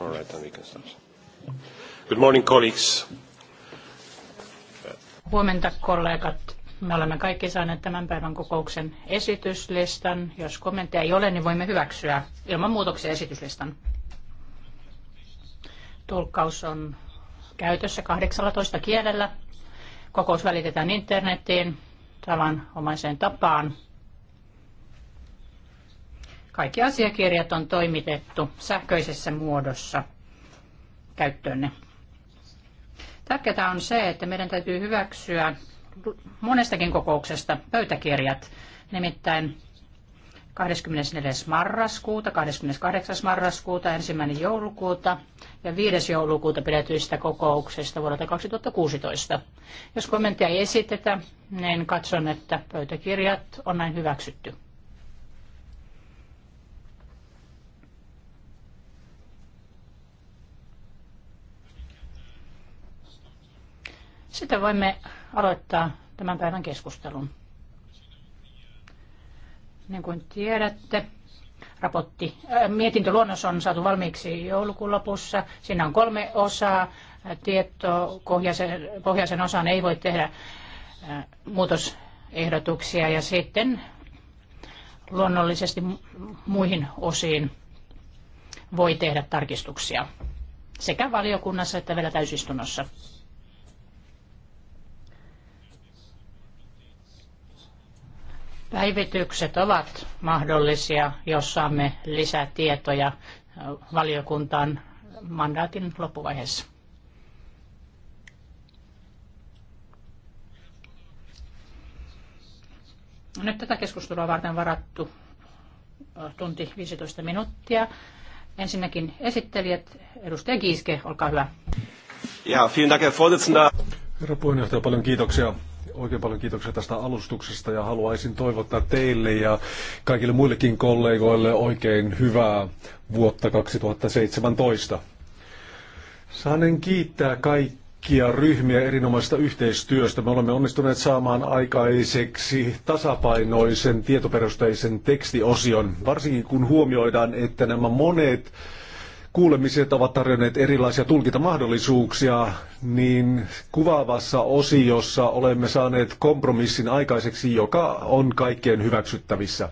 All right, then we can start. Good morning, colleagues. Huomenta, kollegat. Me olemme kaikki saaneet tämän päivän kokouksen esityslistan. Jos kommentteja ei ole, niin voimme hyväksyä ilman muutoksia esityslistan. Tulkkaus on käytössä 18 kielellä. Kokous välitetään internettiin tavanomaiseen tapaan. Kaikki asiakirjat on toimitettu sähköisessä muodossa käyttöönne. Tärkeää on se, että meidän täytyy hyväksyä monestakin kokouksesta pöytäkirjat, nimittäin 24. marraskuuta, 28. marraskuuta, 1. joulukuuta ja 5. joulukuuta pidetyistä kokouksesta vuodelta 2016. Jos kommenttia ei esitetä, niin katson, että pöytäkirjat on näin hyväksytty. Sitten voimme aloittaa tämän päivän keskustelun. Niin kuin tiedätte, raportti, äh, mietintöluonnos on saatu valmiiksi joulukuun lopussa. Siinä on kolme osaa. Tieto pohjaisen osaan ei voi tehdä äh, muutosehdotuksia ja sitten luonnollisesti muihin osiin voi tehdä tarkistuksia sekä valiokunnassa että vielä täysistunnossa. Päivitykset ovat mahdollisia, jos saamme lisätietoja valiokuntaan mandaatin loppuvaiheessa. Nyt tätä keskustelua varten varattu tunti 15 minuuttia. Ensinnäkin esittelijät, edustaja Giiske, olkaa hyvä. Ja, vielen Dank, Herr Vorsitzender. Herra puheenjohtaja, paljon kiitoksia. Oikein paljon kiitoksia tästä alustuksesta ja haluaisin toivottaa teille ja kaikille muillekin kollegoille oikein hyvää vuotta 2017. Saanen kiittää kaikkia ryhmiä erinomaisesta yhteistyöstä. Me olemme onnistuneet saamaan aikaiseksi tasapainoisen tietoperusteisen tekstiosion, varsinkin kun huomioidaan, että nämä monet kuulemiset ovat tarjonneet erilaisia tulkintamahdollisuuksia, niin kuvaavassa osiossa olemme saaneet kompromissin aikaiseksi, joka on kaikkien hyväksyttävissä.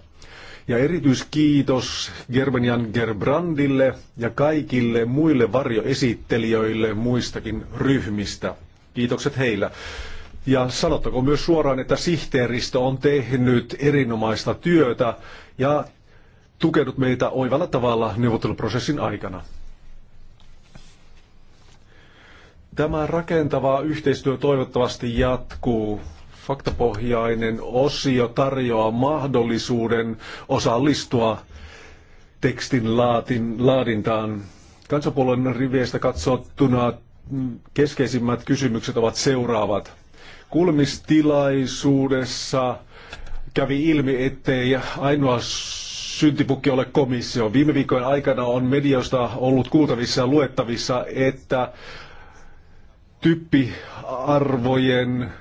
Ja erityiskiitos Gerbenjan Gerbrandille ja kaikille muille varjoesittelijöille muistakin ryhmistä. Kiitokset heillä. Ja sanottakoon myös suoraan, että sihteeristö on tehnyt erinomaista työtä ja tukenut meitä oivalla tavalla neuvotteluprosessin aikana. Tämä rakentava yhteistyö toivottavasti jatkuu. Faktapohjainen osio tarjoaa mahdollisuuden osallistua tekstin laatin, laadintaan. Kansapuolueen riveistä katsottuna keskeisimmät kysymykset ovat seuraavat. Kuulemistilaisuudessa kävi ilmi, ettei ainoa syntipukki ole komissio. Viime viikkojen aikana on medioista ollut kuultavissa ja luettavissa, että typpiarvojen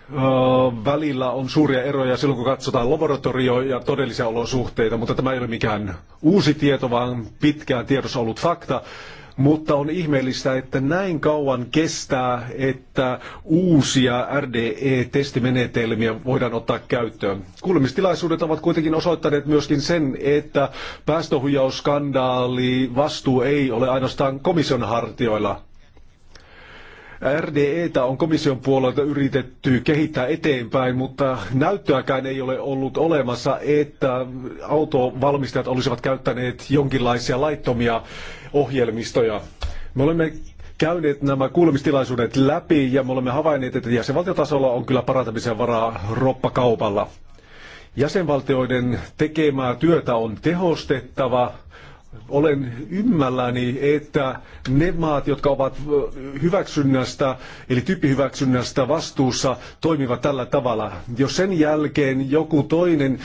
välillä on suuria eroja silloin, kun katsotaan laboratorio- ja todellisia olosuhteita, mutta tämä ei ole mikään uusi tieto, vaan pitkään tiedossa ollut fakta mutta on ihmeellistä, että näin kauan kestää, että uusia RDE-testimenetelmiä voidaan ottaa käyttöön. Kuulemistilaisuudet ovat kuitenkin osoittaneet myöskin sen, että päästöhuijausskandaali vastuu ei ole ainoastaan komission hartioilla. RDEtä on komission puolelta yritetty kehittää eteenpäin, mutta näyttöäkään ei ole ollut olemassa, että autovalmistajat olisivat käyttäneet jonkinlaisia laittomia ohjelmistoja. Me olemme käyneet nämä kuulemistilaisuudet läpi ja me olemme havainneet, että jäsenvaltiotasolla on kyllä parantamisen varaa roppakaupalla. Jäsenvaltioiden tekemää työtä on tehostettava olen ymmälläni, että ne maat, jotka ovat hyväksynnästä, eli tyyppihyväksynnästä vastuussa, toimivat tällä tavalla. Jos sen jälkeen joku toinen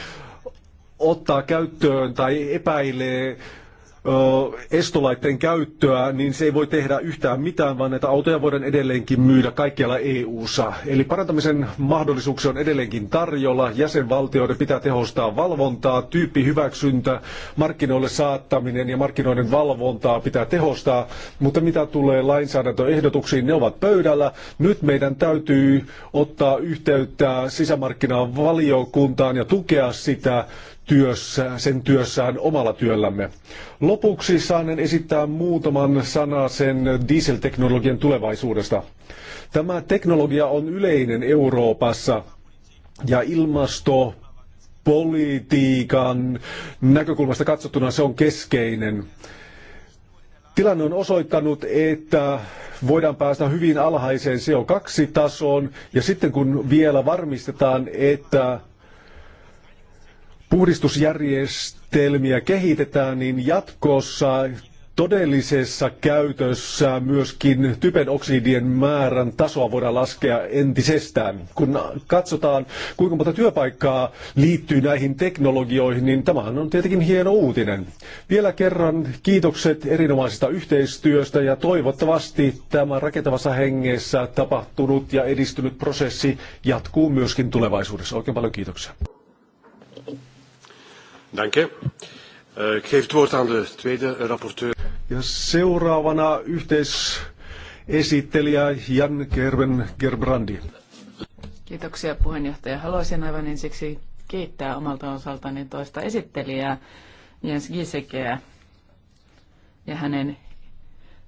ottaa käyttöön tai epäilee estolaitteen käyttöä, niin se ei voi tehdä yhtään mitään, vaan näitä autoja voidaan edelleenkin myydä kaikkialla EU-ssa. Eli parantamisen mahdollisuuksia on edelleenkin tarjolla. Jäsenvaltioiden pitää tehostaa valvontaa, tyyppihyväksyntä, markkinoille saattaminen ja markkinoiden valvontaa pitää tehostaa. Mutta mitä tulee lainsäädäntöehdotuksiin, ne ovat pöydällä. Nyt meidän täytyy ottaa yhteyttä sisämarkkinaan valiokuntaan ja tukea sitä työssä, sen työssään omalla työllämme. Lopuksi saanen esittää muutaman sana sen dieselteknologian tulevaisuudesta. Tämä teknologia on yleinen Euroopassa ja ilmasto politiikan näkökulmasta katsottuna se on keskeinen. Tilanne on osoittanut, että voidaan päästä hyvin alhaiseen CO2-tasoon ja sitten kun vielä varmistetaan, että puhdistusjärjestelmiä kehitetään, niin jatkossa todellisessa käytössä myöskin typen oksidien määrän tasoa voidaan laskea entisestään. Kun katsotaan, kuinka monta työpaikkaa liittyy näihin teknologioihin, niin tämähän on tietenkin hieno uutinen. Vielä kerran kiitokset erinomaisesta yhteistyöstä ja toivottavasti tämä rakentavassa hengessä tapahtunut ja edistynyt prosessi jatkuu myöskin tulevaisuudessa. Oikein paljon kiitoksia. Dank je. Eh, ik geef het woord aan de tweede rapporteur. Ja seuraavana yhteisesittelijä Jan Gerben Gerbrandi. Kiitoksia puheenjohtaja. Haluaisin aivan ensiksi kiittää omalta osaltani toista esittelijää Jens Gisekeä ja hänen,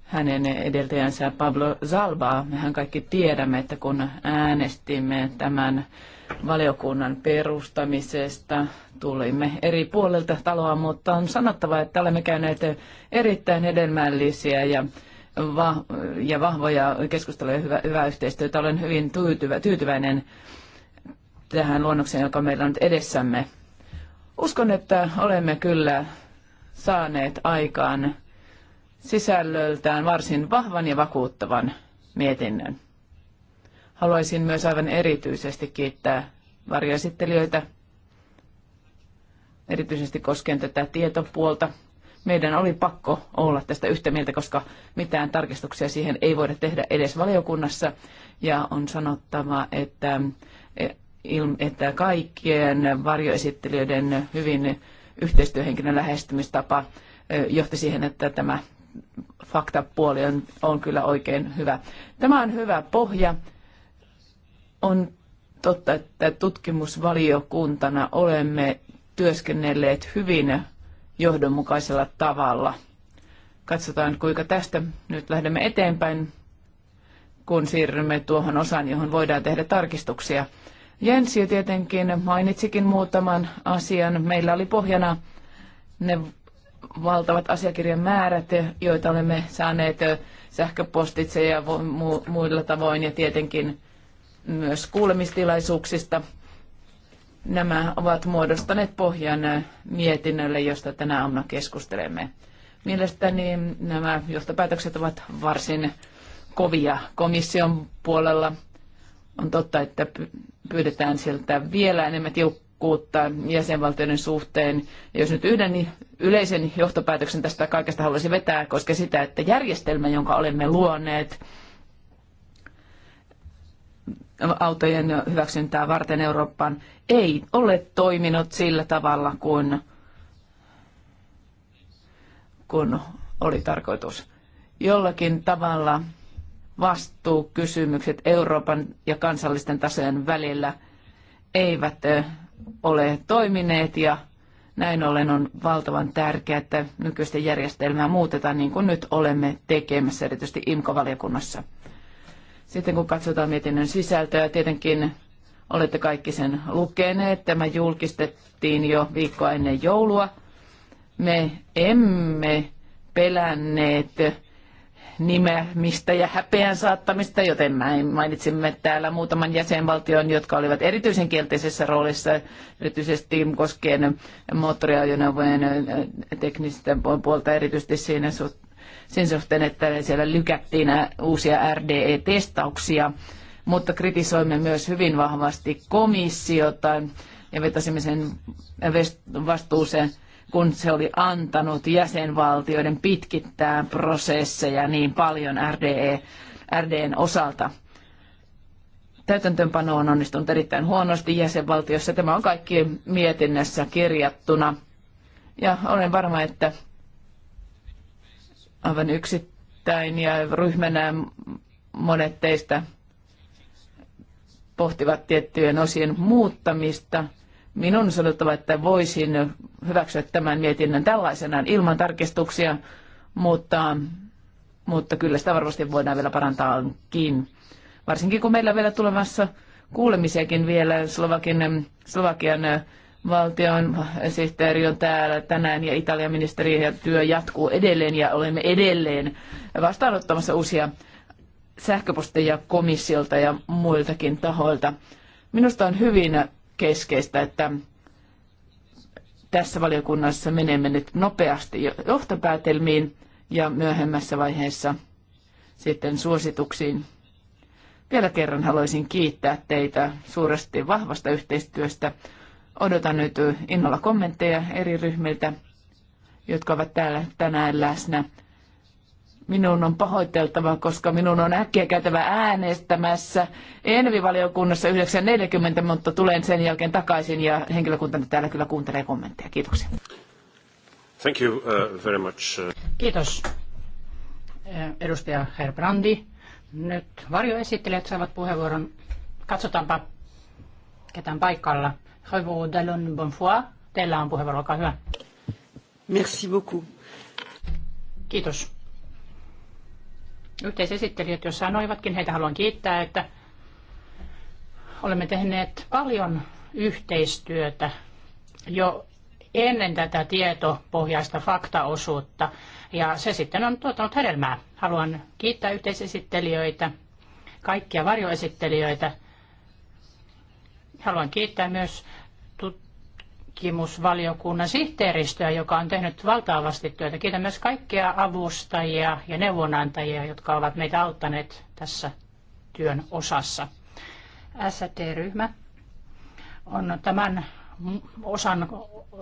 hänen edeltäjänsä Pablo Zalbaa. Mehän kaikki tiedämme, että kun äänestimme tämän valiokunnan perustamisesta tulimme eri puolilta taloa, mutta on sanottava, että olemme käyneet erittäin hedelmällisiä ja, va- ja vahvoja keskusteluja ja hyvä, hyvää yhteistyötä. Olen hyvin tyytyvä, tyytyväinen tähän luonnokseen, joka meillä on nyt edessämme. Uskon, että olemme kyllä saaneet aikaan sisällöltään varsin vahvan ja vakuuttavan mietinnön. Haluaisin myös aivan erityisesti kiittää varjoesittelijöitä erityisesti koskien tätä tietopuolta. Meidän oli pakko olla tästä yhtä mieltä, koska mitään tarkistuksia siihen ei voida tehdä edes valiokunnassa. Ja on sanottava, että, e, että kaikkien varjoesittelijöiden hyvin yhteistyöhenkinen lähestymistapa e, johti siihen, että tämä faktapuoli on, on kyllä oikein hyvä. Tämä on hyvä pohja. On totta, että tutkimusvaliokuntana olemme työskennelleet hyvin johdonmukaisella tavalla. Katsotaan, kuinka tästä nyt lähdemme eteenpäin, kun siirrymme tuohon osaan, johon voidaan tehdä tarkistuksia. Jens jo tietenkin mainitsikin muutaman asian. Meillä oli pohjana ne valtavat asiakirjan määrät, joita olemme saaneet sähköpostitse ja muilla tavoin ja tietenkin myös kuulemistilaisuuksista – Nämä ovat muodostaneet pohjan mietinnölle, josta tänä aamuna keskustelemme. Mielestäni nämä johtopäätökset ovat varsin kovia komission puolella. On totta, että pyydetään sieltä vielä enemmän tiukkuutta jäsenvaltioiden suhteen. jos nyt yhden yleisen johtopäätöksen tästä kaikesta haluaisin vetää, koska sitä, että järjestelmä, jonka olemme luoneet, autojen hyväksyntää varten Eurooppaan ei ole toiminut sillä tavalla kuin kun oli tarkoitus. Jollakin tavalla vastuukysymykset Euroopan ja kansallisten tasojen välillä eivät eh, ole toimineet ja näin ollen on valtavan tärkeää, että nykyistä järjestelmää muutetaan niin kuin nyt olemme tekemässä, erityisesti IMKO-valiokunnassa. Sitten kun katsotaan mietinnön sisältöä, tietenkin olette kaikki sen lukeneet. Tämä julkistettiin jo viikkoa ennen joulua. Me emme pelänneet nimeämistä ja häpeän saattamista, joten mainitsimme täällä muutaman jäsenvaltion, jotka olivat erityisen kielteisessä roolissa, erityisesti koskien moottoriajoneuvojen äh, teknistä puolta, erityisesti siinä suhteessa sen suhteen, että siellä lykättiin uusia RDE-testauksia, mutta kritisoimme myös hyvin vahvasti komissiota ja vetäsimme sen vastuuseen, kun se oli antanut jäsenvaltioiden pitkittää prosesseja niin paljon RDE, RDn osalta täytäntöönpano on onnistunut erittäin huonosti jäsenvaltiossa. Tämä on kaikki mietinnässä kirjattuna. Ja olen varma, että aivan yksittäin ja ryhmänä monet teistä pohtivat tiettyjen osien muuttamista. Minun on sanottava, että voisin hyväksyä tämän mietinnön tällaisenaan ilman tarkistuksia, mutta, mutta kyllä sitä varmasti voidaan vielä parantaakin. Varsinkin kun meillä vielä tulemassa kuulemisiakin vielä Slovakian, Slovakian valtion sihteeri on täällä tänään ja Italian ministeri ja työ jatkuu edelleen ja olemme edelleen vastaanottamassa uusia sähköposteja komissiolta ja muiltakin tahoilta. Minusta on hyvin keskeistä, että tässä valiokunnassa menemme nyt nopeasti johtopäätelmiin ja myöhemmässä vaiheessa sitten suosituksiin. Vielä kerran haluaisin kiittää teitä suuresti vahvasta yhteistyöstä Odotan nyt innolla kommentteja eri ryhmiltä, jotka ovat täällä tänään läsnä. Minun on pahoiteltava, koska minun on äkkiä käytävä äänestämässä Envi-valiokunnassa 9.40, mutta tulen sen jälkeen takaisin ja henkilökunta täällä kyllä kuuntelee kommentteja. Kiitoksia. Thank you uh, very much. Uh. Kiitos. Uh, edustaja Herbrandi. Nyt varjoesittelijät saavat puheenvuoron. Katsotaanpa ketään paikalla. Koivu Dallon Bonfoy, teillä on puheenvuoro, olkaa hyvä. Merci beaucoup. Kiitos. Yhteisesittelijät jo sanoivatkin, heitä haluan kiittää, että olemme tehneet paljon yhteistyötä jo ennen tätä tietopohjaista faktaosuutta. Ja se sitten on tuottanut hedelmää. Haluan kiittää yhteisesittelijöitä, kaikkia varjoesittelijöitä. Haluan kiittää myös tutkimusvaliokunnan sihteeristöä, joka on tehnyt valtavasti työtä. Kiitän myös kaikkia avustajia ja neuvonantajia, jotka ovat meitä auttaneet tässä työn osassa. ST-ryhmä on tämän osan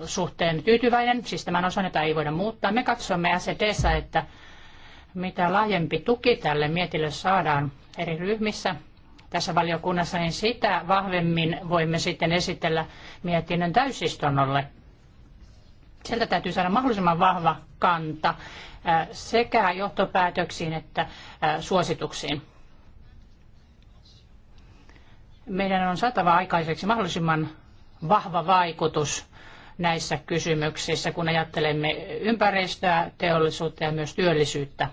suhteen tyytyväinen, siis tämän osan, jota ei voida muuttaa. Me katsomme SEDssä, että mitä laajempi tuki tälle mietille saadaan eri ryhmissä, tässä valiokunnassa, niin sitä vahvemmin voimme sitten esitellä mietinnön täysistunnolle. Sieltä täytyy saada mahdollisimman vahva kanta äh, sekä johtopäätöksiin että äh, suosituksiin. Meidän on saatava aikaiseksi mahdollisimman vahva vaikutus näissä kysymyksissä, kun ajattelemme ympäristöä, teollisuutta ja myös työllisyyttä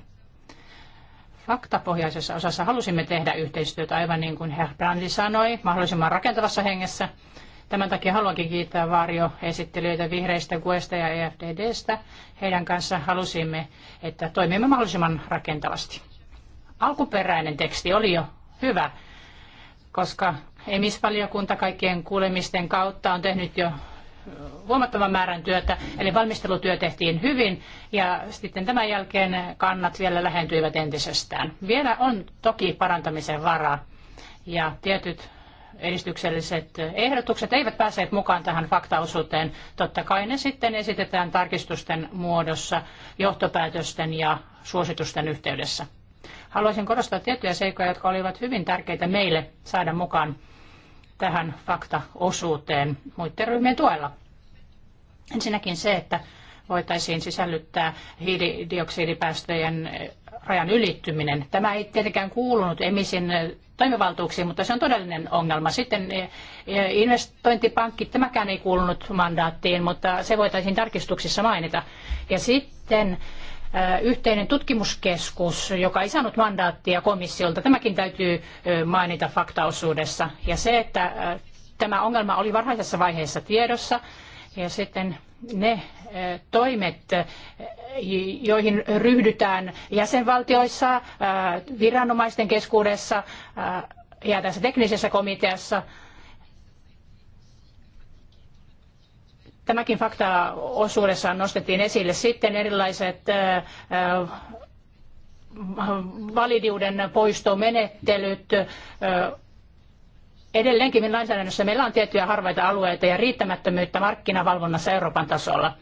faktapohjaisessa osassa halusimme tehdä yhteistyötä, aivan niin kuin Herr Brandi sanoi, mahdollisimman rakentavassa hengessä. Tämän takia haluankin kiittää esittelijöitä vihreistä, kuesta ja EFDDstä. Heidän kanssa halusimme, että toimimme mahdollisimman rakentavasti. Alkuperäinen teksti oli jo hyvä, koska emisvaliokunta kaikkien kuulemisten kautta on tehnyt jo huomattavan määrän työtä, eli valmistelutyö tehtiin hyvin ja sitten tämän jälkeen kannat vielä lähentyivät entisestään. Vielä on toki parantamisen varaa ja tietyt edistykselliset ehdotukset eivät päässeet mukaan tähän faktaosuuteen. Totta kai ne sitten esitetään tarkistusten muodossa, johtopäätösten ja suositusten yhteydessä. Haluaisin korostaa tiettyjä seikkoja, jotka olivat hyvin tärkeitä meille saada mukaan tähän faktaosuuteen muiden ryhmien tuella. Ensinnäkin se, että voitaisiin sisällyttää hiilidioksidipäästöjen rajan ylittyminen. Tämä ei tietenkään kuulunut emisin toimivaltuuksiin, mutta se on todellinen ongelma. Sitten e, e, investointipankki, tämäkään ei kuulunut mandaattiin, mutta se voitaisiin tarkistuksissa mainita. Ja sitten yhteinen tutkimuskeskus, joka ei saanut mandaattia komissiolta. Tämäkin täytyy mainita faktaosuudessa. Ja se, että tämä ongelma oli varhaisessa vaiheessa tiedossa ja sitten ne toimet, joihin ryhdytään jäsenvaltioissa, viranomaisten keskuudessa ja tässä teknisessä komiteassa – Tämäkin fakta osuudessaan nostettiin esille. Sitten erilaiset validiuden poistomenettelyt. Edelleenkin lainsäädännössä meillä on tiettyjä harvaita alueita ja riittämättömyyttä markkinavalvonnassa Euroopan tasolla.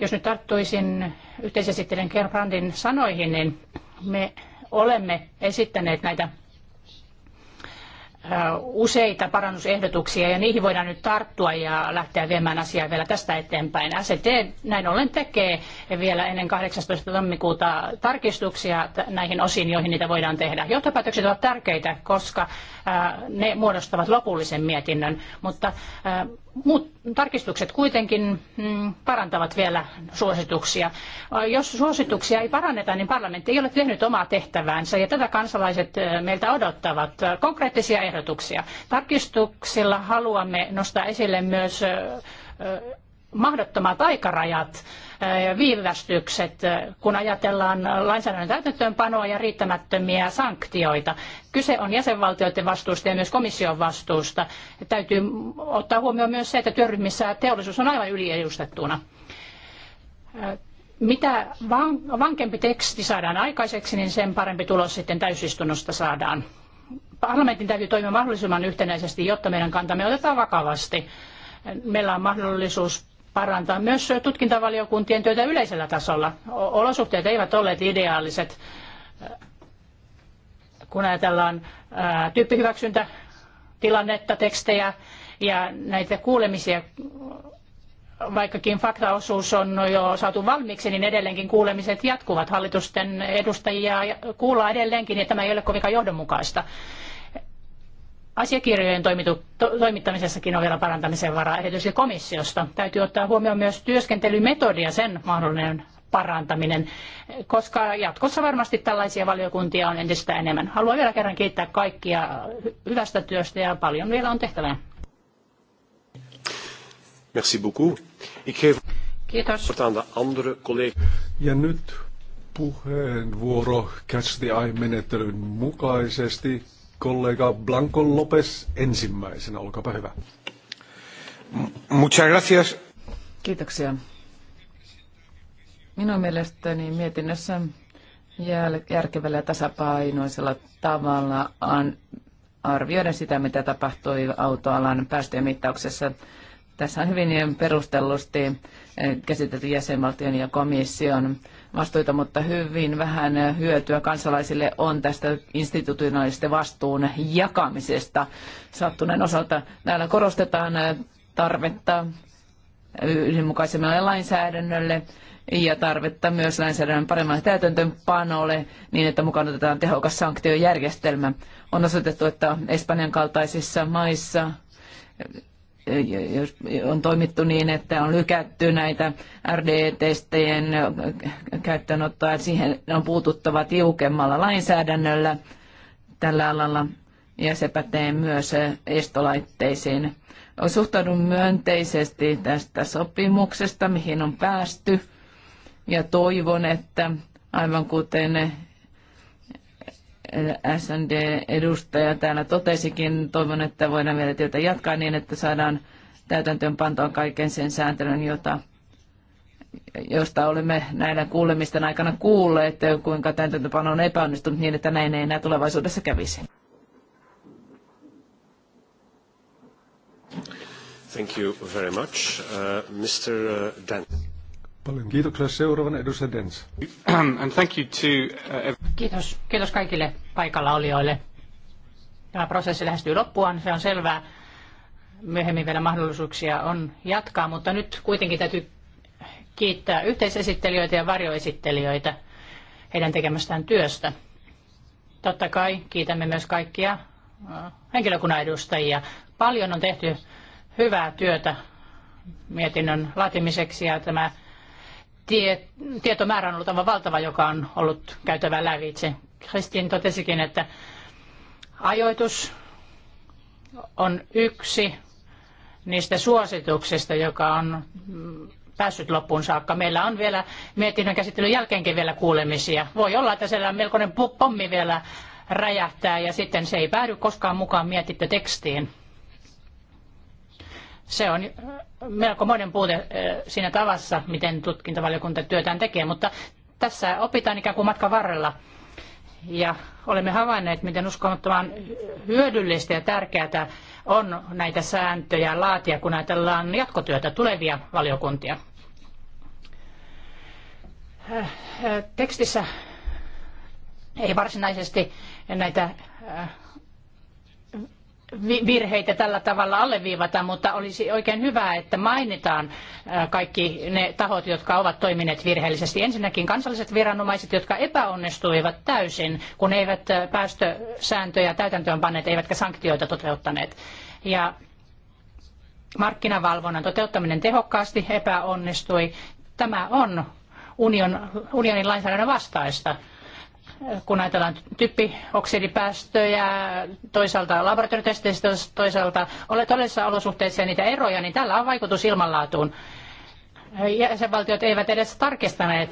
Jos nyt tarttuisin yhteisesittelijän Gerbrandin sanoihin, niin me olemme esittäneet näitä useita parannusehdotuksia ja niihin voidaan nyt tarttua ja lähteä viemään asiaa vielä tästä eteenpäin. SET näin ollen tekee vielä ennen 18. tammikuuta tarkistuksia näihin osiin, joihin niitä voidaan tehdä. Johtopäätökset ovat tärkeitä, koska ne muodostavat lopullisen mietinnön, mutta tarkistukset kuitenkin mm, parantavat vielä suosituksia. Jos suosituksia ei paranneta, niin parlamentti ei ole tehnyt omaa tehtäväänsä ja tätä kansalaiset meiltä odottavat konkreettisia ehdotuksia. Tarkistuksilla haluamme nostaa esille myös mahdottomat aikarajat viivästykset, kun ajatellaan lainsäädännön täytäntöönpanoa ja riittämättömiä sanktioita. Kyse on jäsenvaltioiden vastuusta ja myös komission vastuusta. Täytyy ottaa huomioon myös se, että työryhmissä teollisuus on aivan yliedustettuna mitä vankempi teksti saadaan aikaiseksi, niin sen parempi tulos sitten täysistunnosta saadaan. Parlamentin täytyy toimia mahdollisimman yhtenäisesti, jotta meidän kantamme otetaan vakavasti. Meillä on mahdollisuus parantaa myös tutkintavaliokuntien työtä yleisellä tasolla. Olosuhteet eivät olleet ideaaliset, kun ajatellaan tyyppihyväksyntätilannetta, tilannetta, tekstejä ja näitä kuulemisia vaikkakin faktaosuus on jo saatu valmiiksi, niin edelleenkin kuulemiset jatkuvat. Hallitusten edustajia kuullaan edelleenkin, ja tämä ei ole kovinkaan johdonmukaista asiakirjojen toimitu, to, toimittamisessakin on vielä parantamisen varaa, erityisesti komissiosta. Täytyy ottaa huomioon myös työskentelymetodi ja sen mahdollinen parantaminen, koska jatkossa varmasti tällaisia valiokuntia on entistä enemmän. Haluan vielä kerran kiittää kaikkia hyvästä työstä ja paljon vielä on tehtävää. Merci beaucoup. Kiitos. Ja nyt puheenvuoro Catch the Eye-menettelyn mukaisesti Kollega Blanco López ensimmäisenä, olkaapa hyvä. Muchas gracias. Kiitoksia. Minun mielestäni mietinnössä järkevällä ja tasapainoisella tavalla arvioida sitä, mitä tapahtui autoalan päästöjen mittauksessa. Tässä on hyvin perustellusti eh, käsitelty jäsenvaltion ja komission vastuita, mutta hyvin vähän hyötyä kansalaisille on tästä institutionaalisten vastuun jakamisesta. Sattuneen osalta täällä korostetaan tarvetta yhdenmukaisemmalle lainsäädännölle ja tarvetta myös lainsäädännön paremmalle täytäntöönpanolle niin, että mukaan otetaan tehokas sanktiojärjestelmä. On osoitettu, että Espanjan kaltaisissa maissa jos on toimittu niin, että on lykätty näitä RDE-testien käyttöönottoa, että siihen on puututtava tiukemmalla lainsäädännöllä tällä alalla ja se pätee myös estolaitteisiin. Suhtaudun myönteisesti tästä sopimuksesta, mihin on päästy ja toivon, että aivan kuten SND-edustaja täällä totesikin. Toivon, että voidaan vielä työtä jatkaa niin, että saadaan täytäntöön pantoa kaiken sen sääntelyn, jota, josta olemme näillä kuulemisten aikana kuulleet, kuinka täytäntöönpano on epäonnistunut niin, että näin ei enää tulevaisuudessa kävisi. Thank you very much. Uh, Mr. Uh, Dance. kiitoksia. Seuraavana edustaja Dens. And thank you to uh, Kiitos. Kiitos kaikille paikalla olijoille. Tämä prosessi lähestyy loppuaan, se on selvää. Myöhemmin vielä mahdollisuuksia on jatkaa, mutta nyt kuitenkin täytyy kiittää yhteisesittelijöitä ja varjoesittelijöitä heidän tekemästään työstä. Totta kai kiitämme myös kaikkia äh, henkilökunnan edustajia. Paljon on tehty hyvää työtä mietinnön laatimiseksi ja tämä tie, tietomäärä on ollut aivan valtava, joka on ollut käytävä lävitse. Kristin totesikin, että ajoitus on yksi niistä suosituksista, joka on päässyt loppuun saakka. Meillä on vielä mietinnön käsittelyn jälkeenkin vielä kuulemisia. Voi olla, että siellä melkoinen pommi vielä räjähtää ja sitten se ei päädy koskaan mukaan mietitty tekstiin. Se on melko monen puute eh, siinä tavassa, miten tutkintavaliokunta työtään tekee, mutta tässä opitaan ikään kuin matkan varrella. Ja olemme havainneet, miten uskomattoman hyödyllistä ja tärkeää on näitä sääntöjä laatia, kun ajatellaan jatkotyötä tulevia valiokuntia. Eh, eh, tekstissä ei varsinaisesti näitä virheitä tällä tavalla alleviivata, mutta olisi oikein hyvä, että mainitaan kaikki ne tahot, jotka ovat toimineet virheellisesti. Ensinnäkin kansalliset viranomaiset, jotka epäonnistuivat täysin, kun eivät päästösääntöjä täytäntöön panneet, eivätkä sanktioita toteuttaneet. Ja markkinavalvonnan toteuttaminen tehokkaasti epäonnistui. Tämä on union, unionin lainsäädännön vastaista kun ajatellaan typpioksidipäästöjä, toisaalta laboratoriotesteistä, toisaalta todellisissa olosuhteissa ja niitä eroja, niin tällä on vaikutus ilmanlaatuun. Jäsenvaltiot eivät edes tarkistaneet,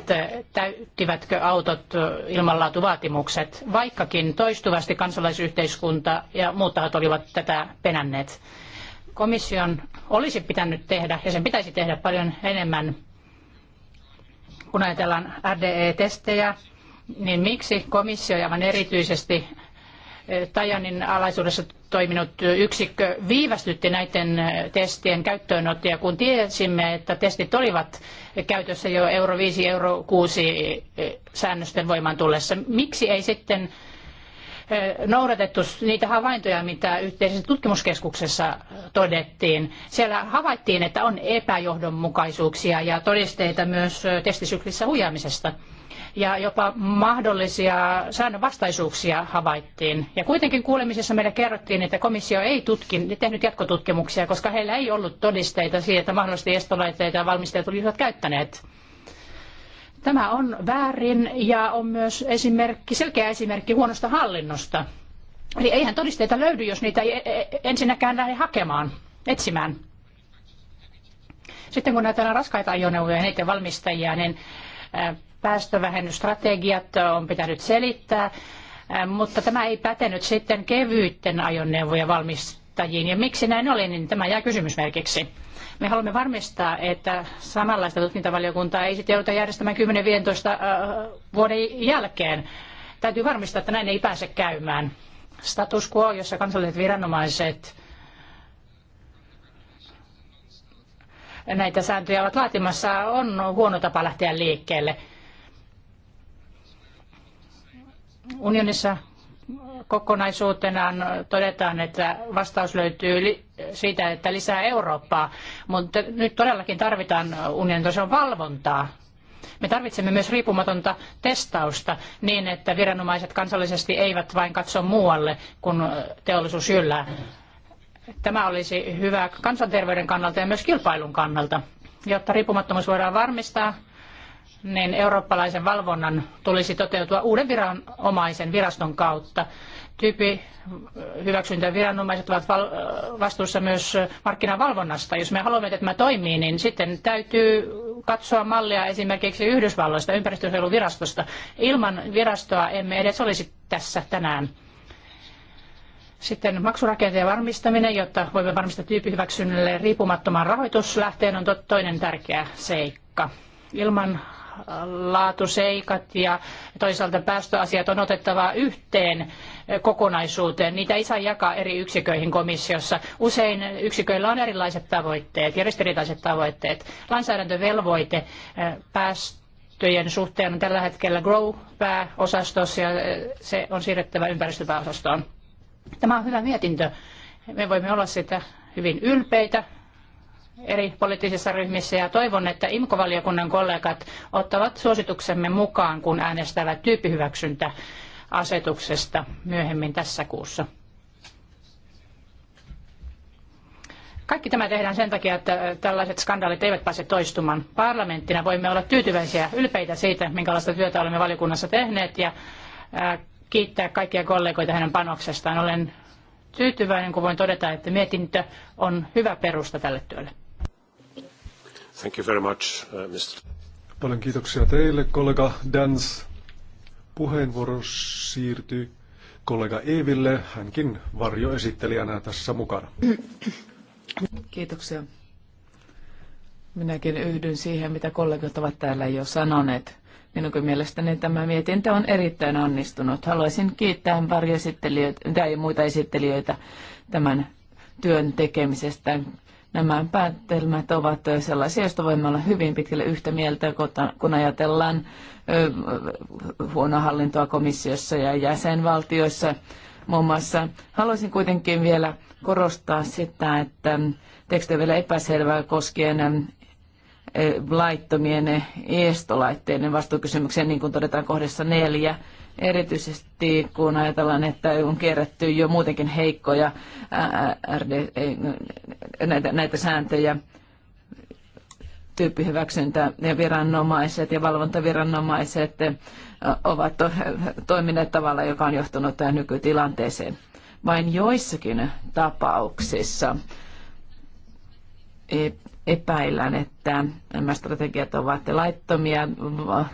täyttivätkö autot ilmanlaatuvaatimukset, vaikkakin toistuvasti kansalaisyhteiskunta ja muut tahot olivat tätä penänneet. Komission olisi pitänyt tehdä, ja sen pitäisi tehdä paljon enemmän, kun ajatellaan RDE-testejä, niin miksi komissio ja erityisesti eh, Tajanin alaisuudessa toiminut yksikkö viivästytti näiden eh, testien käyttöönottoja, kun tiesimme, että testit olivat käytössä jo euro 5, euro 6 eh, säännösten voimaan tullessa. Miksi ei sitten noudatettu niitä havaintoja, mitä yhteisessä tutkimuskeskuksessa todettiin. Siellä havaittiin, että on epäjohdonmukaisuuksia ja todisteita myös testisyklissä huijaamisesta ja jopa mahdollisia säännönvastaisuuksia havaittiin. Ja kuitenkin kuulemisessa meille kerrottiin, että komissio ei tutkin, tehnyt jatkotutkimuksia, koska heillä ei ollut todisteita siitä, että mahdollisesti estolaitteita ja valmistajat olisivat käyttäneet. Tämä on väärin ja on myös esimerkki, selkeä esimerkki huonosta hallinnosta. Eli eihän todisteita löydy, jos niitä ei e- e- ensinnäkään lähde hakemaan, etsimään. Sitten kun näitä raskaita ajoneuvoja ja niiden valmistajia, niin päästövähennysstrategiat on pitänyt selittää, mutta tämä ei pätenyt sitten kevyitten ajoneuvojen valmistajiin. Ja miksi näin oli, niin tämä jää kysymysmerkiksi. Me haluamme varmistaa, että samanlaista tutkintavaliokuntaa ei sitten jouduta järjestämään 10-15 vuoden jälkeen. Täytyy varmistaa, että näin ei pääse käymään. Status quo, jossa kansalliset viranomaiset näitä sääntöjä ovat laatimassa, on huono tapa lähteä liikkeelle. unionissa kokonaisuutenaan todetaan, että vastaus löytyy siitä, että lisää Eurooppaa, mutta nyt todellakin tarvitaan unionin tason valvontaa. Me tarvitsemme myös riippumatonta testausta niin, että viranomaiset kansallisesti eivät vain katso muualle, kun teollisuus yllää. Tämä olisi hyvä kansanterveyden kannalta ja myös kilpailun kannalta, jotta riippumattomuus voidaan varmistaa – niin eurooppalaisen valvonnan tulisi toteutua uuden viranomaisen viraston kautta. Tyypi hyväksyntäviranomaiset ovat vastuussa myös markkinavalvonnasta. Jos me haluamme, että tämä toimii, niin sitten täytyy katsoa mallia esimerkiksi Yhdysvalloista, ympäristönsuojeluvirastosta. Ilman virastoa emme edes olisi tässä tänään. Sitten maksurakenteen varmistaminen, jotta voimme varmistaa tyyppihyväksynnälle riippumattoman rahoituslähteen, on toinen tärkeä seikka. Ilman laatuseikat ja toisaalta päästöasiat on otettava yhteen kokonaisuuteen. Niitä ei saa jakaa eri yksiköihin komissiossa. Usein yksiköillä on erilaiset tavoitteet ja ristiriitaiset tavoitteet. Lainsäädäntövelvoite eh, päästöjen suhteen on tällä hetkellä Grow-pääosastossa ja eh, se on siirrettävä ympäristöpääosastoon. Tämä on hyvä mietintö. Me voimme olla sitä hyvin ylpeitä eri poliittisissa ryhmissä ja toivon, että IMKO-valiokunnan kollegat ottavat suosituksemme mukaan, kun äänestävät tyyppihyväksyntä asetuksesta myöhemmin tässä kuussa. Kaikki tämä tehdään sen takia, että tällaiset skandaalit eivät pääse toistumaan. Parlamenttina voimme olla tyytyväisiä, ylpeitä siitä, minkälaista työtä olemme valiokunnassa tehneet ja kiittää kaikkia kollegoita hänen panoksestaan. Olen tyytyväinen, kun voin todeta, että mietintö on hyvä perusta tälle työlle. Thank you very much, uh, Mr. Paljon kiitoksia teille, kollega Dans. Puheenvuoro siirtyy kollega Eeville, hänkin varjoesittelijänä tässä mukana. Kiitoksia. Minäkin yhdyn siihen, mitä kollegat ovat täällä jo sanoneet. Minunkin mielestäni tämä mietintö on erittäin onnistunut. Haluaisin kiittää varjoesittelijöitä ja muita esittelijöitä tämän työn tekemisestä. Nämä päättelmät ovat sellaisia, joista voimme olla hyvin pitkälle yhtä mieltä, kun ajatellaan huonoa hallintoa komissiossa ja jäsenvaltioissa muun muassa. Haluaisin kuitenkin vielä korostaa sitä, että teksti on vielä epäselvää koskien laittomien estolaitteiden vastuukysymykseen, niin kuin todetaan kohdassa neljä. Erityisesti kun ajatellaan, että e on kierretty jo muutenkin heikkoja RD, näitä, näitä sääntöjä, tyyppihyväksyntä ja viranomaiset ja valvontaviranomaiset ovat toimineet tavalla, joka on johtunut tähän nykytilanteeseen. Vain joissakin tapauksissa e epäillään, että nämä strategiat ovat laittomia,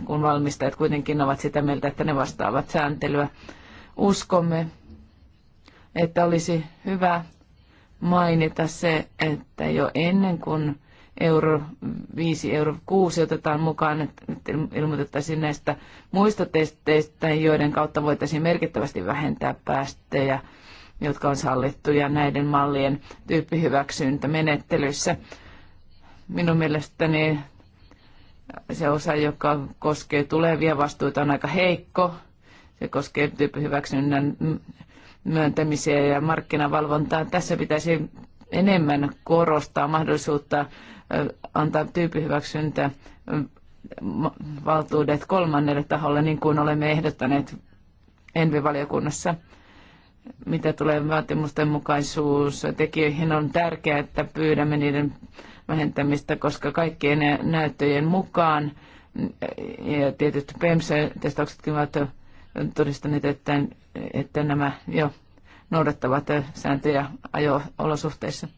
kun valmistajat kuitenkin ovat sitä mieltä, että ne vastaavat sääntelyä. Uskomme, että olisi hyvä mainita se, että jo ennen kuin euro 5, euro 6 otetaan mukaan, että ilmoitettaisiin näistä muista testeistä, joiden kautta voitaisiin merkittävästi vähentää päästöjä, jotka on sallittuja näiden mallien tyyppihyväksyntämenettelyssä. menettelyssä Minun mielestäni se osa, joka koskee tulevia vastuita, on aika heikko. Se koskee tyyppihyväksynnän myöntämisiä ja markkinavalvontaa. Tässä pitäisi enemmän korostaa mahdollisuutta antaa tyyppihyväksyntä valtuudet kolmannelle taholle, niin kuin olemme ehdottaneet Envivaliokunnassa. Mitä tulee vaatimusten mukaisuus tekijöihin, on tärkeää, että pyydämme niiden vähentämistä, koska kaikkien näyttöjen mukaan mm, ja tietysti PEMS-testauksetkin ovat todistaneet, että, että nämä jo noudattavat sääntöjä ajo-olosuhteissa.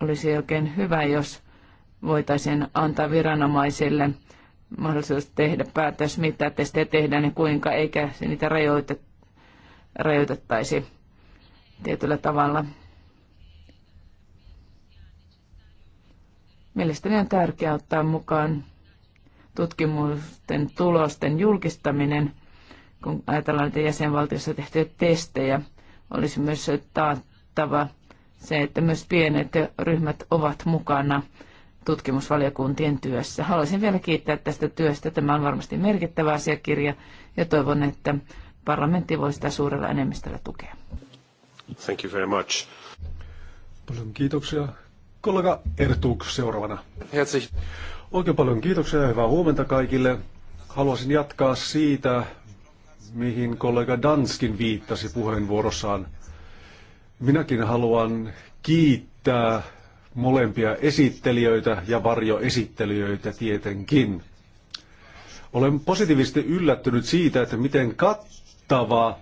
Olisi oikein hyvä, jos voitaisiin antaa viranomaisille mahdollisuus tehdä päätös, mitä testejä tehdään ja kuinka, eikä niitä rajoitettaisi tietyllä tavalla. Mielestäni on tärkeää ottaa mukaan tutkimusten tulosten julkistaminen, kun ajatellaan että jäsenvaltiossa tehtyjä testejä. Olisi myös taattava se, että myös pienet ryhmät ovat mukana tutkimusvaliokuntien työssä. Haluaisin vielä kiittää tästä työstä. Tämä on varmasti merkittävä asiakirja ja toivon, että parlamentti voi sitä suurella enemmistöllä tukea. Thank you very much. Paljon kiitoksia. Kollega Ertuk seuraavana. Herzlich. Oikein paljon kiitoksia ja hyvää huomenta kaikille. Haluaisin jatkaa siitä, mihin kollega Danskin viittasi puheenvuorossaan. Minäkin haluan kiittää molempia esittelijöitä ja varjoesittelijöitä tietenkin. Olen positiivisesti yllättynyt siitä, että miten kattava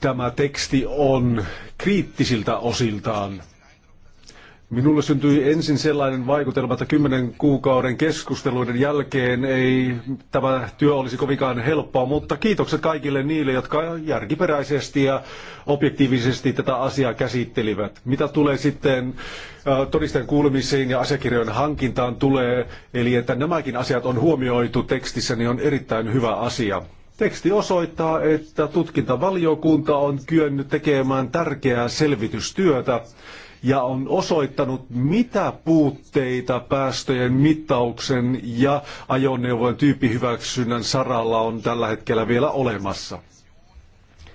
tämä teksti on kriittisiltä osiltaan. Minulle syntyi ensin sellainen vaikutelma, että kymmenen kuukauden keskusteluiden jälkeen ei tämä työ olisi kovinkaan helppoa, mutta kiitokset kaikille niille, jotka järkiperäisesti ja objektiivisesti tätä asiaa käsittelivät. Mitä tulee sitten todisten kuulemisiin ja asiakirjojen hankintaan tulee, eli että nämäkin asiat on huomioitu tekstissä, niin on erittäin hyvä asia. Teksti osoittaa, että tutkintavaliokunta on kyennyt tekemään tärkeää selvitystyötä ja on osoittanut, mitä puutteita päästöjen mittauksen ja ajoneuvojen tyyppihyväksynnän saralla on tällä hetkellä vielä olemassa.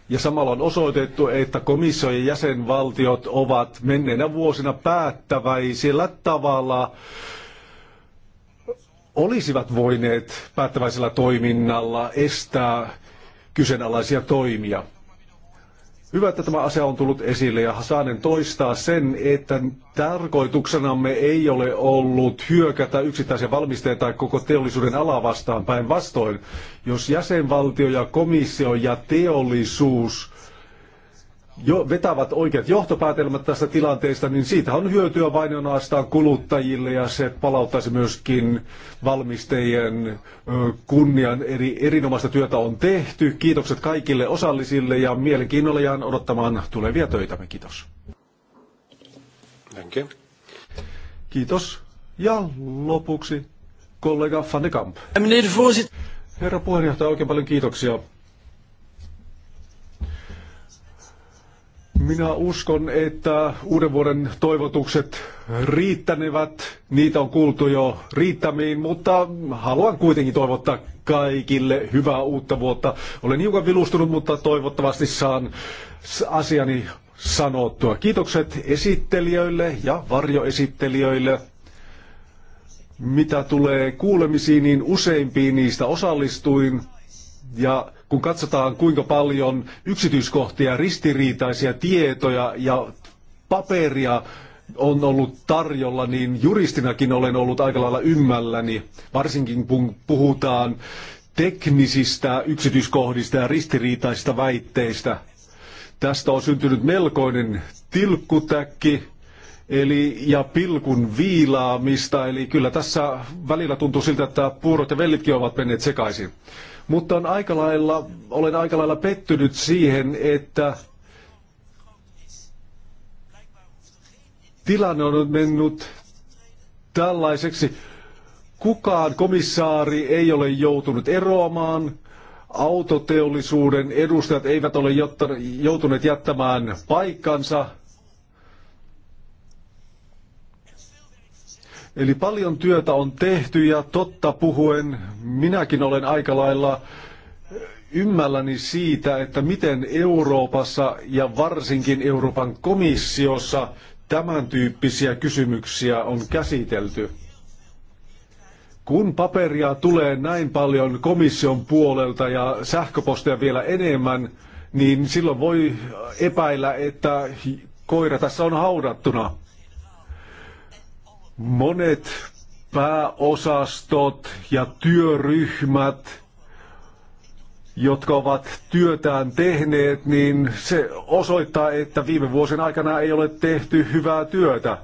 Ja samalla on osoitettu, että komissio ja jäsenvaltiot ovat menneenä vuosina päättäväisellä tavalla olisivat voineet päättäväisellä toiminnalla estää kyseenalaisia toimia. Hyvä, että tämä asia on tullut esille ja saanen toistaa sen, että tarkoituksenamme ei ole ollut hyökätä yksittäisen valmisteen tai koko teollisuuden alaa vastaan päinvastoin. Jos jäsenvaltio ja komissio ja teollisuus jo vetävät oikeat johtopäätelmät tästä tilanteesta, niin siitä on hyötyä vain ainoastaan kuluttajille ja se palauttaisi myöskin valmistajien kunnian. Eri, erinomaista työtä on tehty. Kiitokset kaikille osallisille ja mielenkiinnolla jään odottamaan tulevia töitämme. Kiitos. Kiitos. Ja lopuksi kollega Van de Kamp. Herra puheenjohtaja, oikein paljon kiitoksia. Minä uskon, että uuden vuoden toivotukset riittänevät. Niitä on kuultu jo riittämiin, mutta haluan kuitenkin toivottaa kaikille hyvää uutta vuotta. Olen hiukan vilustunut, mutta toivottavasti saan asiani sanottua. Kiitokset esittelijöille ja varjoesittelijöille. Mitä tulee kuulemisiin, niin useimpiin niistä osallistuin ja kun katsotaan kuinka paljon yksityiskohtia, ristiriitaisia tietoja ja paperia on ollut tarjolla, niin juristinakin olen ollut aika lailla ymmälläni, varsinkin kun puhutaan teknisistä yksityiskohdista ja ristiriitaisista väitteistä. Tästä on syntynyt melkoinen tilkkutäkki eli, ja pilkun viilaamista, eli kyllä tässä välillä tuntuu siltä, että puurot ja vellitkin ovat menneet sekaisin. Mutta on aika lailla, olen aika lailla pettynyt siihen, että tilanne on mennyt tällaiseksi. Kukaan komissaari ei ole joutunut eroamaan, autoteollisuuden edustajat eivät ole joutuneet jättämään paikkansa – Eli paljon työtä on tehty ja totta puhuen minäkin olen aika lailla ymmälläni siitä, että miten Euroopassa ja varsinkin Euroopan komissiossa tämän tyyppisiä kysymyksiä on käsitelty. Kun paperia tulee näin paljon komission puolelta ja sähköpostia vielä enemmän, niin silloin voi epäillä, että koira tässä on haudattuna. Monet pääosastot ja työryhmät, jotka ovat työtään tehneet, niin se osoittaa, että viime vuosien aikana ei ole tehty hyvää työtä.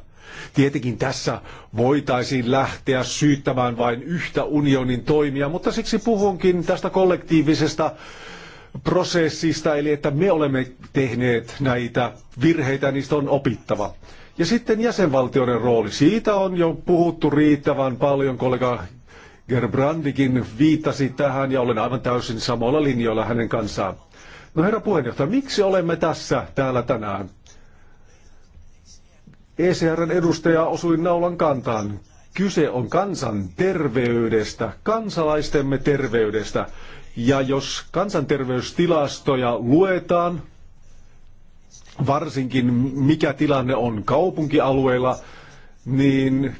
Tietenkin tässä voitaisiin lähteä syyttämään vain yhtä unionin toimia, mutta siksi puhunkin tästä kollektiivisesta prosessista, eli että me olemme tehneet näitä virheitä, niistä on opittava. Ja sitten jäsenvaltioiden rooli. Siitä on jo puhuttu riittävän paljon. Kollega Gerbrandikin viittasi tähän ja olen aivan täysin samoilla linjoilla hänen kanssaan. No herra puheenjohtaja, miksi olemme tässä täällä tänään? ECRn edustaja osui naulan kantaan. Kyse on kansan terveydestä, kansalaistemme terveydestä. Ja jos kansanterveystilastoja luetaan, varsinkin mikä tilanne on kaupunkialueilla, niin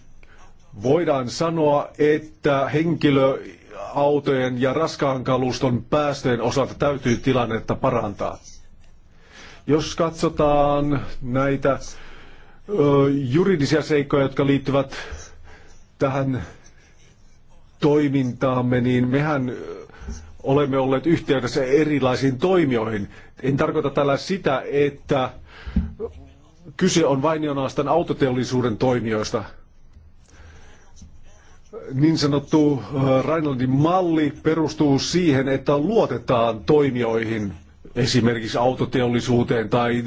voidaan sanoa, että henkilöautojen ja raskaan kaluston päästöjen osalta täytyy tilannetta parantaa. Jos katsotaan näitä ö, juridisia seikkoja, jotka liittyvät tähän toimintaamme, niin mehän olemme olleet yhteydessä erilaisiin toimijoihin. En tarkoita tällä sitä, että kyse on vain ja autoteollisuuden toimijoista. Niin sanottu äh, Rheinlandin malli perustuu siihen, että luotetaan toimijoihin, esimerkiksi autoteollisuuteen tai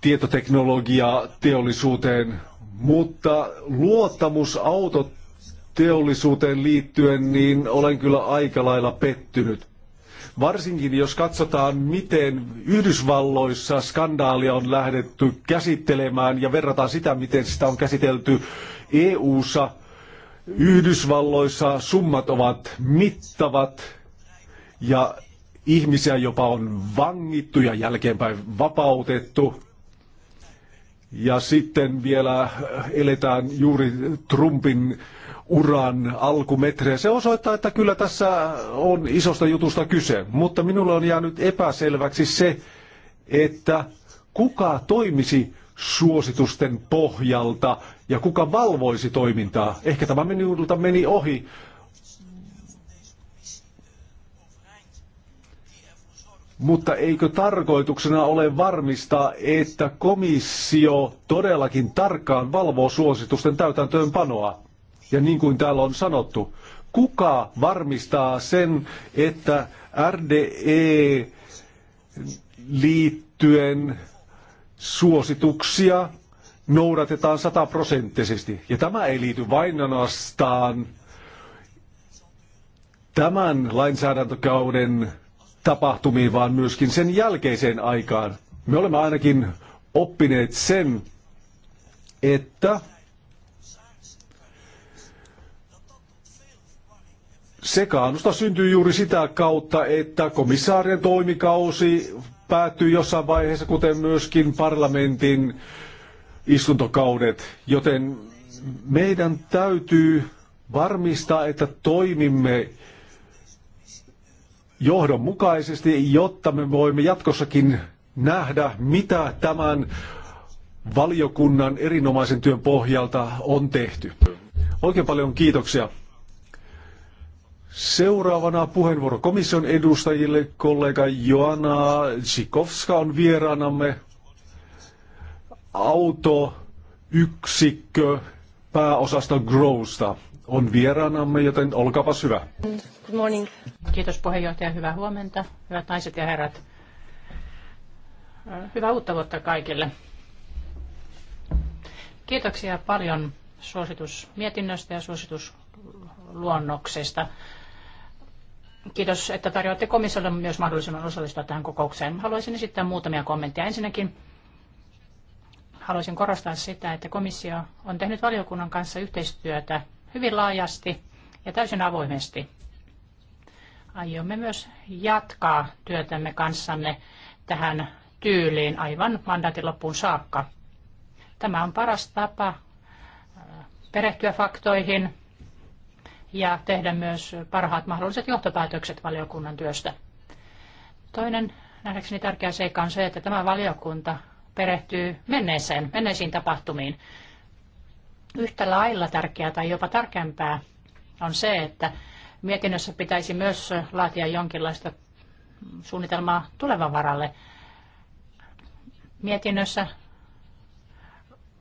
tietoteknologia teollisuuteen, mutta luottamus autot teollisuuteen liittyen, niin olen kyllä aika lailla pettynyt. Varsinkin jos katsotaan, miten Yhdysvalloissa skandaalia on lähdetty käsittelemään ja verrataan sitä, miten sitä on käsitelty EU-ssa, Yhdysvalloissa summat ovat mittavat ja ihmisiä jopa on vangittu ja jälkeenpäin vapautettu. Ja sitten vielä eletään juuri Trumpin uran alkumetrejä. Se osoittaa, että kyllä tässä on isosta jutusta kyse, mutta minulle on jäänyt epäselväksi se, että kuka toimisi suositusten pohjalta ja kuka valvoisi toimintaa. Ehkä tämä minulta meni ohi, Mutta eikö tarkoituksena ole varmistaa, että komissio todellakin tarkkaan valvoo suositusten täytäntöönpanoa? Ja niin kuin täällä on sanottu, kuka varmistaa sen, että RDE liittyen suosituksia noudatetaan sataprosenttisesti. Ja tämä ei liity vain ainoastaan tämän lainsäädäntökauden tapahtumiin, vaan myöskin sen jälkeiseen aikaan. Me olemme ainakin oppineet sen, että sekaannusta syntyy juuri sitä kautta, että komissaarien toimikausi päättyy jossain vaiheessa, kuten myöskin parlamentin istuntokaudet, joten meidän täytyy varmistaa, että toimimme johdonmukaisesti, jotta me voimme jatkossakin nähdä, mitä tämän valiokunnan erinomaisen työn pohjalta on tehty. Oikein paljon kiitoksia. Seuraavana puheenvuoro komission edustajille. Kollega Joana Tsikovska on vieraanamme autoyksikkö pääosasta Growsta on vieraanamme, joten olkaapas hyvä. Good morning. Kiitos puheenjohtaja, hyvää huomenta, hyvät naiset ja herrat. Hyvää uutta vuotta kaikille. Kiitoksia paljon suositusmietinnöstä ja suositusluonnoksesta. Kiitos, että tarjoatte komissiolle myös mahdollisuuden osallistua tähän kokoukseen. Haluaisin esittää muutamia kommentteja. Ensinnäkin haluaisin korostaa sitä, että komissio on tehnyt valiokunnan kanssa yhteistyötä hyvin laajasti ja täysin avoimesti. Aiomme myös jatkaa työtämme kanssanne tähän tyyliin aivan mandaatin loppuun saakka. Tämä on paras tapa äh, perehtyä faktoihin, ja tehdä myös parhaat mahdolliset johtopäätökset valiokunnan työstä. Toinen nähdäkseni tärkeä seikka on se, että tämä valiokunta perehtyy menneeseen, menneisiin tapahtumiin. Yhtä lailla tärkeää tai jopa tärkeämpää on se, että mietinnössä pitäisi myös laatia jonkinlaista suunnitelmaa tulevan varalle. Mietinnössä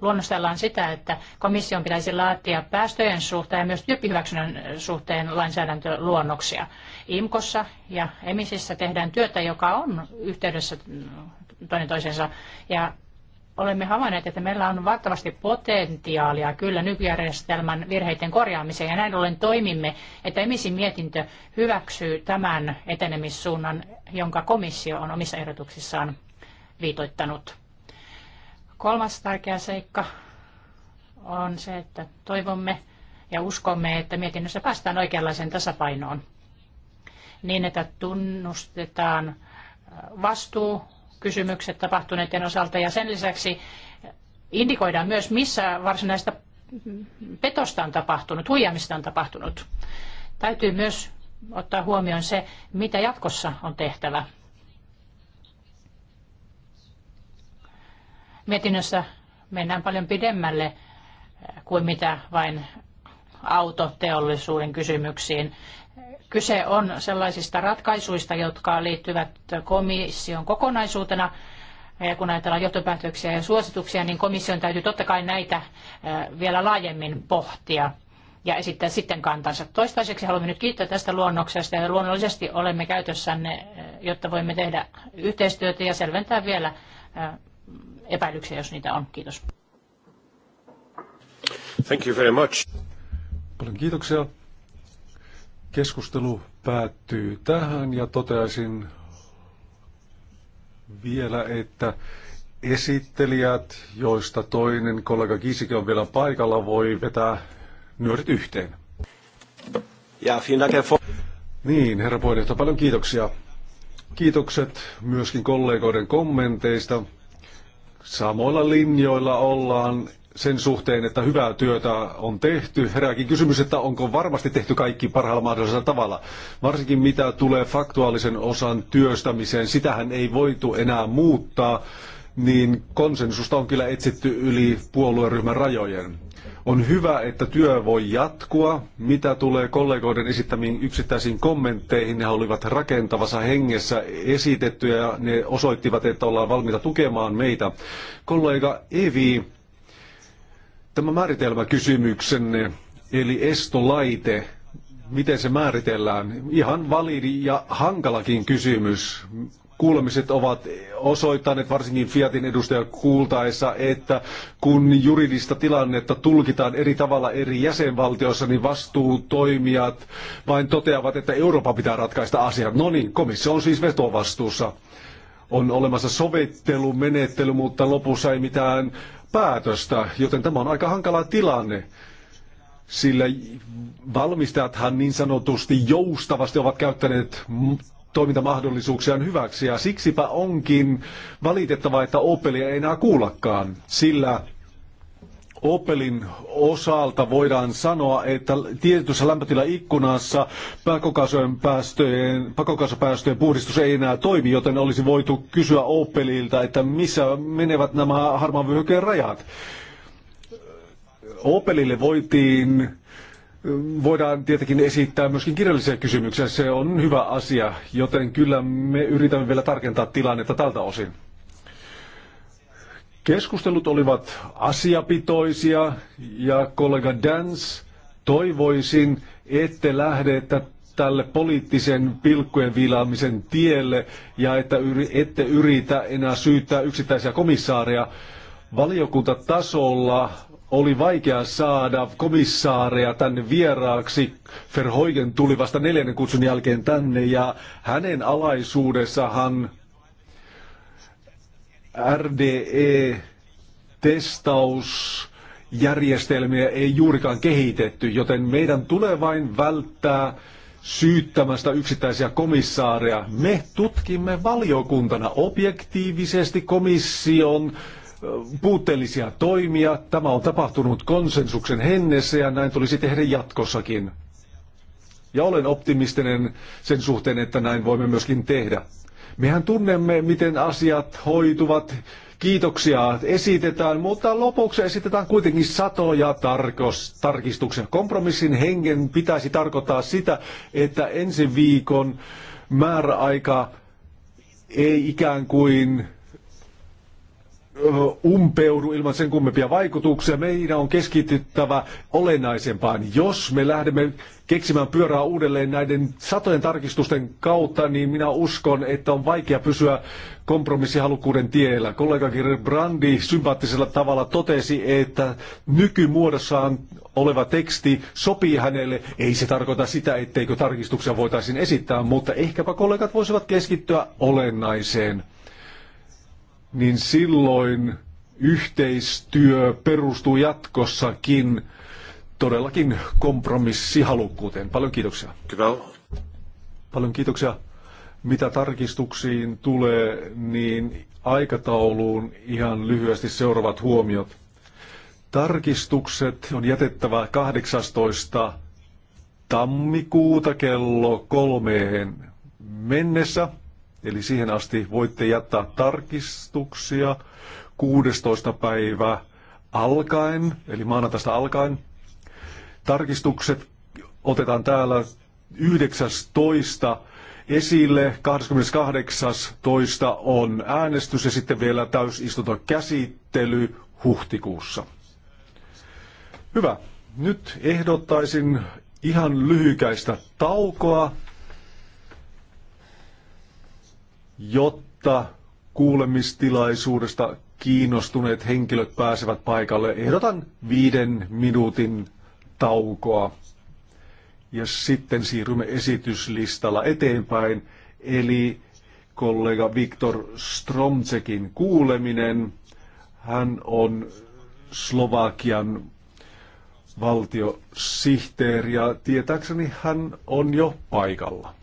luonnostellaan sitä, että komission pitäisi laatia päästöjen suhteen ja myös tyyppihyväksynnän suhteen lainsäädäntöluonnoksia. IMKossa ja EMISissä tehdään työtä, joka on yhteydessä toinen toisensa. Ja olemme havainneet, että meillä on valtavasti potentiaalia kyllä nykyjärjestelmän virheiden korjaamiseen. Ja näin ollen toimimme, että EMISin mietintö hyväksyy tämän etenemissuunnan, jonka komissio on omissa ehdotuksissaan viitoittanut. Kolmas tärkeä seikka on se, että toivomme ja uskomme, että mietinnössä päästään oikeanlaiseen tasapainoon niin, että tunnustetaan äh, vastuu, kysymykset tapahtuneiden osalta ja sen lisäksi indikoidaan myös, missä varsinaista petosta on tapahtunut, huijamista on tapahtunut. Täytyy myös ottaa huomioon se, mitä jatkossa on tehtävä. Mietinnössä mennään paljon pidemmälle kuin mitä vain autoteollisuuden kysymyksiin. Kyse on sellaisista ratkaisuista, jotka liittyvät komission kokonaisuutena. Ja kun ajatellaan johtopäätöksiä ja suosituksia, niin komission täytyy totta kai näitä vielä laajemmin pohtia ja esittää sitten kantansa. Toistaiseksi haluamme nyt kiittää tästä luonnoksesta ja luonnollisesti olemme käytössänne, jotta voimme tehdä yhteistyötä ja selventää vielä epäilyksiä, jos niitä on. Kiitos. Thank you very much. Paljon kiitoksia. Keskustelu päättyy tähän ja toteaisin vielä, että esittelijät, joista toinen kollega Kiisikin on vielä paikalla, voi vetää nyörit yhteen. Ja, niin, herra puheenjohtaja, paljon kiitoksia. Kiitokset myöskin kollegoiden kommenteista samoilla linjoilla ollaan sen suhteen, että hyvää työtä on tehty. Herääkin kysymys, että onko varmasti tehty kaikki parhaalla mahdollisella tavalla. Varsinkin mitä tulee faktuaalisen osan työstämiseen, sitähän ei voitu enää muuttaa, niin konsensusta on kyllä etsitty yli puolueryhmän rajojen. On hyvä, että työ voi jatkua. Mitä tulee kollegoiden esittämiin yksittäisiin kommentteihin, ne olivat rakentavassa hengessä esitettyjä ja ne osoittivat, että ollaan valmiita tukemaan meitä. Kollega Evi, tämä määritelmäkysymyksenne, eli estolaite, miten se määritellään? Ihan validi ja hankalakin kysymys kuulemiset ovat osoittaneet, varsinkin Fiatin edustaja kuultaessa, että kun juridista tilannetta tulkitaan eri tavalla eri jäsenvaltioissa, niin vastuutoimijat vain toteavat, että Eurooppa pitää ratkaista asiat. No niin, komissio on siis vetovastuussa. On olemassa sovittelumenettely, mutta lopussa ei mitään päätöstä, joten tämä on aika hankala tilanne sillä valmistajathan niin sanotusti joustavasti ovat käyttäneet toimintamahdollisuuksiaan hyväksi. Ja siksipä onkin valitettavaa, että Opelia ei enää kuullakaan, sillä Opelin osalta voidaan sanoa, että tietyssä lämpötilaikkunassa pakokaasupäästöjen, pakokaasupäästöjen puhdistus ei enää toimi, joten olisi voitu kysyä Opelilta, että missä menevät nämä harmaan vyöhykkeen rajat. Opelille voitiin voidaan tietenkin esittää myöskin kirjallisia kysymyksiä. Se on hyvä asia, joten kyllä me yritämme vielä tarkentaa tilannetta tältä osin. Keskustelut olivat asiapitoisia ja kollega Dance toivoisin, ette lähde tälle poliittisen pilkkujen viilaamisen tielle ja että ette yritä enää syyttää yksittäisiä komissaareja. Valiokuntatasolla oli vaikea saada komissaareja tänne vieraaksi. Verhoigen tuli vasta neljännen kutsun jälkeen tänne ja hänen alaisuudessahan RDE-testausjärjestelmiä ei juurikaan kehitetty, joten meidän tulee vain välttää syyttämästä yksittäisiä komissaareja. Me tutkimme valiokuntana objektiivisesti komission puutteellisia toimia. Tämä on tapahtunut konsensuksen hennessä ja näin tulisi tehdä jatkossakin. Ja olen optimistinen sen suhteen, että näin voimme myöskin tehdä. Mehän tunnemme, miten asiat hoituvat, kiitoksia esitetään, mutta lopuksi esitetään kuitenkin satoja tarkos, tarkistuksia. Kompromissin hengen pitäisi tarkoittaa sitä, että ensi viikon määräaika ei ikään kuin umpeudu ilman sen kummempia vaikutuksia. Meidän on keskityttävä olennaisempaan. Jos me lähdemme keksimään pyörää uudelleen näiden satojen tarkistusten kautta, niin minä uskon, että on vaikea pysyä kompromissihalukkuuden tiellä. Kollegakin Brandi sympaattisella tavalla totesi, että nykymuodossaan oleva teksti sopii hänelle. Ei se tarkoita sitä, etteikö tarkistuksia voitaisiin esittää, mutta ehkäpä kollegat voisivat keskittyä olennaiseen niin silloin yhteistyö perustuu jatkossakin todellakin kompromissihalukkuuteen. Paljon kiitoksia. Kyllä. Paljon kiitoksia. Mitä tarkistuksiin tulee, niin aikatauluun ihan lyhyesti seuraavat huomiot. Tarkistukset on jätettävä 18. tammikuuta kello kolmeen mennessä. Eli siihen asti voitte jättää tarkistuksia 16. päivä alkaen, eli maanantaista alkaen. Tarkistukset otetaan täällä 19. esille, 28.12. on äänestys ja sitten vielä täysistuntokäsittely huhtikuussa. Hyvä. Nyt ehdottaisin ihan lyhykäistä taukoa jotta kuulemistilaisuudesta kiinnostuneet henkilöt pääsevät paikalle. Ehdotan viiden minuutin taukoa ja sitten siirrymme esityslistalla eteenpäin. Eli kollega Viktor Stromcekin kuuleminen. Hän on Slovakian valtiosihteeri ja tietääkseni hän on jo paikalla.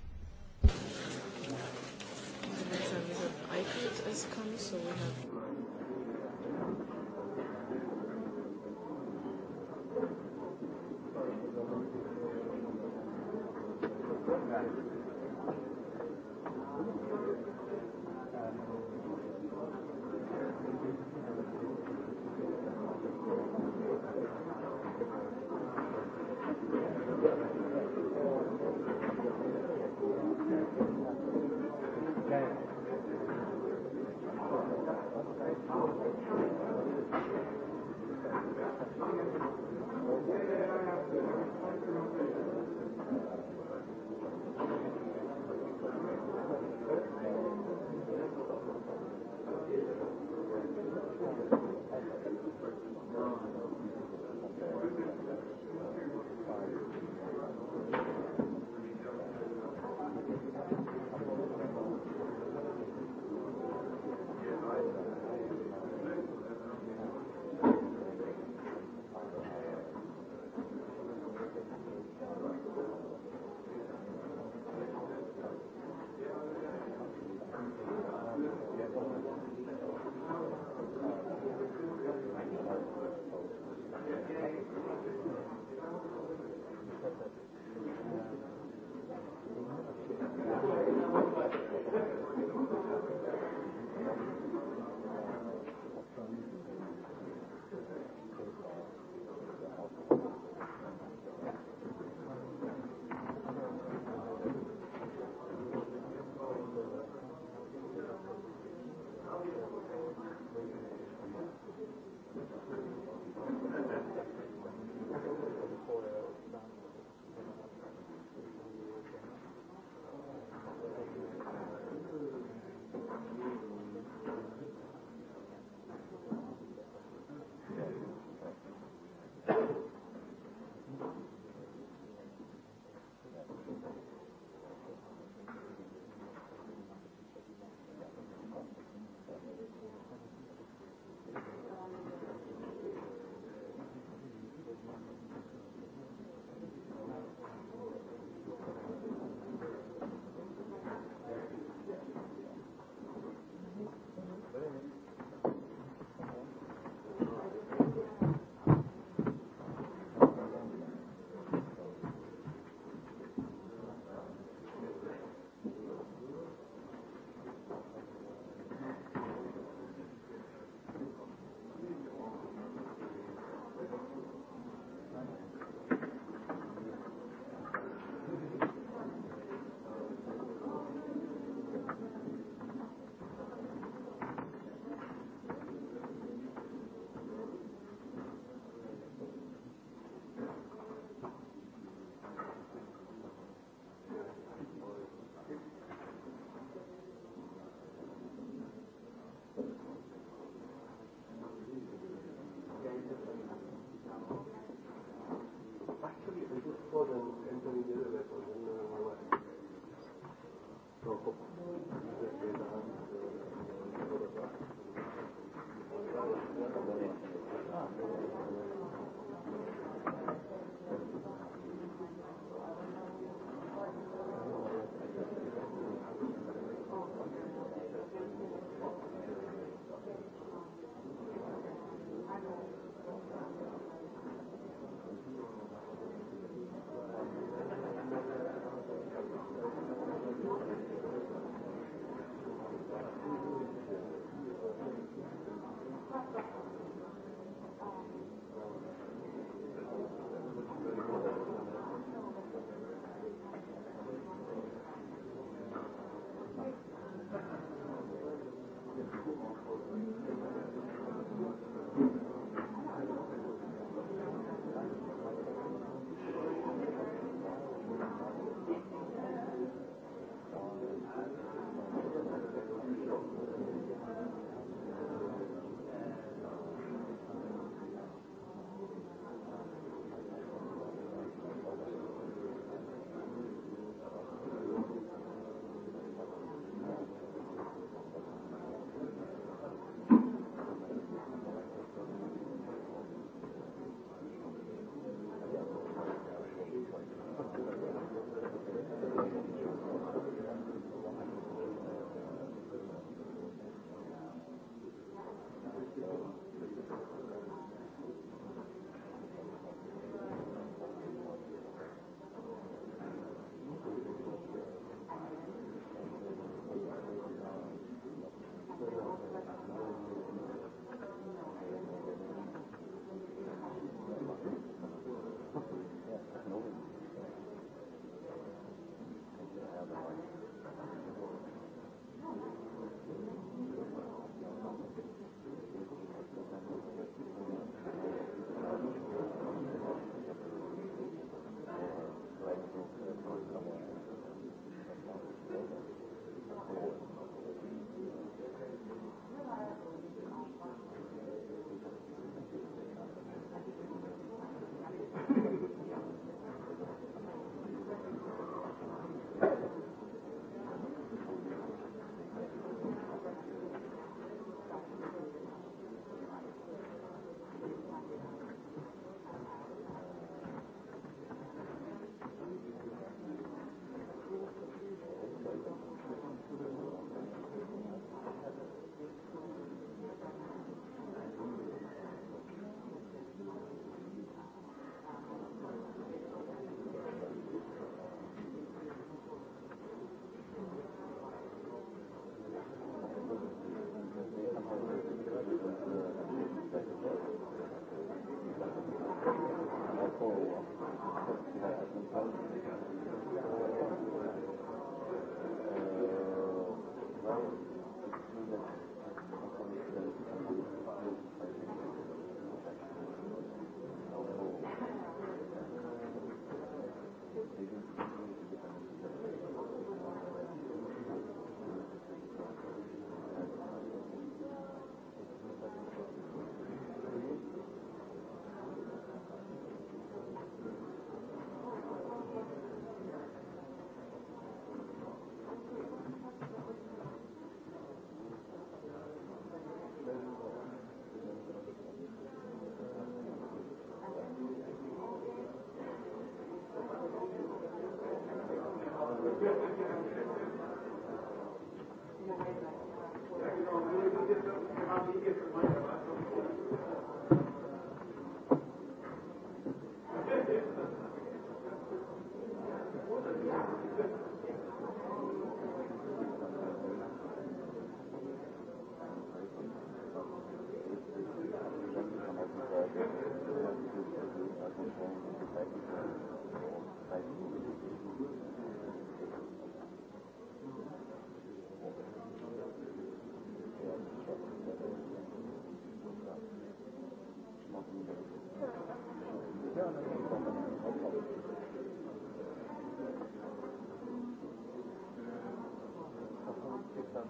Thank you.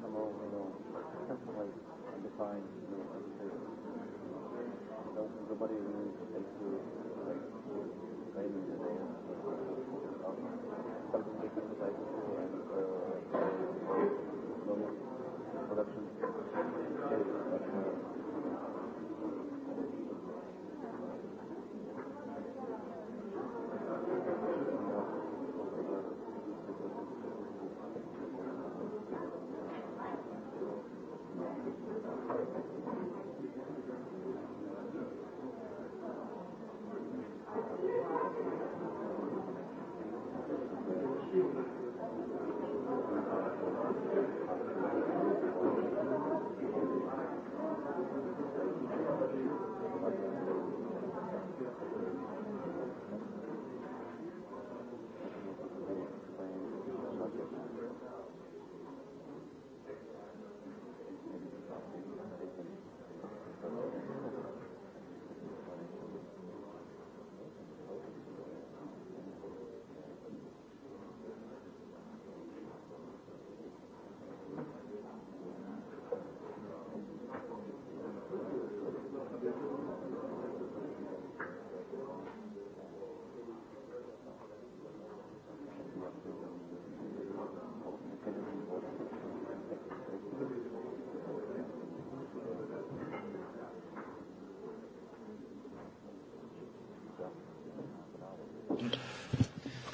come home alone, contemplate and define new uncertainty. Don't nobody who takes to like training the day of self-making devices and uh,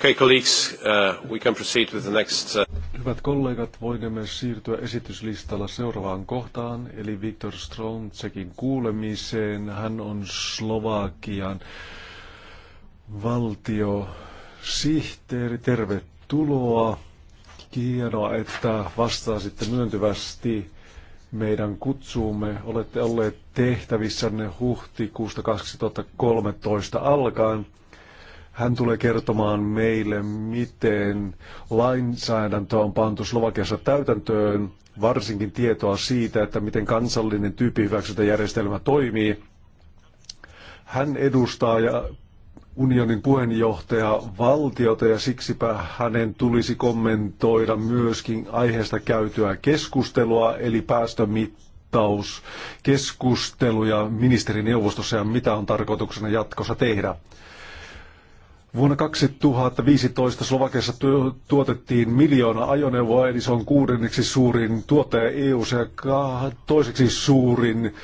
Okay, colleagues, uh, we can proceed with the next... Uh, Hyvät kollegat, voimme siirtyä esityslistalla seuraavaan kohtaan, eli Viktor Strontsekin kuulemiseen. Hän on Slovakian valtiosihteeri. Tervetuloa. Hienoa, että vastaasitte myöntyvästi meidän kutsuumme. Olette olleet tehtävissänne huhtikuusta 2013 alkaen. Hän tulee kertomaan meille, miten lainsäädäntö on pantu Slovakiassa täytäntöön, varsinkin tietoa siitä, että miten kansallinen tyyppihyväksyntäjärjestelmä toimii. Hän edustaa ja unionin puheenjohtaja valtiota ja siksipä hänen tulisi kommentoida myöskin aiheesta käytyä keskustelua eli päästömittaus keskusteluja ministerineuvostossa ja mitä on tarkoituksena jatkossa tehdä. Vuonna 2015 Slovakiassa tuotettiin miljoona ajoneuvoa, eli se on kuudenneksi suurin tuottaja eu ja toiseksi suurin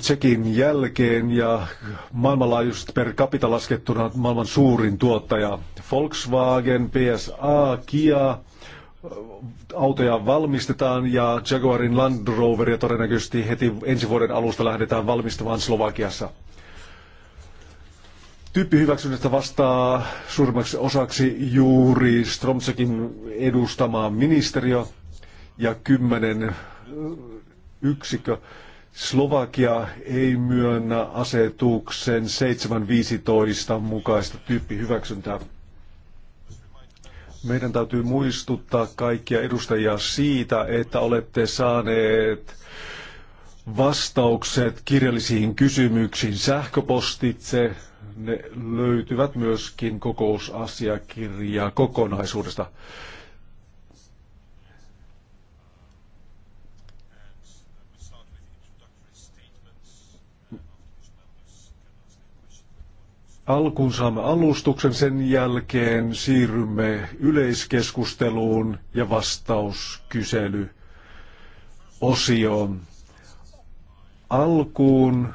Tsekin jälkeen ja maailmanlaajuisesti per capita laskettuna maailman suurin tuottaja. Volkswagen, PSA, Kia, autoja valmistetaan ja Jaguarin Land Roveria todennäköisesti heti ensi vuoden alusta lähdetään valmistamaan Slovakiassa. Tyyppihyväksynnästä vastaa suurimmaksi osaksi juuri Stromsekin edustama ministeriö ja kymmenen yksikkö. Slovakia ei myönnä asetuksen 7.15 mukaista tyyppihyväksyntää. Meidän täytyy muistuttaa kaikkia edustajia siitä, että olette saaneet vastaukset kirjallisiin kysymyksiin sähköpostitse ne löytyvät myöskin kokousasiakirjaa kokonaisuudesta. Alkuun saamme alustuksen, sen jälkeen siirrymme yleiskeskusteluun ja vastauskysely osioon. Alkuun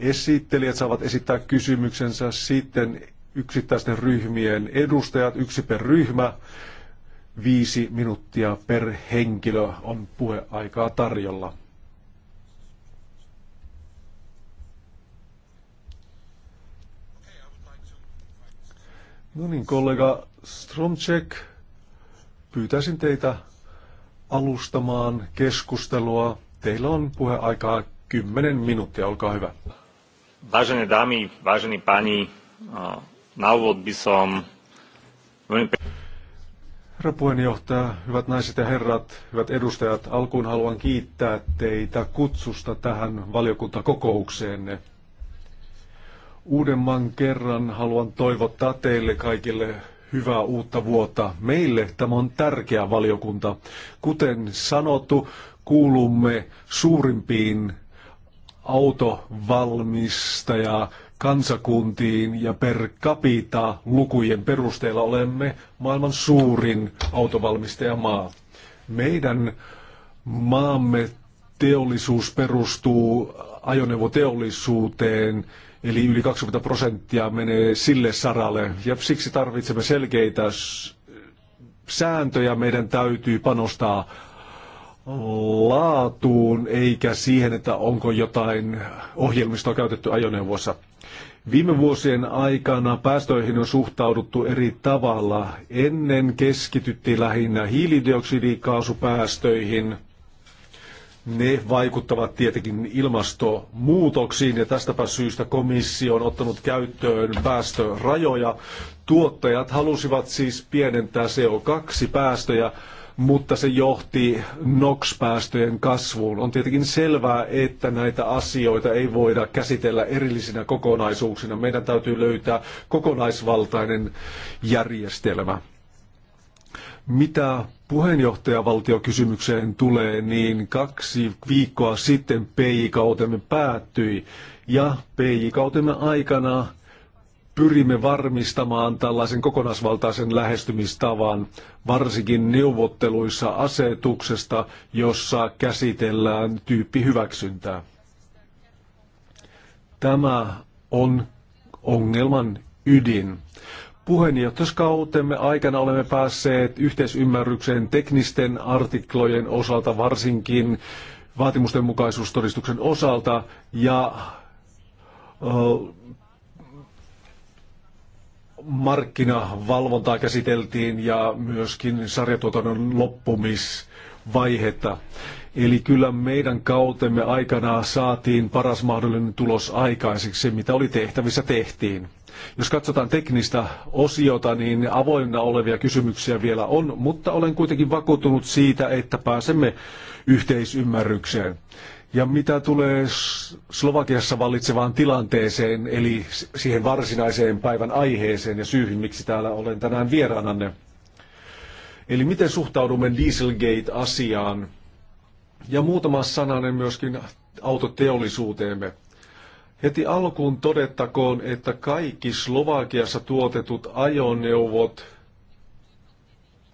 esittelijät saavat esittää kysymyksensä, sitten yksittäisten ryhmien edustajat, yksi per ryhmä, viisi minuuttia per henkilö on puheaikaa tarjolla. No niin, kollega Stromczek, pyytäisin teitä alustamaan keskustelua. Teillä on puheaikaa 10 minuuttia, olkaa hyvä. Vážené dámy, vážení páni, na úvod by som Herra puheenjohtaja, hyvät naiset ja herrat, hyvät edustajat, alkuun haluan kiittää teitä kutsusta tähän valiokuntakokoukseenne. Uudemman kerran haluan toivottaa teille kaikille hyvää uutta vuotta. Meille tämä on tärkeä valiokunta. Kuten sanottu, kuulumme suurimpiin autovalmistaja kansakuntiin ja per capita lukujen perusteella olemme maailman suurin autovalmistajamaa. Meidän maamme teollisuus perustuu ajoneuvoteollisuuteen, eli yli 20 prosenttia menee sille saralle, ja siksi tarvitsemme selkeitä sääntöjä. Meidän täytyy panostaa laatuun eikä siihen, että onko jotain ohjelmistoa käytetty ajoneuvossa. Viime vuosien aikana päästöihin on suhtauduttu eri tavalla. Ennen keskityttiin lähinnä hiilidioksidikaasupäästöihin. Ne vaikuttavat tietenkin ilmastomuutoksiin ja tästäpä syystä komissio on ottanut käyttöön päästörajoja. Tuottajat halusivat siis pienentää CO2-päästöjä mutta se johti NOx-päästöjen kasvuun. On tietenkin selvää, että näitä asioita ei voida käsitellä erillisinä kokonaisuuksina. Meidän täytyy löytää kokonaisvaltainen järjestelmä. Mitä puheenjohtajavaltiokysymykseen tulee, niin kaksi viikkoa sitten PI-kautemme päättyi ja PI-kautemme aikana pyrimme varmistamaan tällaisen kokonaisvaltaisen lähestymistavan, varsinkin neuvotteluissa asetuksesta, jossa käsitellään tyyppihyväksyntää. Tämä on ongelman ydin. Puheenjohtajuuskautemme aikana olemme päässeet yhteisymmärrykseen teknisten artiklojen osalta, varsinkin vaatimustenmukaisuustodistuksen osalta, ja markkinavalvontaa käsiteltiin ja myöskin sarjatuotannon loppumisvaihetta. Eli kyllä meidän kautemme aikana saatiin paras mahdollinen tulos aikaiseksi. mitä oli tehtävissä, tehtiin. Jos katsotaan teknistä osiota, niin avoinna olevia kysymyksiä vielä on, mutta olen kuitenkin vakuuttunut siitä, että pääsemme yhteisymmärrykseen. Ja mitä tulee Slovakiassa vallitsevaan tilanteeseen, eli siihen varsinaiseen päivän aiheeseen ja syyhyn, miksi täällä olen tänään vieraananne. Eli miten suhtaudumme Dieselgate-asiaan? Ja muutama sananen myöskin autoteollisuuteemme. Heti alkuun todettakoon, että kaikki Slovakiassa tuotetut ajoneuvot,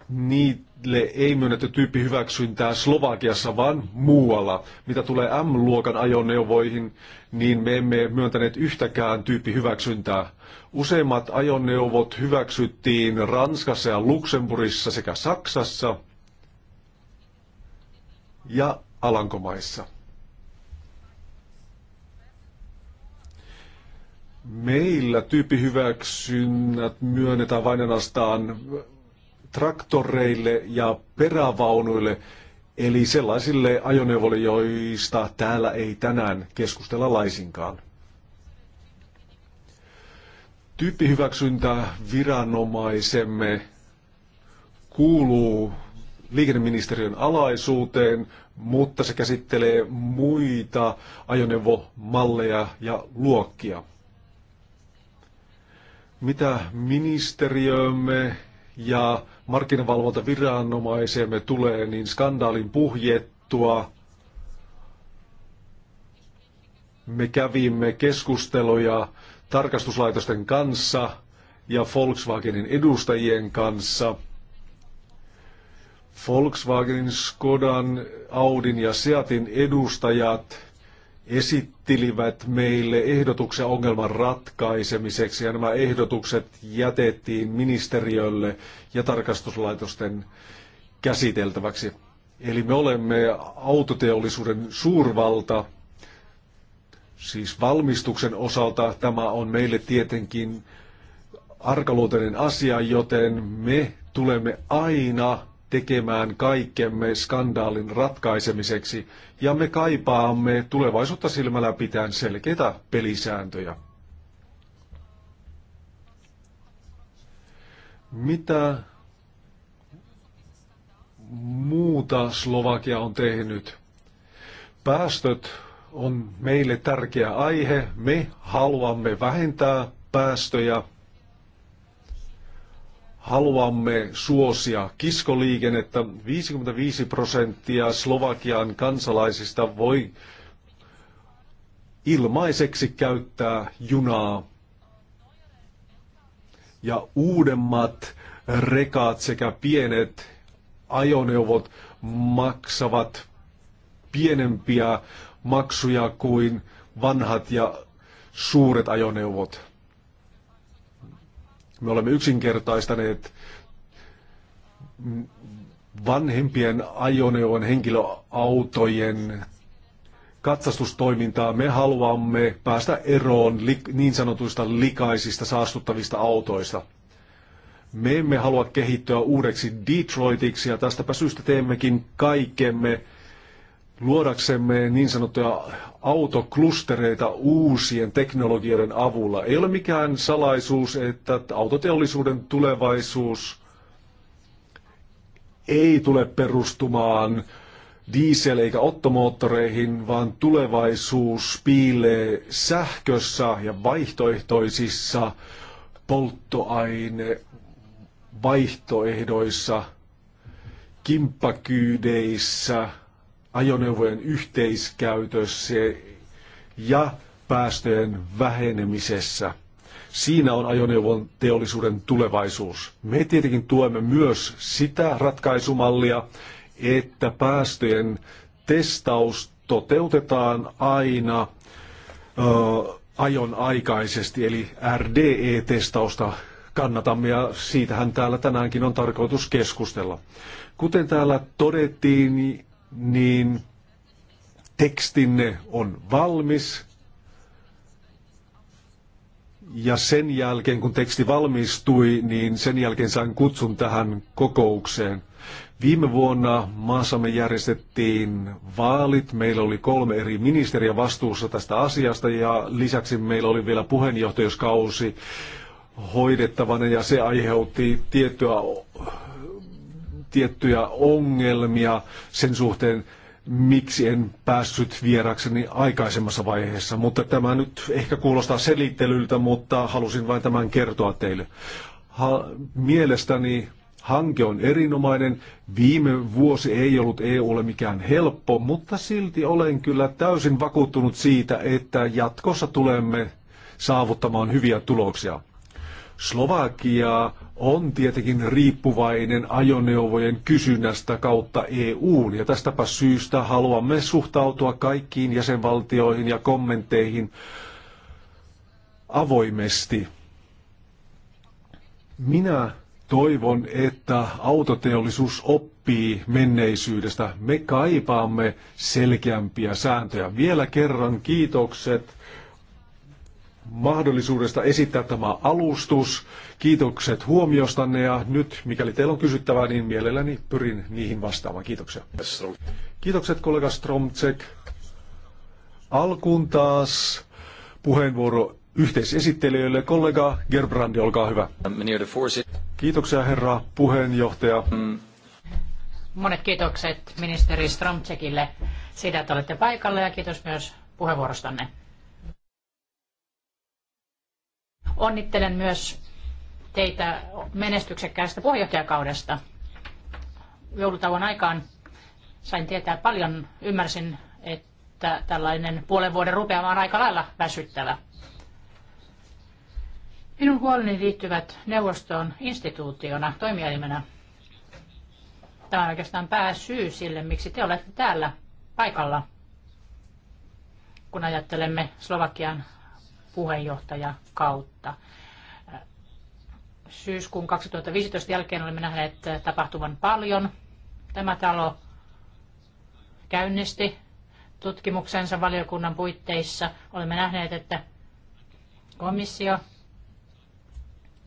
niitä ei myönnetty tyyppihyväksyntää Slovakiassa, vaan muualla. Mitä tulee M-luokan ajoneuvoihin, niin me emme myöntäneet yhtäkään tyyppihyväksyntää. Useimmat ajoneuvot hyväksyttiin Ranskassa ja Luxemburgissa sekä Saksassa ja Alankomaissa. Meillä tyyppihyväksynnät myönnetään vain ainoastaan traktoreille ja perävaunuille, eli sellaisille ajoneuvoille, joista täällä ei tänään keskustella laisinkaan. Tyyppihyväksyntä viranomaisemme kuuluu liikenneministeriön alaisuuteen, mutta se käsittelee muita ajoneuvomalleja ja luokkia. Mitä ministeriömme ja markkinavalvontaviranomaisemme tulee, niin skandaalin puhjettua me kävimme keskusteluja tarkastuslaitosten kanssa ja Volkswagenin edustajien kanssa. Volkswagenin, Skodan, Audin ja Seatin edustajat – esittelivät meille ehdotuksen ongelman ratkaisemiseksi ja nämä ehdotukset jätettiin ministeriölle ja tarkastuslaitosten käsiteltäväksi. Eli me olemme autoteollisuuden suurvalta, siis valmistuksen osalta tämä on meille tietenkin arkaluontoinen asia, joten me tulemme aina tekemään kaikkemme skandaalin ratkaisemiseksi ja me kaipaamme tulevaisuutta silmällä pitäen selkeitä pelisääntöjä. Mitä muuta Slovakia on tehnyt? Päästöt on meille tärkeä aihe. Me haluamme vähentää päästöjä haluamme suosia kiskoliikennettä. 55 prosenttia Slovakian kansalaisista voi ilmaiseksi käyttää junaa. Ja uudemmat rekat sekä pienet ajoneuvot maksavat pienempiä maksuja kuin vanhat ja suuret ajoneuvot. Me olemme yksinkertaistaneet vanhempien ajoneuvon henkilöautojen katsastustoimintaa. Me haluamme päästä eroon niin sanotuista likaisista saastuttavista autoista. Me emme halua kehittyä uudeksi Detroitiksi ja tästäpä syystä teemmekin kaikkemme, luodaksemme niin sanottuja autoklustereita uusien teknologioiden avulla. Ei ole mikään salaisuus, että autoteollisuuden tulevaisuus ei tule perustumaan diesel- eikä ottomoottoreihin, vaan tulevaisuus piilee sähkössä ja vaihtoehtoisissa polttoainevaihtoehdoissa, kimppakyydeissä – ajoneuvojen yhteiskäytössä ja päästöjen vähenemisessä. Siinä on ajoneuvon teollisuuden tulevaisuus. Me tietenkin tuemme myös sitä ratkaisumallia, että päästöjen testaus toteutetaan aina ö, ajon aikaisesti, eli RDE-testausta kannatamme ja siitähän täällä tänäänkin on tarkoitus keskustella. Kuten täällä todettiin, niin niin tekstinne on valmis. Ja sen jälkeen, kun teksti valmistui, niin sen jälkeen sain kutsun tähän kokoukseen. Viime vuonna maassamme järjestettiin vaalit. Meillä oli kolme eri ministeriä vastuussa tästä asiasta ja lisäksi meillä oli vielä puheenjohtajuuskausi hoidettavana ja se aiheutti tiettyä tiettyjä ongelmia sen suhteen, miksi en päässyt vierakseni aikaisemmassa vaiheessa. Mutta tämä nyt ehkä kuulostaa selittelyltä, mutta halusin vain tämän kertoa teille. Ha- mielestäni hanke on erinomainen. Viime vuosi ei ollut EUlle mikään helppo, mutta silti olen kyllä täysin vakuuttunut siitä, että jatkossa tulemme saavuttamaan hyviä tuloksia. Slovakia on tietenkin riippuvainen ajoneuvojen kysynnästä kautta EUn, ja tästäpä syystä haluamme suhtautua kaikkiin jäsenvaltioihin ja kommentteihin avoimesti. Minä toivon, että autoteollisuus oppii menneisyydestä. Me kaipaamme selkeämpiä sääntöjä. Vielä kerran kiitokset mahdollisuudesta esittää tämä alustus. Kiitokset huomiostanne ja nyt, mikäli teillä on kysyttävää, niin mielelläni pyrin niihin vastaamaan. Kiitoksia. Kiitokset kollega Stromczek. Alkuun taas puheenvuoro yhteisesittelijöille. Kollega Gerbrandi, olkaa hyvä. Kiitoksia herra puheenjohtaja. Monet kiitokset ministeri Stromczekille, siitä, että olette paikalla ja kiitos myös puheenvuorostanne. Onnittelen myös teitä menestyksekkäästä puheenjohtajakaudesta. Joulutauon aikaan sain tietää paljon, ymmärsin, että tällainen puolen vuoden rupeama on aika lailla väsyttävä. Minun huoleni liittyvät neuvostoon instituutiona, toimielimenä. Tämä on oikeastaan pääsyy sille, miksi te olette täällä paikalla, kun ajattelemme Slovakian puheenjohtaja kautta. Syyskuun 2015 jälkeen olemme nähneet tapahtuvan paljon. Tämä talo käynnisti tutkimuksensa valiokunnan puitteissa. Olemme nähneet, että komissio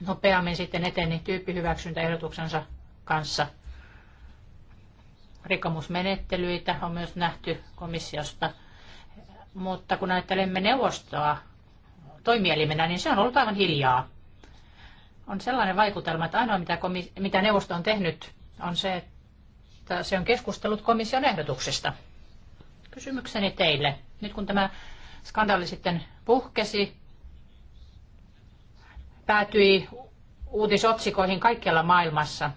nopeammin sitten eteni tyyppihyväksyntäehdotuksensa kanssa. Rikomusmenettelyitä on myös nähty komissiosta. Mutta kun ajattelemme neuvostoa, toimielimenä, niin se on ollut aivan hiljaa. On sellainen vaikutelma, että ainoa mitä, mitä neuvosto on tehnyt, on se, että se on keskustellut komission ehdotuksesta. Kysymykseni teille. Nyt kun tämä skandaali sitten puhkesi, päätyi uutisotsikoihin kaikkialla maailmassa.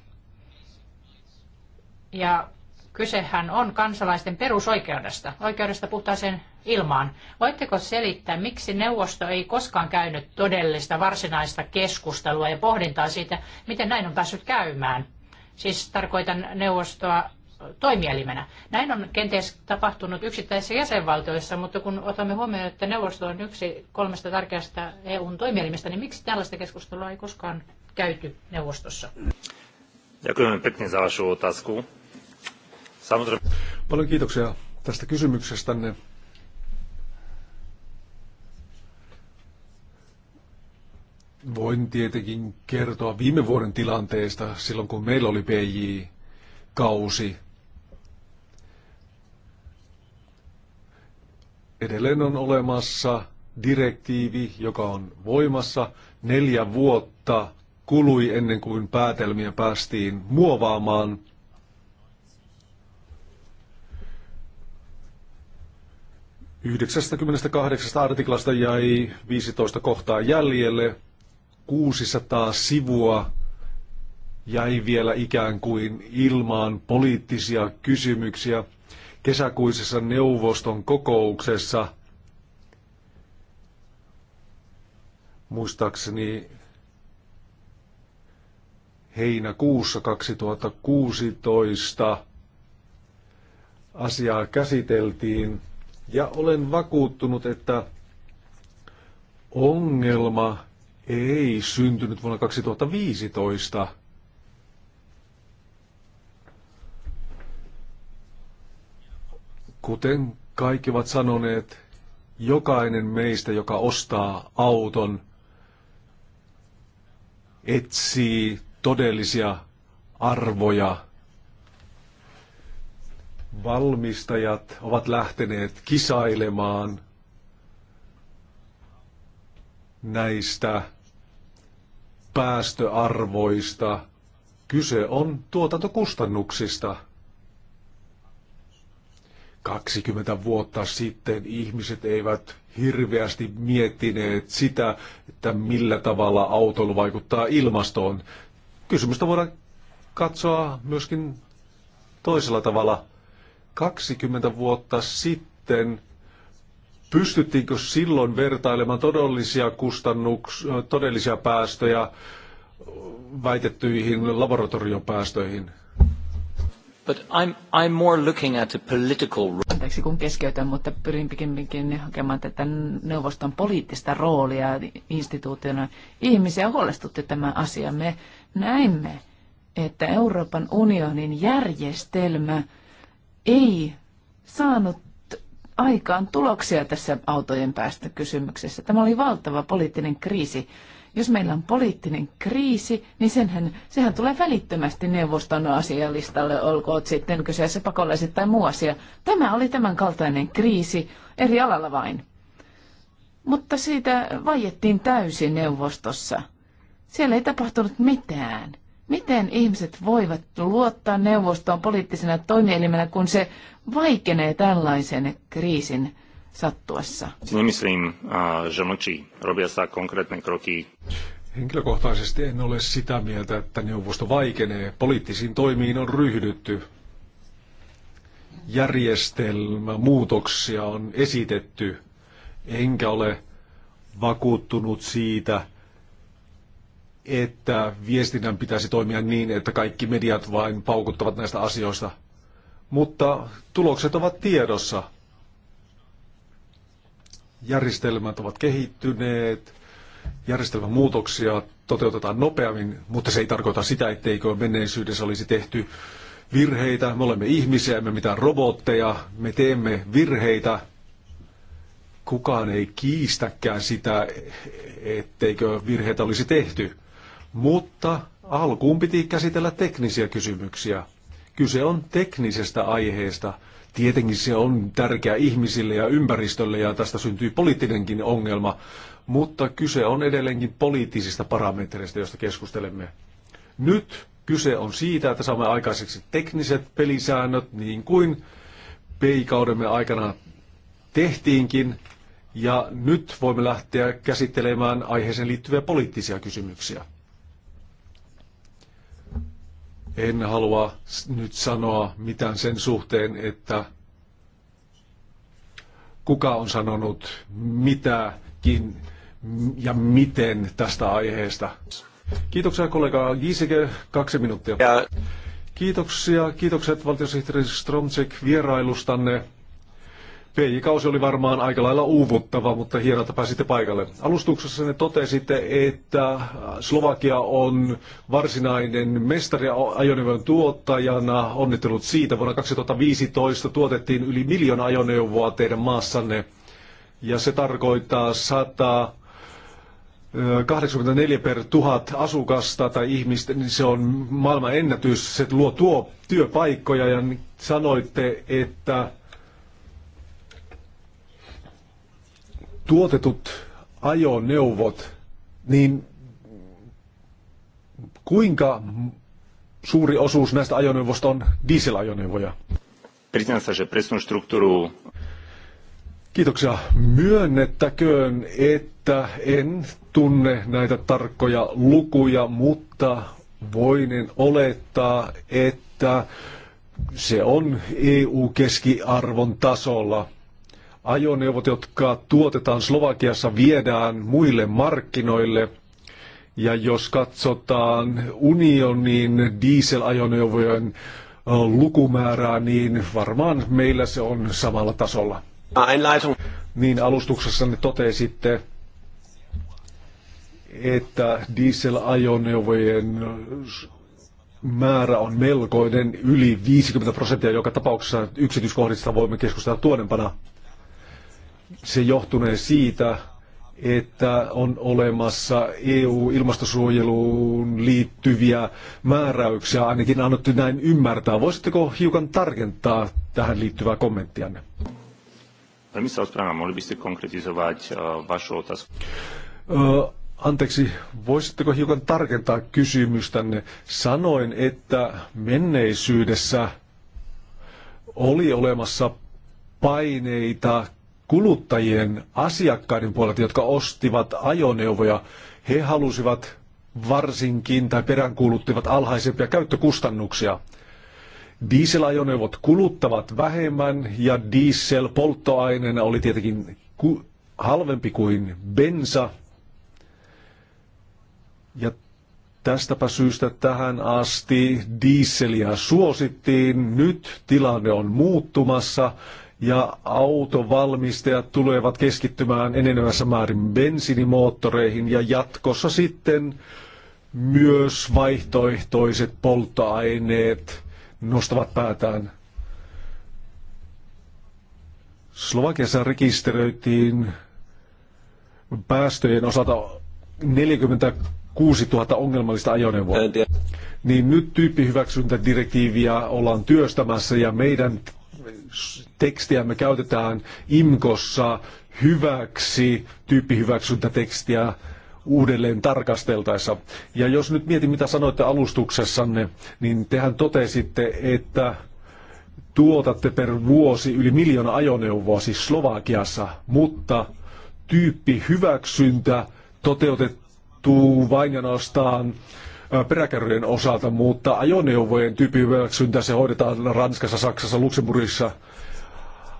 Ja kysehän on kansalaisten perusoikeudesta, oikeudesta puhtaaseen ilmaan. Voitteko selittää, miksi neuvosto ei koskaan käynyt todellista varsinaista keskustelua ja pohdintaa siitä, miten näin on päässyt käymään? Siis tarkoitan neuvostoa toimielimenä. Näin on kenties tapahtunut yksittäisissä jäsenvaltioissa, mutta kun otamme huomioon, että neuvosto on yksi kolmesta tärkeästä EUn toimielimestä, niin miksi tällaista keskustelua ei koskaan käyty neuvostossa? Paljon kiitoksia tästä kysymyksestänne. Voin tietenkin kertoa viime vuoden tilanteesta silloin, kun meillä oli PJ-kausi. Edelleen on olemassa direktiivi, joka on voimassa. Neljä vuotta kului ennen kuin päätelmiä päästiin muovaamaan. Yhdeksästäkymmenestäkahdeksasta artiklasta jäi 15 kohtaa jäljelle, 600 sivua jäi vielä ikään kuin ilmaan poliittisia kysymyksiä. Kesäkuisessa neuvoston kokouksessa muistaakseni heinäkuussa 2016 asiaa käsiteltiin ja olen vakuuttunut, että ongelma ei syntynyt vuonna 2015. Kuten kaikki ovat sanoneet, jokainen meistä, joka ostaa auton, etsii todellisia arvoja. Valmistajat ovat lähteneet kisailemaan – näistä päästöarvoista. Kyse on tuotantokustannuksista. 20 vuotta sitten ihmiset eivät hirveästi miettineet sitä, että millä tavalla autoilu vaikuttaa ilmastoon. Kysymystä voidaan katsoa myöskin toisella tavalla. 20 vuotta sitten pystyttiinkö silloin vertailemaan todellisia kustannuks, todellisia päästöjä väitettyihin laboratoriopäästöihin? But I'm, I'm more looking at the political Anteeksi kun keskeytän, mutta pyrin pikemminkin hakemaan tätä neuvoston poliittista roolia instituutiona. Ihmisiä huolestutti tämä asia. Me näimme, että Euroopan unionin järjestelmä ei saanut aikaan tuloksia tässä autojen päästökysymyksessä. Tämä oli valtava poliittinen kriisi. Jos meillä on poliittinen kriisi, niin senhän, sehän tulee välittömästi neuvoston asialistalle, olkoot sitten kyseessä pakolaiset tai muu asia. Tämä oli tämän kaltainen kriisi, eri alalla vain. Mutta siitä vaiettiin täysin neuvostossa. Siellä ei tapahtunut mitään. Miten ihmiset voivat luottaa neuvostoon poliittisena toimielimenä, kun se vaikenee tällaisen kriisin sattuessa? Robia Henkilökohtaisesti en ole sitä mieltä, että neuvosto vaikenee. Poliittisiin toimiin on ryhdytty. Järjestelmä, muutoksia on esitetty. Enkä ole vakuuttunut siitä, että viestinnän pitäisi toimia niin, että kaikki mediat vain paukuttavat näistä asioista mutta tulokset ovat tiedossa. Järjestelmät ovat kehittyneet, järjestelmän muutoksia toteutetaan nopeammin, mutta se ei tarkoita sitä, etteikö menneisyydessä olisi tehty virheitä. Me olemme ihmisiä, emme mitään robotteja, me teemme virheitä. Kukaan ei kiistäkään sitä, etteikö virheitä olisi tehty. Mutta alkuun piti käsitellä teknisiä kysymyksiä. Kyse on teknisestä aiheesta. Tietenkin se on tärkeä ihmisille ja ympäristölle ja tästä syntyy poliittinenkin ongelma, mutta kyse on edelleenkin poliittisista parametreista, joista keskustelemme. Nyt kyse on siitä, että saamme aikaiseksi tekniset pelisäännöt niin kuin peikaudemme aikana tehtiinkin, ja nyt voimme lähteä käsittelemään aiheeseen liittyviä poliittisia kysymyksiä. En halua nyt sanoa mitään sen suhteen, että kuka on sanonut mitäkin ja miten tästä aiheesta. Kiitoksia kollega Giisike, kaksi minuuttia. Kiitoksia, kiitokset valtiosihteeri Stromczyk vierailustanne. PJ-kausi oli varmaan aika lailla uuvuttava, mutta hienoa, että pääsitte paikalle. Alustuksessa ne totesitte, että äh, Slovakia on varsinainen mestari ajoneuvon tuottajana. Onnittelut siitä. Vuonna 2015 tuotettiin yli miljoona ajoneuvoa teidän maassanne. Ja se tarkoittaa 184 äh, per tuhat asukasta tai ihmistä, niin se on maailman ennätys. Se luo tuo työpaikkoja ja sanoitte, että tuotetut ajoneuvot, niin kuinka suuri osuus näistä ajoneuvoista on dieselajoneuvoja? Kiitoksia. Myönnettäköön, että en tunne näitä tarkkoja lukuja, mutta voinen olettaa, että se on EU-keskiarvon tasolla ajoneuvot, jotka tuotetaan Slovakiassa, viedään muille markkinoille. Ja jos katsotaan unionin dieselajoneuvojen lukumäärää, niin varmaan meillä se on samalla tasolla. Niin alustuksessanne totesitte, että dieselajoneuvojen määrä on melkoinen, yli 50 prosenttia joka tapauksessa yksityiskohdista voimme keskustella tuonempana se johtunee siitä, että on olemassa EU-ilmastosuojeluun liittyviä määräyksiä, ainakin annettu näin ymmärtää. Voisitteko hiukan tarkentaa tähän liittyvää kommenttianne? Eh, anteeksi, voisitteko hiukan tarkentaa kysymystänne? Sanoin, että menneisyydessä oli olemassa paineita kuluttajien asiakkaiden puolelta, jotka ostivat ajoneuvoja, he halusivat varsinkin tai peräänkuuluttivat alhaisempia käyttökustannuksia. Dieselajoneuvot kuluttavat vähemmän ja dieselpolttoaineena oli tietenkin halvempi kuin bensa. Ja tästäpä syystä tähän asti dieseliä suosittiin. Nyt tilanne on muuttumassa ja autovalmistajat tulevat keskittymään enenevässä määrin bensiinimoottoreihin ja jatkossa sitten myös vaihtoehtoiset polttoaineet nostavat päätään. Slovakiassa rekisteröitiin päästöjen osalta 46 000 ongelmallista ajoneuvoa. Niin nyt tyyppihyväksyntädirektiiviä ollaan työstämässä ja meidän tekstiä me käytetään IMKossa hyväksi, tyyppihyväksyntätekstiä uudelleen tarkasteltaessa. Ja jos nyt mietin, mitä sanoitte alustuksessanne, niin tehän totesitte, että tuotatte per vuosi yli miljoona ajoneuvoa siis Slovakiassa, mutta tyyppihyväksyntä hyväksyntä toteutettu vain ja nostaan peräkärryjen osalta, mutta ajoneuvojen tyyppihyväksyntä se hoidetaan Ranskassa, Saksassa, Luxemburgissa –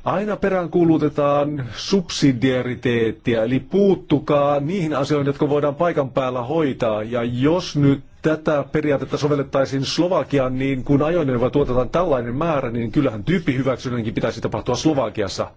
Aina peräänkuulutetaan subsidiariteettia, eli puuttukaa niihin asioihin, jotka voidaan paikan päällä hoitaa. Ja jos nyt tätä periaatetta sovellettaisiin Slovakiaan, niin kun ajoneuvoa tuotetaan tällainen määrä, niin kyllähän tyyppihyväksynnänkin pitäisi tapahtua Slovakiassa.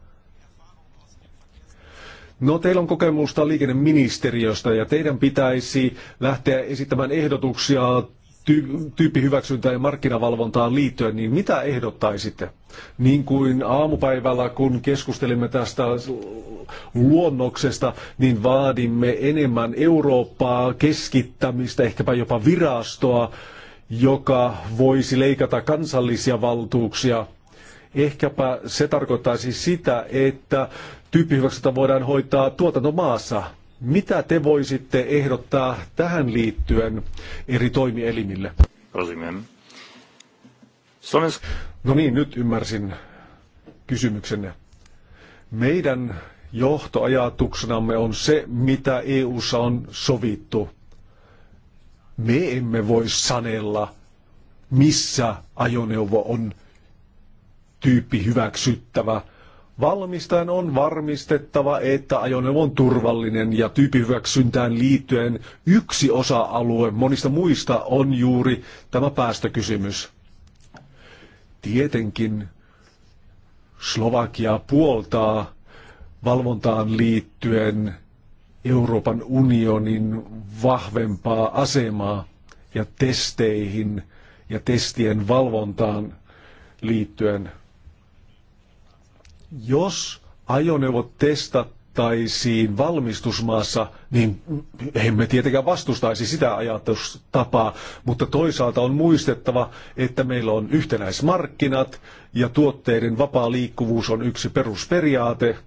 No teillä on kokemusta liikenneministeriöstä ja teidän pitäisi lähteä esittämään ehdotuksia ty- tyyppihyväksyntään ja markkinavalvontaan liittyen, niin mitä ehdottaisitte? Niin kuin aamupäivällä, kun keskustelimme tästä luonnoksesta, niin vaadimme enemmän Eurooppaa, keskittämistä, ehkäpä jopa virastoa, joka voisi leikata kansallisia valtuuksia. Ehkäpä se tarkoittaisi sitä, että tyyppihyväksyntä voidaan hoitaa tuotantomaassa, mitä te voisitte ehdottaa tähän liittyen eri toimielimille? No niin, nyt ymmärsin kysymyksenne. Meidän johtoajatuksenamme on se, mitä EU:ssa on sovittu. Me emme voi sanella, missä ajoneuvo on tyyppi hyväksyttävä – Valmistajan on varmistettava, että ajoneuvo on turvallinen ja tyyppihyväksyntään liittyen yksi osa-alue monista muista on juuri tämä päästökysymys. Tietenkin Slovakia puoltaa valvontaan liittyen Euroopan unionin vahvempaa asemaa ja testeihin ja testien valvontaan liittyen – jos ajoneuvot testattaisiin valmistusmaassa, niin emme tietenkään vastustaisi sitä ajatustapaa, mutta toisaalta on muistettava, että meillä on yhtenäismarkkinat ja tuotteiden vapaa liikkuvuus on yksi perusperiaate.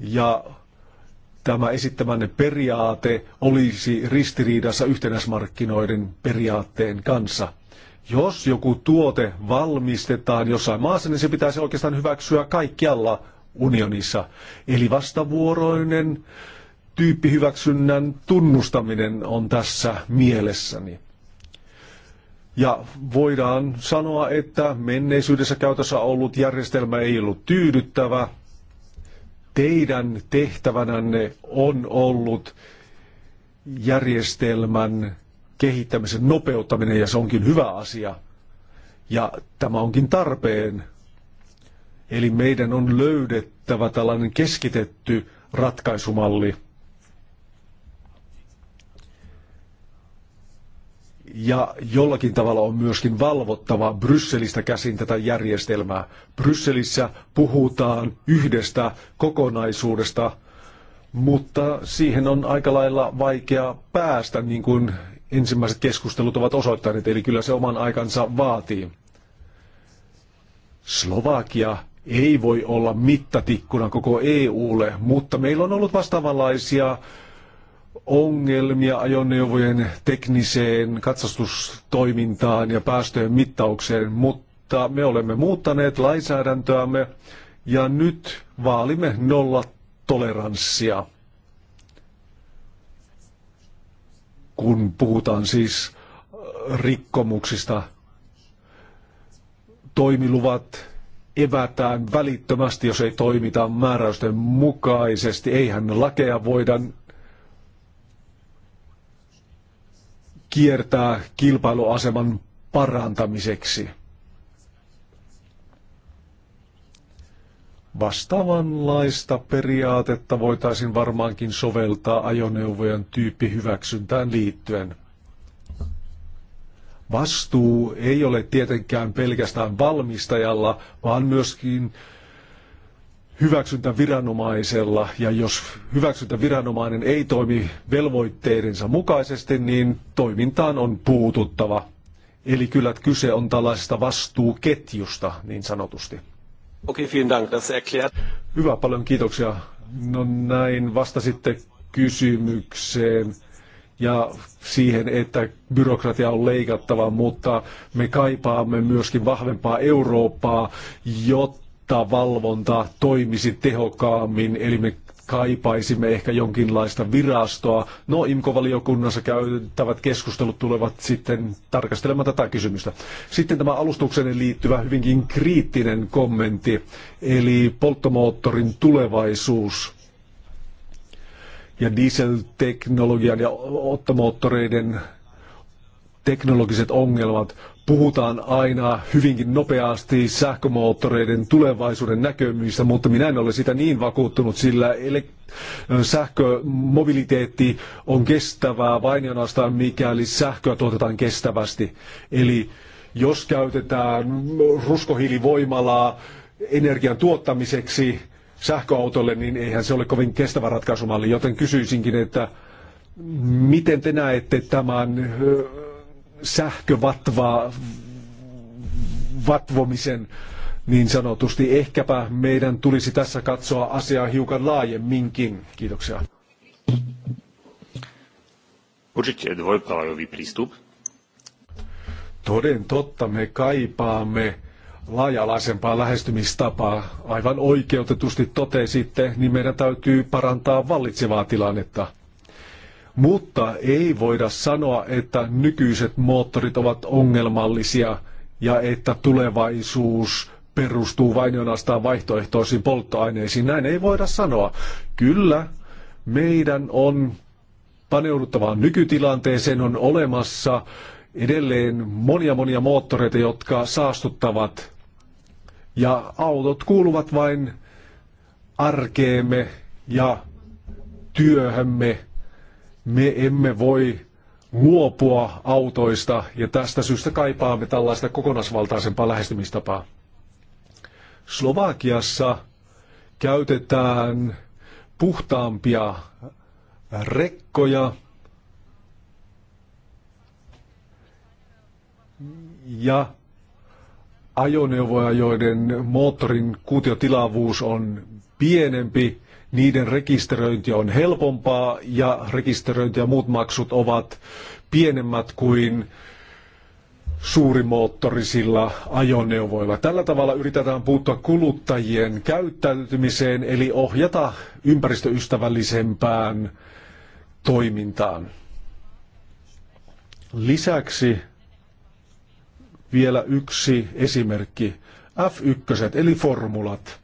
Ja tämä esittämänne periaate olisi ristiriidassa yhtenäismarkkinoiden periaatteen kanssa. Jos joku tuote valmistetaan jossain maassa, niin se pitäisi oikeastaan hyväksyä kaikkialla unionissa. Eli vastavuoroinen tyyppihyväksynnän tunnustaminen on tässä mielessäni. Ja voidaan sanoa, että menneisyydessä käytössä ollut järjestelmä ei ollut tyydyttävä. Teidän tehtävänänne on ollut järjestelmän kehittämisen nopeuttaminen ja se onkin hyvä asia. Ja tämä onkin tarpeen. Eli meidän on löydettävä tällainen keskitetty ratkaisumalli. Ja jollakin tavalla on myöskin valvottava Brysselistä käsin tätä järjestelmää. Brysselissä puhutaan yhdestä kokonaisuudesta, mutta siihen on aika lailla vaikea päästä, niin kuin ensimmäiset keskustelut ovat osoittaneet, eli kyllä se oman aikansa vaatii. Slovakia ei voi olla mittatikkuna koko EUlle, mutta meillä on ollut vastaavanlaisia ongelmia ajoneuvojen tekniseen katsastustoimintaan ja päästöjen mittaukseen, mutta me olemme muuttaneet lainsäädäntöämme ja nyt vaalimme nolla toleranssia. kun puhutaan siis äh, rikkomuksista. Toimiluvat evätään välittömästi, jos ei toimita määräysten mukaisesti. Eihän lakeja voida kiertää kilpailuaseman parantamiseksi. Vastaavanlaista periaatetta voitaisiin varmaankin soveltaa ajoneuvojen tyyppihyväksyntään liittyen. Vastuu ei ole tietenkään pelkästään valmistajalla, vaan myöskin hyväksyntäviranomaisella. Ja jos hyväksyntäviranomainen ei toimi velvoitteidensa mukaisesti, niin toimintaan on puututtava. Eli kyllä kyse on tällaisesta vastuuketjusta niin sanotusti. Okei, okay, dank, das erklärt. Hyvä, paljon kiitoksia. No näin vastasitte kysymykseen ja siihen, että byrokratia on leikattava, mutta me kaipaamme myöskin vahvempaa Eurooppaa, jotta valvonta toimisi tehokkaammin, eli me kaipaisimme ehkä jonkinlaista virastoa. No, IMKO-valiokunnassa käytävät keskustelut tulevat sitten tarkastelemaan tätä kysymystä. Sitten tämä alustukseen liittyvä hyvinkin kriittinen kommentti, eli polttomoottorin tulevaisuus ja dieselteknologian ja ottomoottoreiden teknologiset ongelmat puhutaan aina hyvinkin nopeasti sähkömoottoreiden tulevaisuuden näkymistä, mutta minä en ole sitä niin vakuuttunut, sillä sähkömobiliteetti on kestävää vain ja mikäli sähköä tuotetaan kestävästi. Eli jos käytetään ruskohiilivoimalaa energian tuottamiseksi sähköautolle, niin eihän se ole kovin kestävä ratkaisumalli, joten kysyisinkin, että miten te näette tämän sähkövatvaa vatvomisen niin sanotusti. Ehkäpä meidän tulisi tässä katsoa asiaa hiukan laajemminkin. Kiitoksia. Určite dvojprávajový prístup. Toden totta, me kaipaamme laaja-alaisempaa lähestymistapaa. Aivan oikeutetusti totesitte, niin meidän täytyy parantaa vallitsevaa tilannetta. Mutta ei voida sanoa, että nykyiset moottorit ovat ongelmallisia ja että tulevaisuus perustuu vain ainoastaan vaihtoehtoisiin polttoaineisiin. Näin ei voida sanoa. Kyllä, meidän on paneuduttava nykytilanteeseen, on olemassa edelleen monia monia moottoreita, jotka saastuttavat. Ja autot kuuluvat vain arkeemme ja työhömme me emme voi luopua autoista ja tästä syystä kaipaamme tällaista kokonaisvaltaisempaa lähestymistapaa. Slovakiassa käytetään puhtaampia rekkoja ja ajoneuvoja, joiden moottorin kuutiotilavuus on pienempi, niiden rekisteröinti on helpompaa ja rekisteröinti ja muut maksut ovat pienemmät kuin suurimoottorisilla ajoneuvoilla. Tällä tavalla yritetään puuttua kuluttajien käyttäytymiseen eli ohjata ympäristöystävällisempään toimintaan. Lisäksi vielä yksi esimerkki. F1, eli formulat.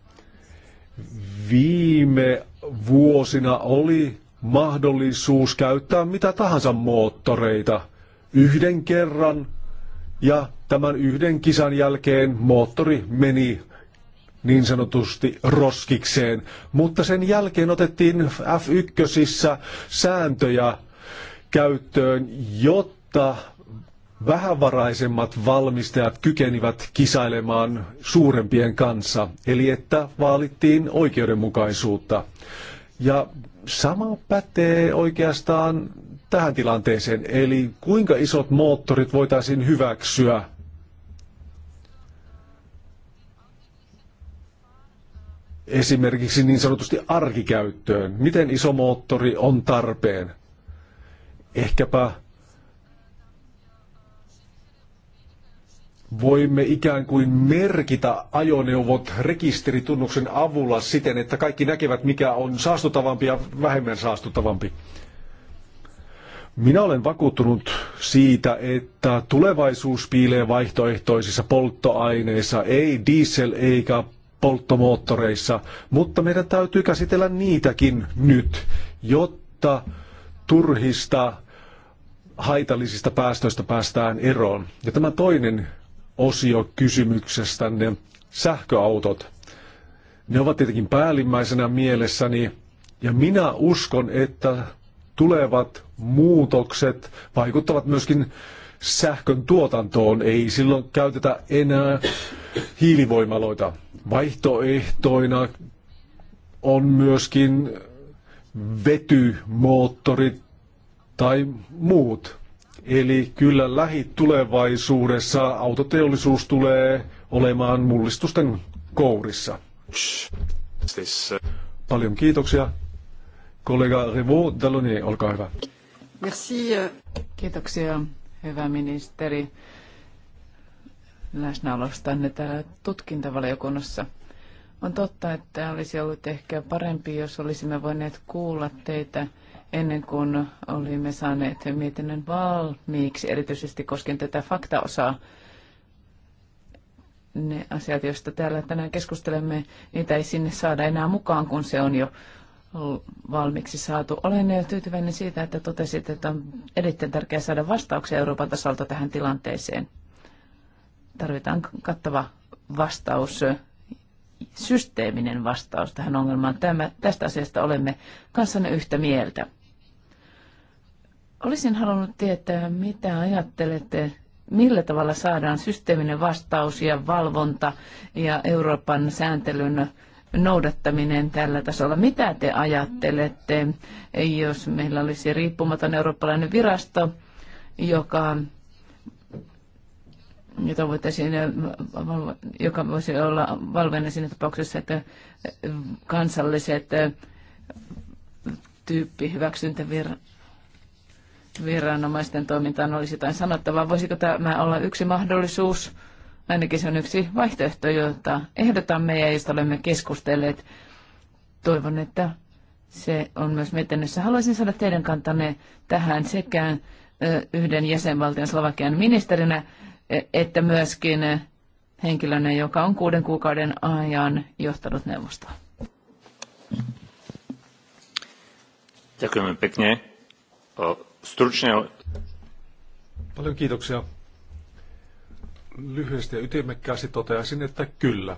Viime vuosina oli mahdollisuus käyttää mitä tahansa moottoreita yhden kerran ja tämän yhden kisan jälkeen moottori meni niin sanotusti roskikseen, mutta sen jälkeen otettiin F1 sääntöjä käyttöön, jotta vähävaraisemmat valmistajat kykenivät kisailemaan suurempien kanssa, eli että vaalittiin oikeudenmukaisuutta. Ja sama pätee oikeastaan tähän tilanteeseen, eli kuinka isot moottorit voitaisiin hyväksyä esimerkiksi niin sanotusti arkikäyttöön. Miten iso moottori on tarpeen? Ehkäpä voimme ikään kuin merkitä ajoneuvot rekisteritunnuksen avulla siten, että kaikki näkevät, mikä on saastuttavampi ja vähemmän saastuttavampi. Minä olen vakuuttunut siitä, että tulevaisuus piilee vaihtoehtoisissa polttoaineissa, ei diesel eikä polttomoottoreissa, mutta meidän täytyy käsitellä niitäkin nyt, jotta turhista haitallisista päästöistä päästään eroon. Ja tämä toinen osio sähköautot. Ne ovat tietenkin päällimmäisenä mielessäni, ja minä uskon, että tulevat muutokset vaikuttavat myöskin sähkön tuotantoon. Ei silloin käytetä enää hiilivoimaloita. Vaihtoehtoina on myöskin vetymoottorit tai muut. Eli kyllä lähitulevaisuudessa autoteollisuus tulee olemaan mullistusten kourissa. Paljon kiitoksia. Kollega Revo Daloni olkaa hyvä. Merci. Kiitoksia, hyvä ministeri, läsnäolostanne täällä tutkintavaliokunnassa. On totta, että olisi ollut ehkä parempi, jos olisimme voineet kuulla teitä ennen kuin olimme saaneet mietinnön valmiiksi, erityisesti koskien tätä faktaosaa. Ne asiat, joista täällä tänään keskustelemme, niitä ei sinne saada enää mukaan, kun se on jo valmiiksi saatu. Olen tyytyväinen siitä, että totesit, että on erittäin tärkeää saada vastauksia Euroopan tasolta tähän tilanteeseen. Tarvitaan kattava vastaus, systeeminen vastaus tähän ongelmaan. Tämä, tästä asiasta olemme kanssanne yhtä mieltä. Olisin halunnut tietää, mitä ajattelette, millä tavalla saadaan systeeminen vastaus ja valvonta ja Euroopan sääntelyn noudattaminen tällä tasolla. Mitä te ajattelette, jos meillä olisi riippumaton eurooppalainen virasto, joka jota voitaisiin, joka voisi olla valvena siinä tapauksessa, että kansalliset tyyppihyväksyntävir- viranomaisten toimintaan olisi jotain sanottavaa. Voisiko tämä olla yksi mahdollisuus? Ainakin se on yksi vaihtoehto, jota ehdotamme ja josta olemme keskustelleet. Toivon, että se on myös mietinnössä. Haluaisin saada teidän kantanne tähän sekä yhden jäsenvaltion Slovakian ministerinä, e, että myöskin henkilönä, joka on kuuden kuukauden ajan johtanut neuvostoa. Ďakujeme pekne. Stručne. Paljon kiitoksia. Lyhyesti ja ytimekkäästi toteaisin, että kyllä.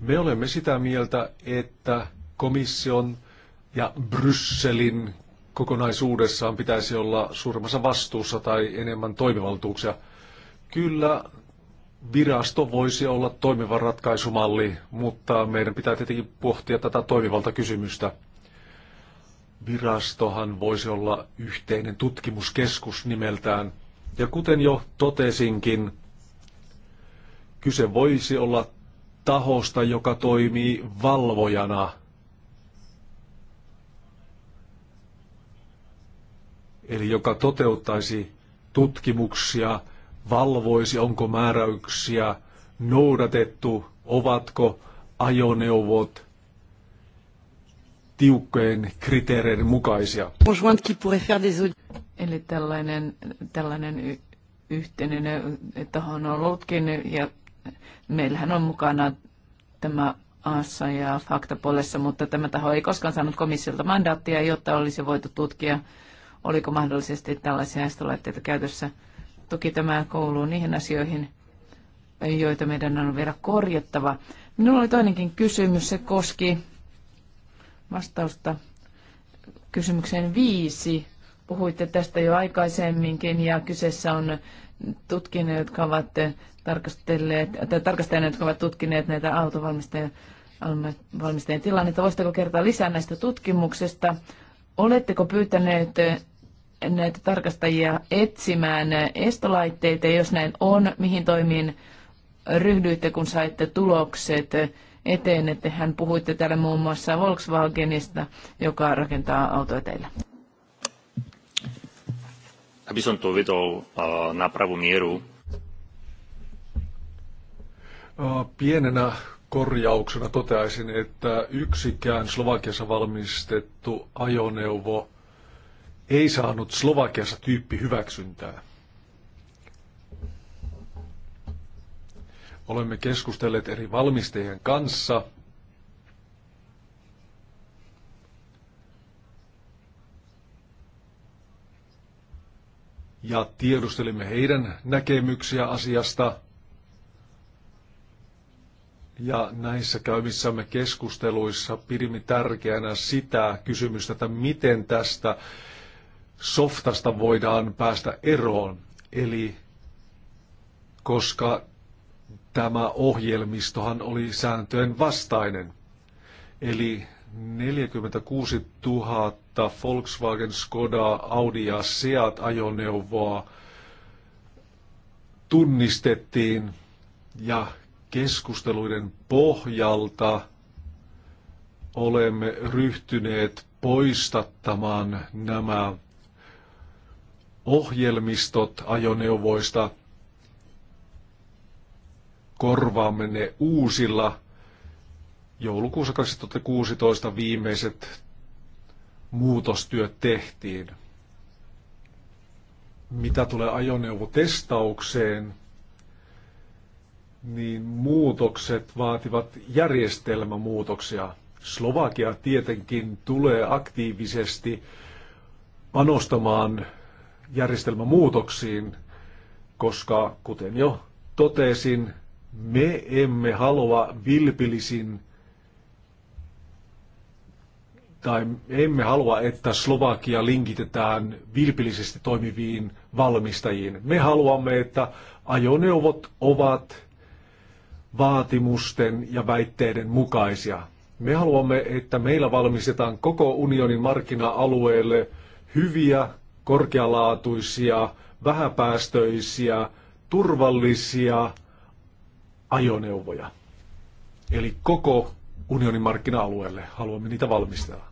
Me olemme sitä mieltä, että komission ja Brysselin kokonaisuudessaan pitäisi olla suuremmassa vastuussa tai enemmän toimivaltuuksia. Kyllä virasto voisi olla toimiva ratkaisumalli, mutta meidän pitää tietenkin pohtia tätä toimivalta kysymystä virastohan voisi olla yhteinen tutkimuskeskus nimeltään. Ja kuten jo totesinkin, kyse voisi olla tahosta, joka toimii valvojana. Eli joka toteuttaisi tutkimuksia, valvoisi, onko määräyksiä noudatettu, ovatko ajoneuvot tiukkojen kriteereiden mukaisia. Eli tällainen, tällainen y- yhteinen taho on ollutkin ja meillähän on mukana tämä Aassa ja Faktapolessa, mutta tämä taho ei koskaan saanut komissiolta mandaattia, jotta olisi voitu tutkia, oliko mahdollisesti tällaisia estolaitteita käytössä. Toki tämä kouluu niihin asioihin, joita meidän on vielä korjattava. Minulla oli toinenkin kysymys, se koski vastausta kysymykseen viisi. Puhuitte tästä jo aikaisemminkin ja kyseessä on tutkineet, jotka ovat tarkastelleet, tai tarkastajana, jotka ovat tutkineet näitä autovalmistajien valmistajien tilannetta. Voisitteko kertoa lisää näistä tutkimuksesta? Oletteko pyytäneet näitä tarkastajia etsimään estolaitteita, jos näin on, mihin toimiin ryhdyitte, kun saitte tulokset eteen, että hän puhuitte täällä muun muassa Volkswagenista, joka rakentaa autoja teillä. Aby som to na pravú mieru. Pienenä korjauksena toteaisin, että yksikään Slovakiassa valmistettu ajoneuvo ei saanut Slovakiassa tyyppi hyväksyntää. Olemme keskustelleet eri valmistajien kanssa. Ja tiedustelimme heidän näkemyksiä asiasta. Ja näissä käymissämme keskusteluissa pidimme tärkeänä sitä kysymystä, että miten tästä softasta voidaan päästä eroon. Eli koska tämä ohjelmistohan oli sääntöjen vastainen. Eli 46 000 Volkswagen, Skoda, Audi ja Seat ajoneuvoa tunnistettiin ja keskusteluiden pohjalta olemme ryhtyneet poistattamaan nämä ohjelmistot ajoneuvoista – korvaamme ne uusilla. Joulukuussa 2016 viimeiset muutostyöt tehtiin. Mitä tulee ajoneuvotestaukseen, niin muutokset vaativat järjestelmämuutoksia. Slovakia tietenkin tulee aktiivisesti panostamaan järjestelmämuutoksiin, koska kuten jo totesin, me emme halua vilpillisin tai emme halua, että Slovakia linkitetään vilpillisesti toimiviin valmistajiin. Me haluamme, että ajoneuvot ovat vaatimusten ja väitteiden mukaisia. Me haluamme, että meillä valmistetaan koko unionin markkina-alueelle hyviä, korkealaatuisia, vähäpäästöisiä, turvallisia ajoneuvoja. Eli koko unionin markkina-alueelle haluamme niitä valmistella.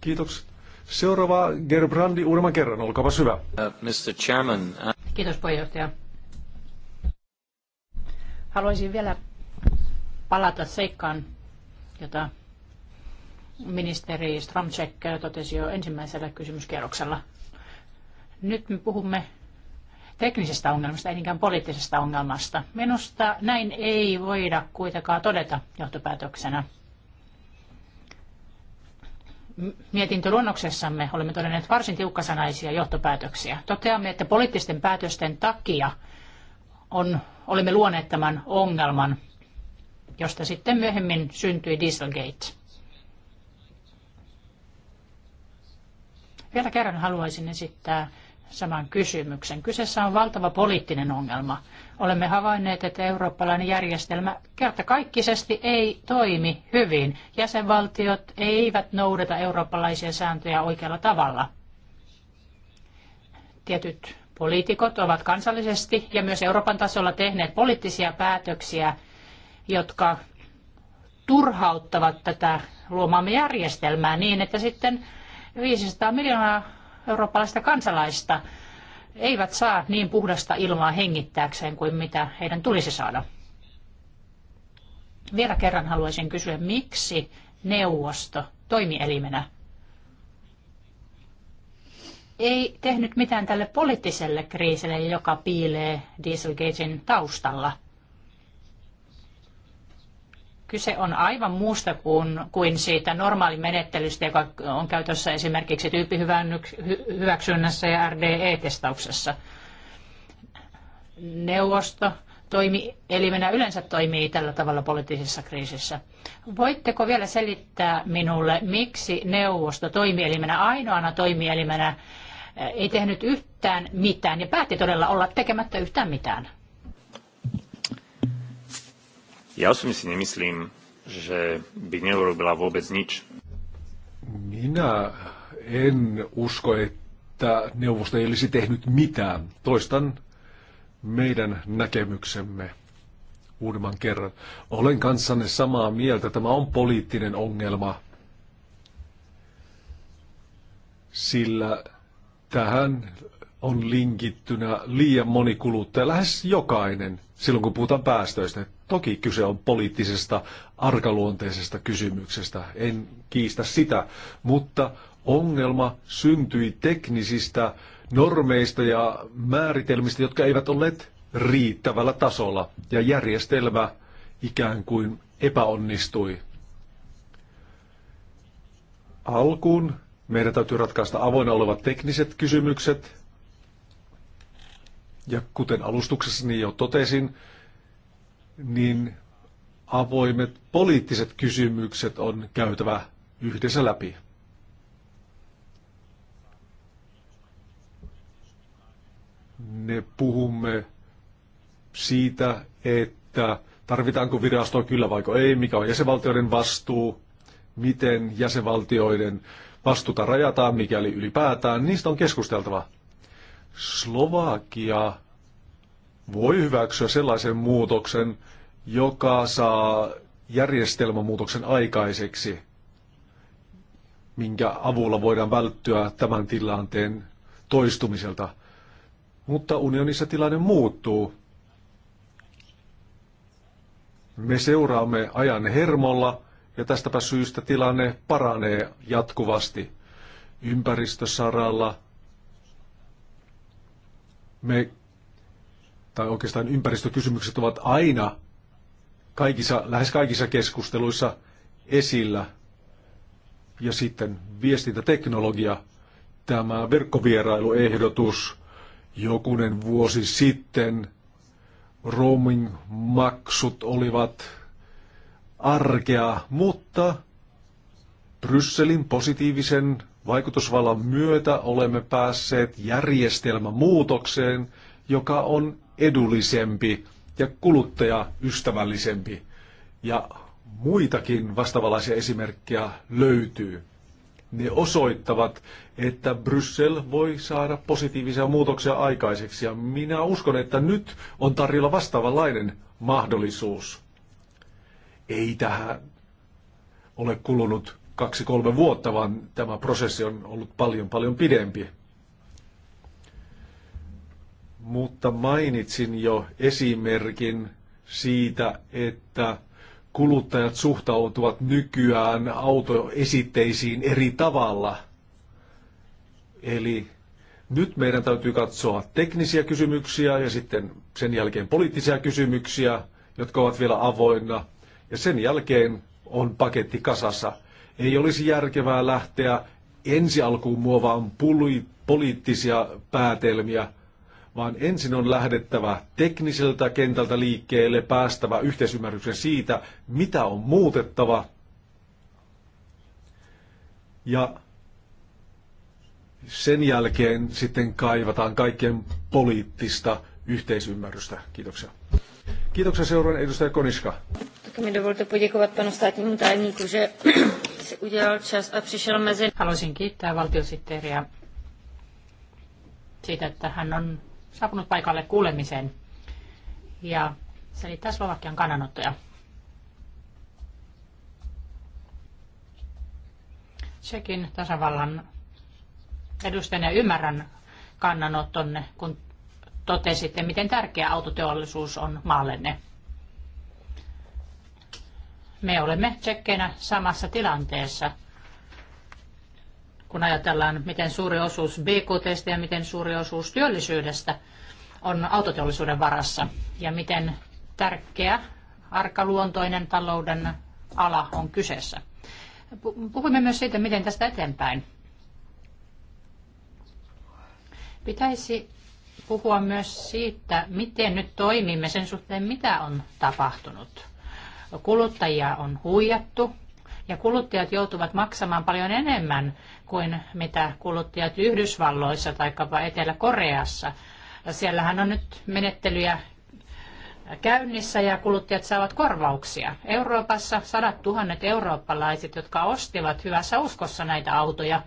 Kiitokset. Seuraava Gerbrandi uudemman kerran, olkaa hyvä. Mr. Chairman, uh, Kiitos puheenjohtaja. Haluaisin vielä palata seikkaan, jota ministeri Stramczek totesi jo ensimmäisellä kysymyskierroksella. Nyt me puhumme teknisestä ongelmasta, eikä niinkään poliittisesta ongelmasta. Minusta näin ei voida kuitenkaan todeta johtopäätöksenä. Mietintöluonnoksessamme olemme todenneet varsin tiukkasanaisia johtopäätöksiä. Toteamme, että poliittisten päätösten takia on, olemme luoneet tämän ongelman, josta sitten myöhemmin syntyi Dieselgate. Vielä kerran haluaisin esittää saman kysymyksen. Kyseessä on valtava poliittinen ongelma. Olemme havainneet, että eurooppalainen järjestelmä kertakaikkisesti ei toimi hyvin. Jäsenvaltiot eivät noudata eurooppalaisia sääntöjä oikealla tavalla. Tietyt poliitikot ovat kansallisesti ja myös Euroopan tasolla tehneet poliittisia päätöksiä, jotka turhauttavat tätä luomaamme järjestelmää niin, että sitten 500 miljoonaa eurooppalaista kansalaista eivät saa niin puhdasta ilmaa hengittääkseen kuin mitä heidän tulisi saada. Vielä kerran haluaisin kysyä, miksi neuvosto toimielimenä ei tehnyt mitään tälle poliittiselle kriisille, joka piilee Dieselgatein taustalla. Kyse on aivan muusta kuin, kuin siitä normaalimenettelystä, joka on käytössä esimerkiksi tyyppihyväksynnässä ja RDE-testauksessa. Neuvosto toimielimenä yleensä toimii tällä tavalla poliittisessa kriisissä. Voitteko vielä selittää minulle, miksi neuvosto toimielimenä, ainoana toimielimenä, ei tehnyt yhtään mitään ja päätti todella olla tekemättä yhtään mitään? Ja osobne si nemyslím, že by neurobila vôbec nič. Minä en usko, että neuvosto ei olisi tehnyt mitään. Toistan meidän näkemyksemme uudemman kerran. Olen kanssanne samaa mieltä. Tämä on poliittinen ongelma, sillä tähän on linkittynä liian moni kuluttaja, lähes jokainen, silloin kun puhutaan päästöistä. Toki kyse on poliittisesta, arkaluonteisesta kysymyksestä, en kiistä sitä, mutta ongelma syntyi teknisistä normeista ja määritelmistä, jotka eivät olleet riittävällä tasolla, ja järjestelmä ikään kuin epäonnistui. Alkuun meidän täytyy ratkaista avoinna olevat tekniset kysymykset, ja kuten alustuksessani jo totesin, niin avoimet poliittiset kysymykset on käytävä yhdessä läpi. Ne puhumme siitä, että tarvitaanko virastoa kyllä vaiko ei, mikä on jäsenvaltioiden vastuu, miten jäsenvaltioiden vastuuta rajataan, mikäli ylipäätään, niistä on keskusteltava. Slovakia voi hyväksyä sellaisen muutoksen, joka saa järjestelmämuutoksen aikaiseksi, minkä avulla voidaan välttyä tämän tilanteen toistumiselta. Mutta unionissa tilanne muuttuu. Me seuraamme ajan hermolla ja tästäpä syystä tilanne paranee jatkuvasti ympäristösaralla. Me tai oikeastaan ympäristökysymykset ovat aina kaikissa, lähes kaikissa keskusteluissa esillä. Ja sitten viestintäteknologia, tämä verkkovierailuehdotus jokunen vuosi sitten, roaming-maksut olivat arkea, mutta Brysselin positiivisen vaikutusvallan myötä olemme päässeet järjestelmämuutokseen, joka on edullisempi ja kuluttajaystävällisempi. Ja muitakin vastaavanlaisia esimerkkejä löytyy. Ne osoittavat, että Bryssel voi saada positiivisia muutoksia aikaiseksi ja minä uskon, että nyt on tarjolla vastaavanlainen mahdollisuus. Ei tähän ole kulunut kaksi-kolme vuotta, vaan tämä prosessi on ollut paljon paljon pidempi mutta mainitsin jo esimerkin siitä, että kuluttajat suhtautuvat nykyään autoesitteisiin eri tavalla. Eli nyt meidän täytyy katsoa teknisiä kysymyksiä ja sitten sen jälkeen poliittisia kysymyksiä, jotka ovat vielä avoinna. Ja sen jälkeen on paketti kasassa. Ei olisi järkevää lähteä ensi alkuun muovaan poliittisia päätelmiä – vaan ensin on lähdettävä tekniseltä kentältä liikkeelle, päästävä yhteisymmärryksen siitä, mitä on muutettava. Ja sen jälkeen sitten kaivataan kaikkien poliittista yhteisymmärrystä. Kiitoksia. Kiitoksia seuraavan edustaja Koniska. Tak dovolte poděkovat panu státnímu tajemníku, že si udělal čas a přišel mezi... Haluaisin kiittää valtiosihteeriä siitä, että hän on saapunut paikalle kuulemiseen ja selittää Slovakian kannanottoja. Tsekin tasavallan edustajana ymmärrän kannanottonne, kun totesitte, miten tärkeä autoteollisuus on maallenne. Me olemme tsekkeinä samassa tilanteessa kun ajatellaan, miten suuri osuus BKT ja miten suuri osuus työllisyydestä on autoteollisuuden varassa ja miten tärkeä arkaluontoinen talouden ala on kyseessä. Puhuimme myös siitä, miten tästä eteenpäin. Pitäisi puhua myös siitä, miten nyt toimimme sen suhteen, mitä on tapahtunut. Kuluttajia on huijattu, ja kuluttajat joutuvat maksamaan paljon enemmän kuin mitä kuluttajat Yhdysvalloissa tai Etelä-Koreassa. Siellähän on nyt menettelyjä käynnissä ja kuluttajat saavat korvauksia. Euroopassa sadat tuhannet eurooppalaiset, jotka ostivat hyvässä uskossa näitä autoja,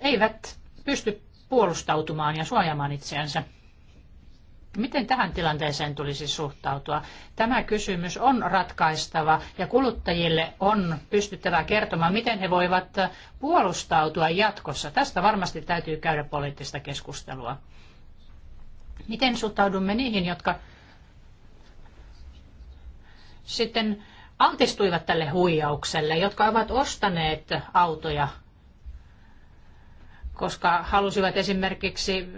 eivät pysty puolustautumaan ja suojaamaan itseänsä. Miten tähän tilanteeseen tulisi suhtautua? Tämä kysymys on ratkaistava ja kuluttajille on pystyttävä kertomaan, miten he voivat puolustautua jatkossa. Tästä varmasti täytyy käydä poliittista keskustelua. Miten suhtaudumme niihin, jotka sitten altistuivat tälle huijaukselle, jotka ovat ostaneet autoja, koska halusivat esimerkiksi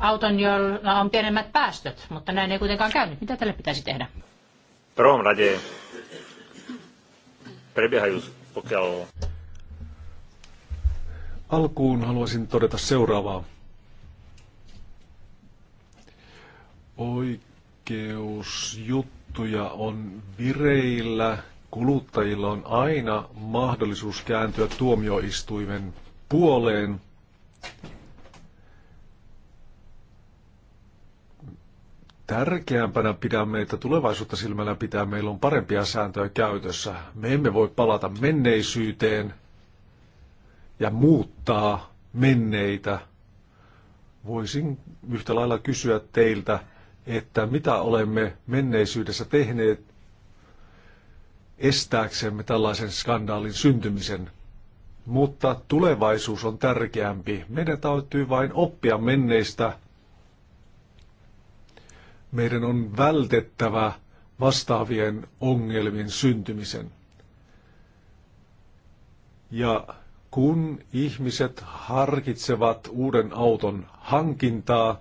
auton, jolla on pienemmät päästöt, mutta näin ei kuitenkaan käynyt. Mitä tälle pitäisi tehdä? Prvom rade prebiehajú pokiaľ... Alkuun haluaisin todeta seuraavaa. Oikeusjuttuja on vireillä. Kuluttajilla on aina mahdollisuus kääntyä tuomioistuimen puoleen Tärkeämpänä pidämme, että tulevaisuutta silmällä pitää meillä on parempia sääntöjä käytössä. Me emme voi palata menneisyyteen ja muuttaa menneitä. Voisin yhtä lailla kysyä teiltä, että mitä olemme menneisyydessä tehneet estääksemme tällaisen skandaalin syntymisen. Mutta tulevaisuus on tärkeämpi. Meidän täytyy vain oppia menneistä meidän on vältettävä vastaavien ongelmien syntymisen. Ja kun ihmiset harkitsevat uuden auton hankintaa,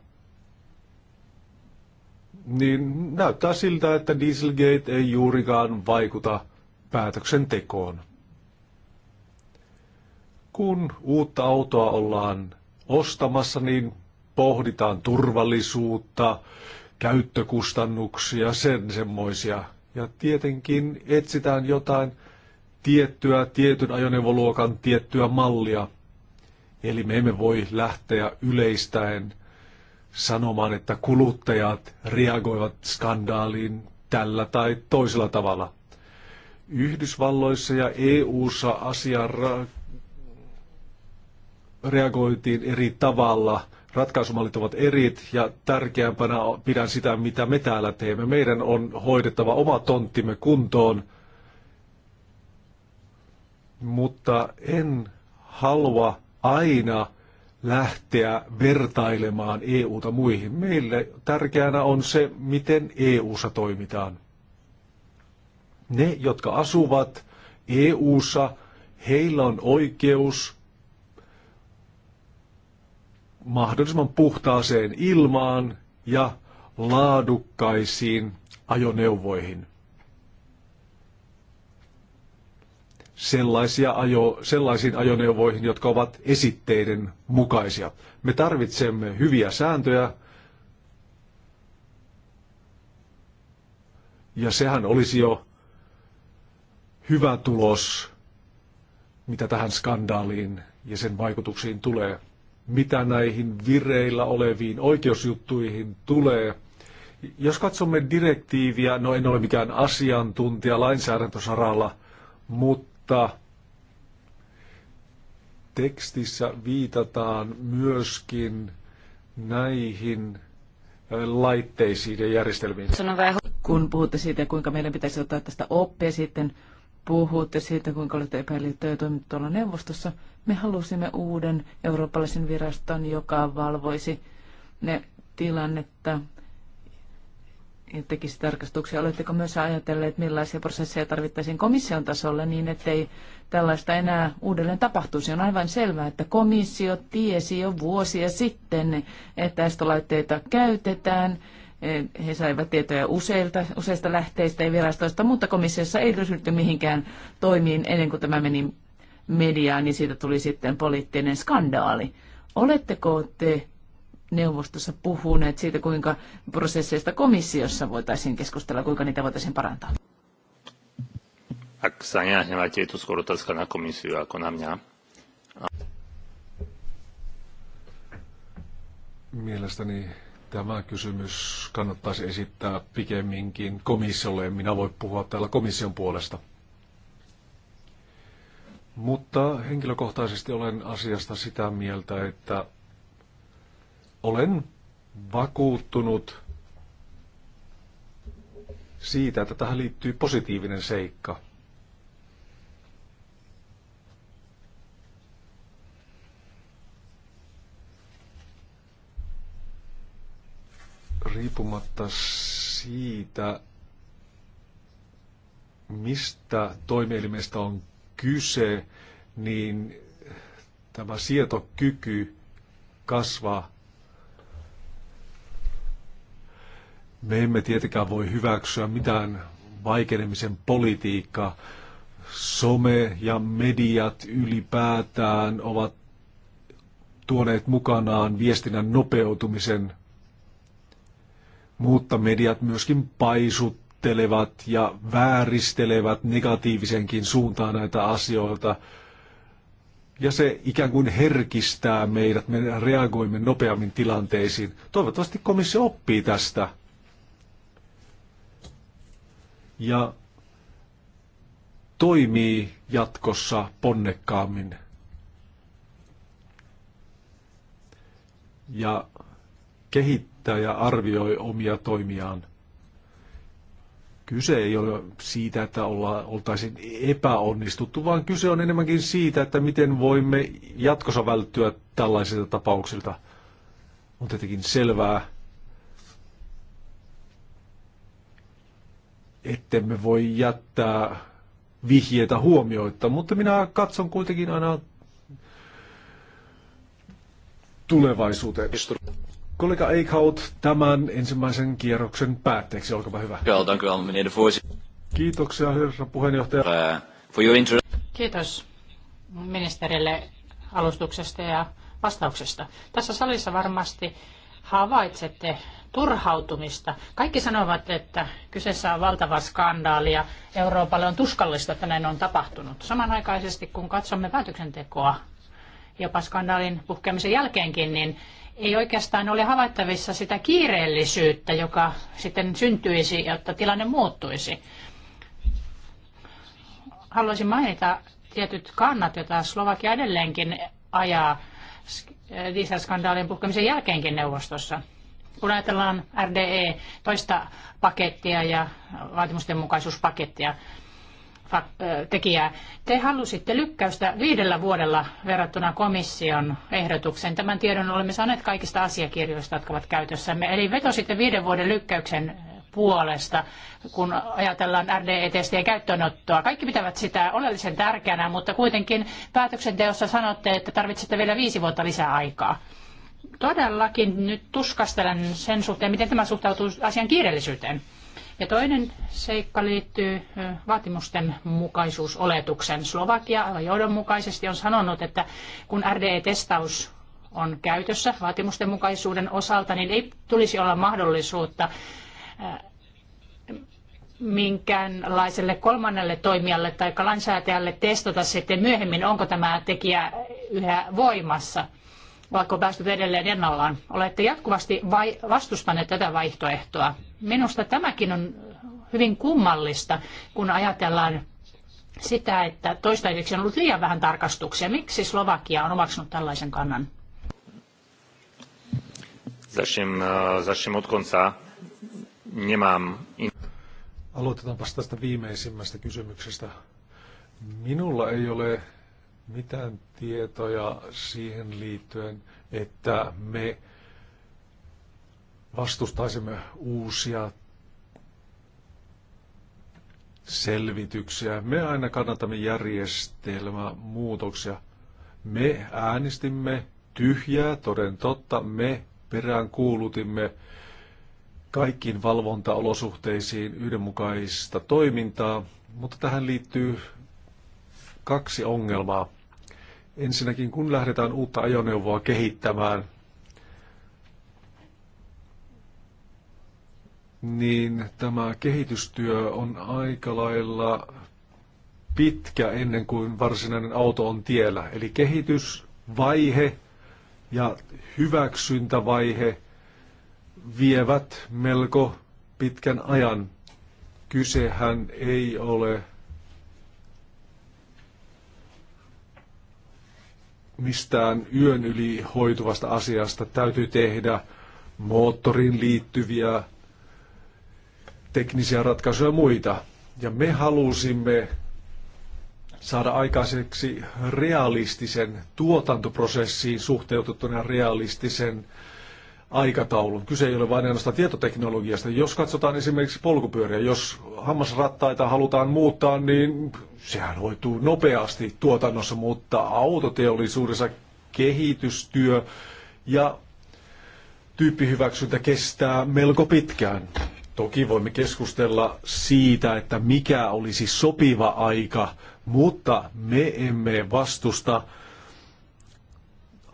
niin näyttää siltä, että Dieselgate ei juurikaan vaikuta päätöksentekoon. Kun uutta autoa ollaan ostamassa, niin pohditaan turvallisuutta, käyttökustannuksia, sen semmoisia. Ja tietenkin etsitään jotain tiettyä, tietyn ajoneuvoluokan tiettyä mallia. Eli me emme voi lähteä yleistäen sanomaan, että kuluttajat reagoivat skandaaliin tällä tai toisella tavalla. Yhdysvalloissa ja EU:ssa asiaan reagoitiin eri tavalla – ratkaisumallit ovat eri ja tärkeämpänä pidän sitä, mitä me täällä teemme. Meidän on hoidettava oma tonttimme kuntoon, mutta en halua aina lähteä vertailemaan EUta muihin. Meille tärkeänä on se, miten EUssa toimitaan. Ne, jotka asuvat EUssa, heillä on oikeus – mahdollisimman puhtaaseen ilmaan ja laadukkaisiin ajoneuvoihin. Sellaisia ajo, sellaisiin ajoneuvoihin, jotka ovat esitteiden mukaisia. Me tarvitsemme hyviä sääntöjä, ja sehän olisi jo hyvä tulos, mitä tähän skandaaliin ja sen vaikutuksiin tulee mitä näihin vireillä oleviin oikeusjuttuihin tulee. Jos katsomme direktiiviä, no en ole mikään asiantuntija lainsäädäntösaralla, mutta tekstissä viitataan myöskin näihin laitteisiin ja järjestelmiin. Kun puhutte siitä, kuinka meidän pitäisi ottaa tästä oppia sitten puhutte siitä, kuinka olette epäillyt tuolla neuvostossa. Me halusimme uuden eurooppalaisen viraston, joka valvoisi ne tilannetta ja tekisi tarkastuksia. Oletteko myös ajatelleet, millaisia prosesseja tarvittaisiin komission tasolla niin, ettei tällaista enää uudelleen tapahtuisi? On aivan selvää, että komissio tiesi jo vuosia sitten, että estolaitteita käytetään Eh, he saivat tietoja useilta, useista lähteistä ja virastoista, mutta komissiossa ei ryhdytty mihinkään toimiin ennen kuin tämä meni mediaan, niin siitä tuli sitten poliittinen skandaali. Oletteko te neuvostossa puhuneet siitä, kuinka prosesseista komissiossa voitaisiin keskustella, kuinka niitä voitaisiin parantaa? Mielestäni tämä kysymys kannattaisi esittää pikemminkin komissiolle. En minä voi puhua täällä komission puolesta. Mutta henkilökohtaisesti olen asiasta sitä mieltä, että olen vakuuttunut siitä, että tähän liittyy positiivinen seikka. riippumatta siitä, mistä toimielimestä on kyse, niin tämä sietokyky kasvaa. Me emme tietenkään voi hyväksyä mitään vaikenemisen politiikkaa. Some ja mediat ylipäätään ovat tuoneet mukanaan viestinnän nopeutumisen – mutta mediat myöskin paisuttelevat ja vääristelevät negatiivisenkin suuntaan näitä asioita. Ja se ikään kuin herkistää meidät, me reagoimme nopeammin tilanteisiin. Toivottavasti komissio oppii tästä. Ja toimii jatkossa ponnekkaammin. Ja kehittää ja arvioi omia toimiaan. Kyse ei ole siitä, että olla, oltaisiin epäonnistuttu, vaan kyse on enemmänkin siitä, että miten voimme jatkossa välttyä tällaisilta tapauksilta. On tietenkin selvää, ettemme voi jättää vihjeitä huomioitta, mutta minä katson kuitenkin aina tulevaisuuteen. Kollega Eichhout tämän ensimmäisen kierroksen päätteeksi, olkaa hyvä. Kiitoksia, herra puheenjohtaja. Eh, Kiitos ministerille alustuksesta ja vastauksesta. Tässä salissa varmasti havaitsette turhautumista. Kaikki sanovat, että kyseessä on valtava skandaali ja Euroopalle on tuskallista, että näin on tapahtunut. Samanaikaisesti kun katsomme päätöksentekoa jopa skandaalin puhkeamisen jälkeenkin, niin ei oikeastaan ole havaittavissa sitä kiireellisyyttä, joka sitten syntyisi, jotta tilanne muuttuisi. Haluaisin mainita tietyt kannat, joita Slovakia edelleenkin ajaa dieselskandaalien puhkemisen jälkeenkin neuvostossa. Kun ajatellaan RDE toista pakettia ja vaatimustenmukaisuuspakettia, mukaisuuspakettia, tekijää. Te halusitte lykkäystä viidellä vuodella verrattuna komission ehdotukseen. Tämän tiedon olemme saaneet kaikista asiakirjoista, jotka ovat käytössämme. Eli vetositte viiden vuoden lykkäyksen puolesta, kun ajatellaan RDE-testien käyttöönottoa. Kaikki pitävät sitä oleellisen tärkeänä, mutta kuitenkin päätöksenteossa sanotte, että tarvitsette vielä viisi vuotta lisää aikaa. Todellakin nyt tuskastelen sen suhteen, miten tämä suhtautuu asian kiireellisyyteen. Ja toinen seikka liittyy vaatimusten mukaisuusoletuksen. Slovakia aivan johdonmukaisesti on sanonut, että kun RDE-testaus on käytössä vaatimusten mukaisuuden osalta, niin ei tulisi olla mahdollisuutta minkäänlaiselle kolmannelle toimijalle tai lainsäätäjälle testata sitten myöhemmin, onko tämä tekijä yhä voimassa, vaikka päästy edelleen ennallaan. Olette jatkuvasti vai- vastustaneet tätä vaihtoehtoa. Minusta tämäkin on hyvin kummallista, kun ajatellaan sitä, että toistaiseksi on ollut liian vähän tarkastuksia. Miksi Slovakia on omaksunut tällaisen kannan? Zašim, eh, zašim od konca. Nemám. Aloitetaanpa tästä viimeisimmästä kysymyksestä. Minulla ei ole mitään tietoja siihen liittyen, että me vastustaisimme uusia selvityksiä. Me aina kannatamme järjestelmämuutoksia. Me äänestimme tyhjää, toden totta. Me perään kuulutimme kaikkiin valvontaolosuhteisiin yhdenmukaista toimintaa, mutta tähän liittyy kaksi ongelmaa. Ensinnäkin kun lähdetään uutta ajoneuvoa kehittämään – niin tämä kehitystyö on aika lailla pitkä ennen kuin varsinainen auto on tiellä. Eli kehitysvaihe ja hyväksyntävaihe vievät melko pitkän ajan. Kysehän ei ole mistään yön yli hoituvasta asiasta. Täytyy tehdä moottorin liittyviä teknisiä ratkaisuja ja muita. Ja me halusimme saada aikaiseksi realistisen tuotantoprosessiin suhteutettuna realistisen aikataulun. Kyse ei ole vain ainoastaan tietoteknologiasta. Jos katsotaan esimerkiksi polkupyöriä, jos hammasrattaita halutaan muuttaa, niin sehän hoituu nopeasti tuotannossa, mutta autoteollisuudessa kehitystyö ja tyyppihyväksyntä kestää melko pitkään. Toki voimme keskustella siitä, että mikä olisi sopiva aika, mutta me emme vastusta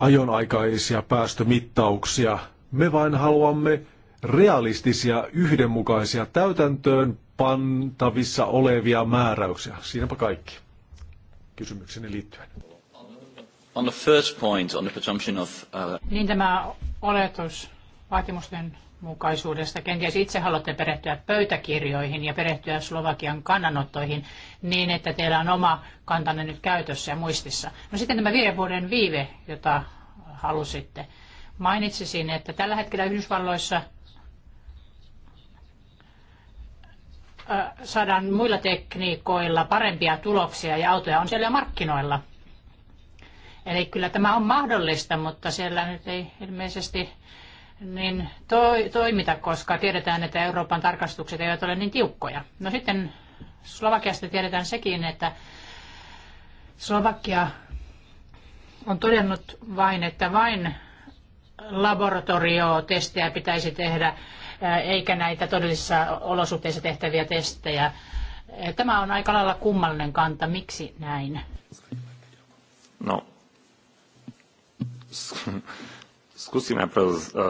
ajonaikaisia päästömittauksia. Me vain haluamme realistisia, yhdenmukaisia, täytäntöön pantavissa olevia määräyksiä. Siinäpä kaikki kysymykseni liittyen. On the first point, on the presumption of... Uh... Niin tämä oletus vaatimusten mukaisuudesta. Kenties itse haluatte perehtyä pöytäkirjoihin ja perehtyä Slovakian kannanottoihin niin, että teillä on oma kantanne nyt käytössä ja muistissa. No sitten tämä viiden vuoden viive, jota halusitte. Mainitsisin, että tällä hetkellä Yhdysvalloissa saadaan muilla tekniikoilla parempia tuloksia ja autoja on siellä markkinoilla. Eli kyllä tämä on mahdollista, mutta siellä nyt ei ilmeisesti niin toi, toimita, koska tiedetään, että Euroopan tarkastukset eivät ole niin tiukkoja. No sitten Slovakiasta tiedetään sekin, että Slovakia on todennut vain, että vain laboratoriotestejä pitäisi tehdä, eikä näitä todellisissa olosuhteissa tehtäviä testejä. Tämä on aika lailla kummallinen kanta. Miksi näin? No skúsim najprv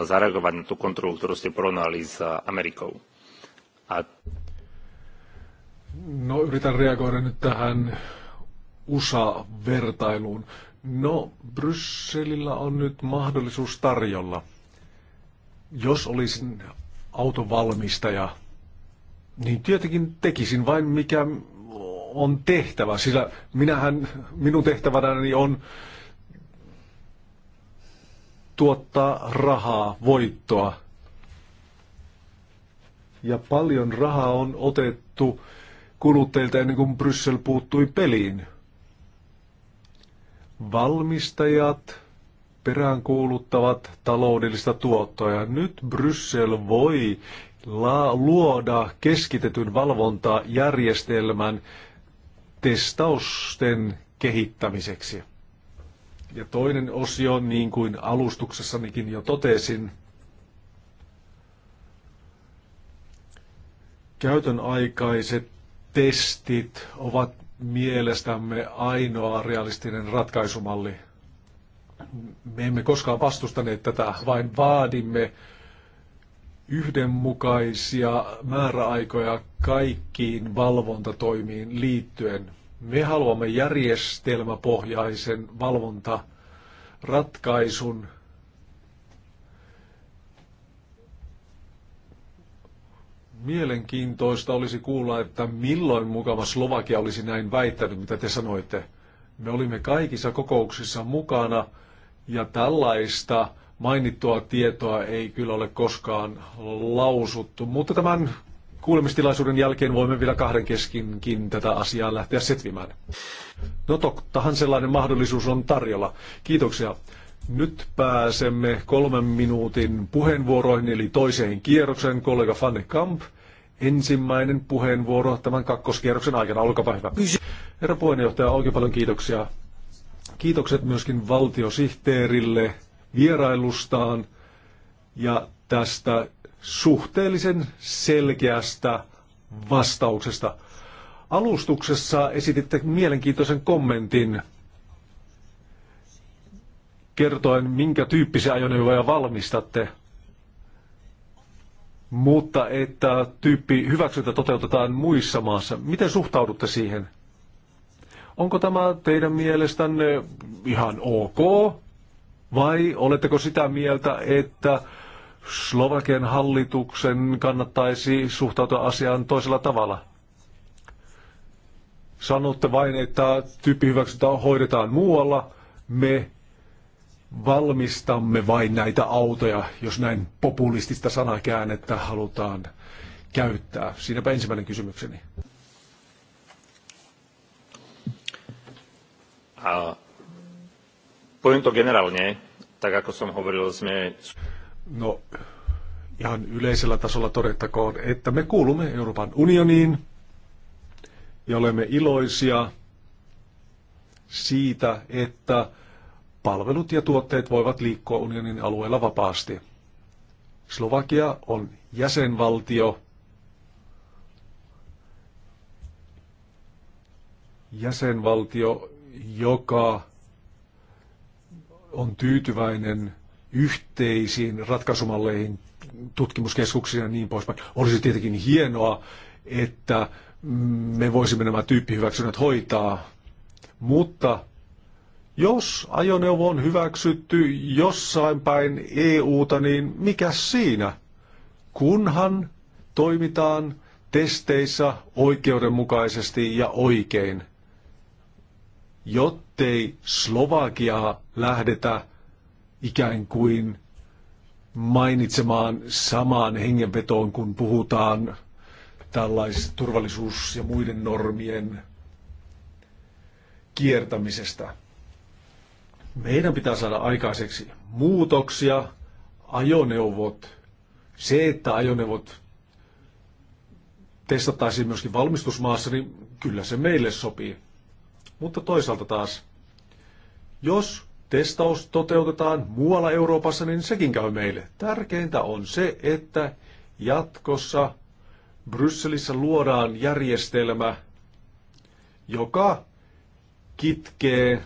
zareagovať na tú kontrolu, ktorú ste porovnali s eh, Amerikou. A... No yritän reagoida nyt tähän USA-vertailuun. No, Brysselillä on nyt mahdollisuus tarjolla. Jos olisin autovalmistaja, niin tietenkin tekisin vain mikä on tehtävä, sillä minähän, minun tehtävänäni on äh, tuottaa rahaa, voittoa. Ja paljon rahaa on otettu kuluttajilta ennen kuin Bryssel puuttui peliin. Valmistajat peräänkuuluttavat taloudellista tuottoa ja nyt Bryssel voi luoda keskitetyn valvontajärjestelmän testausten kehittämiseksi. Ja toinen osio, niin kuin alustuksessanikin jo totesin, käytön aikaiset testit ovat mielestämme ainoa realistinen ratkaisumalli. Me emme koskaan vastustaneet tätä, vain vaadimme yhdenmukaisia määräaikoja kaikkiin valvontatoimiin liittyen – me haluamme järjestelmäpohjaisen valvontaratkaisun. Mielenkiintoista olisi kuulla, että milloin mukava Slovakia olisi näin väittänyt, mitä te sanoitte. Me olimme kaikissa kokouksissa mukana ja tällaista mainittua tietoa ei kyllä ole koskaan lausuttu, mutta tämän kuulemistilaisuuden jälkeen voimme vielä kahden keskinkin tätä asiaa lähteä setvimään. No tottahan sellainen mahdollisuus on tarjolla. Kiitoksia. Nyt pääsemme kolmen minuutin puheenvuoroihin, eli toiseen kierrokseen. Kollega Fanne Kamp, ensimmäinen puheenvuoro tämän kakkoskierroksen aikana. Olkaapa hyvä. Herra puheenjohtaja, oikein paljon kiitoksia. Kiitokset myöskin valtiosihteerille vierailustaan ja tästä suhteellisen selkeästä vastauksesta. Alustuksessa esititte mielenkiintoisen kommentin kertoen, minkä tyyppisiä ajoneuvoja valmistatte, mutta että tyyppi hyväksyntä toteutetaan muissa maassa. Miten suhtaudutte siihen? Onko tämä teidän mielestänne ihan ok? Vai oletteko sitä mieltä, että Slovakian hallituksen kannattaisi suhtautua asiaan toisella tavalla. Sanotte vain, että tyyppihyväksyntä hoidetaan muualla. Me valmistamme vain näitä autoja, jos näin populistista sanakäännettä halutaan käyttää. Siinäpä ensimmäinen kysymykseni. Uh, poviem to tak ako som hovoril, sme... No, ihan yleisellä tasolla todettakoon, että me kuulumme Euroopan unioniin ja olemme iloisia siitä, että palvelut ja tuotteet voivat liikkua unionin alueella vapaasti. Slovakia on jäsenvaltio. Jäsenvaltio, joka on tyytyväinen yhteisiin ratkaisumalleihin, tutkimuskeskuksiin ja niin poispäin. Olisi tietenkin hienoa, että me voisimme nämä tyyppihyväksynnät hoitaa, mutta jos ajoneuvo on hyväksytty jossain päin EUta, niin mikä siinä? Kunhan toimitaan testeissä oikeudenmukaisesti ja oikein, jottei Slovakiaa lähdetä ikään kuin mainitsemaan samaan hengenvetoon, kun puhutaan tällaisista turvallisuus- ja muiden normien kiertämisestä. Meidän pitää saada aikaiseksi muutoksia, ajoneuvot, se, että ajoneuvot testattaisiin myöskin valmistusmaassa, niin kyllä se meille sopii. Mutta toisaalta taas, jos testaus toteutetaan muualla Euroopassa, niin sekin käy meille. Tärkeintä on se, että jatkossa Brysselissä luodaan järjestelmä, joka kitkee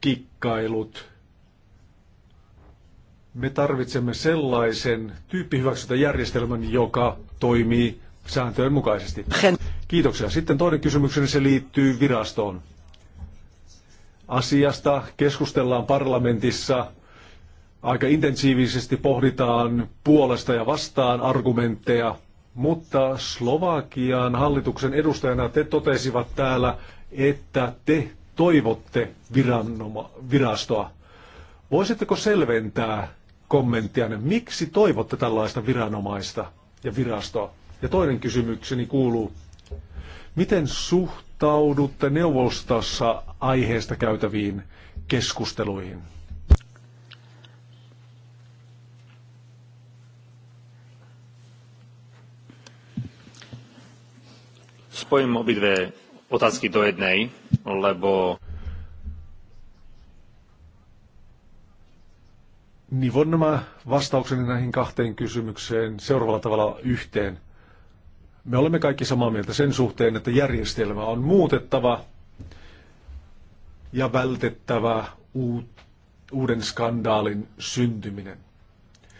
kikkailut. Me tarvitsemme sellaisen tyyppihyväksyntäjärjestelmän, joka toimii sääntöjen mukaisesti. Kiitoksia. Sitten toinen kysymykseni, se liittyy virastoon asiasta keskustellaan parlamentissa, aika intensiivisesti pohditaan puolesta ja vastaan argumentteja, mutta Slovakian hallituksen edustajana te totesivat täällä, että te toivotte viranoma, virastoa. Voisitteko selventää kommenttia, miksi toivotte tällaista viranomaista ja virastoa? Ja toinen kysymykseni kuuluu, miten suht suhtaudutte neuvostossa aiheesta käytäviin keskusteluihin? Spojím obidve otázky do jednej, lebo... Nivon nämä vastaukseni näihin kahteen kysymykseen seuraavalla tavalla yhteen. Me olemme kaikki samaa mieltä sen suhteen, että järjestelmä on muutettava ja vältettävä uuden skandaalin syntyminen.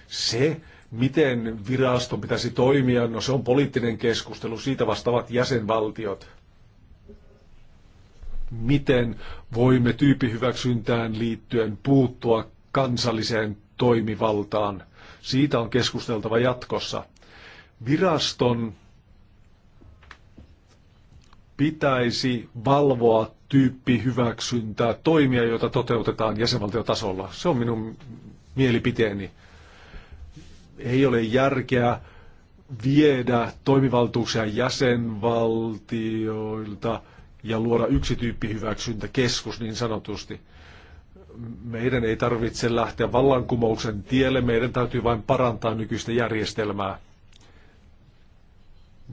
Se, miten viraston pitäisi toimia, no se on poliittinen keskustelu, siitä vastaavat jäsenvaltiot. Miten voimme tyyppihyväksyntään liittyen puuttua kansalliseen toimivaltaan? Siitä on keskusteltava jatkossa. Viraston pitäisi valvoa tyyppihyväksyntää, toimia, joita toteutetaan jäsenvaltiotasolla. Se on minun mielipiteeni. Ei ole järkeä viedä toimivaltuuksia jäsenvaltioilta ja luoda yksi keskus. niin sanotusti. Meidän ei tarvitse lähteä vallankumouksen tielle, meidän täytyy vain parantaa nykyistä järjestelmää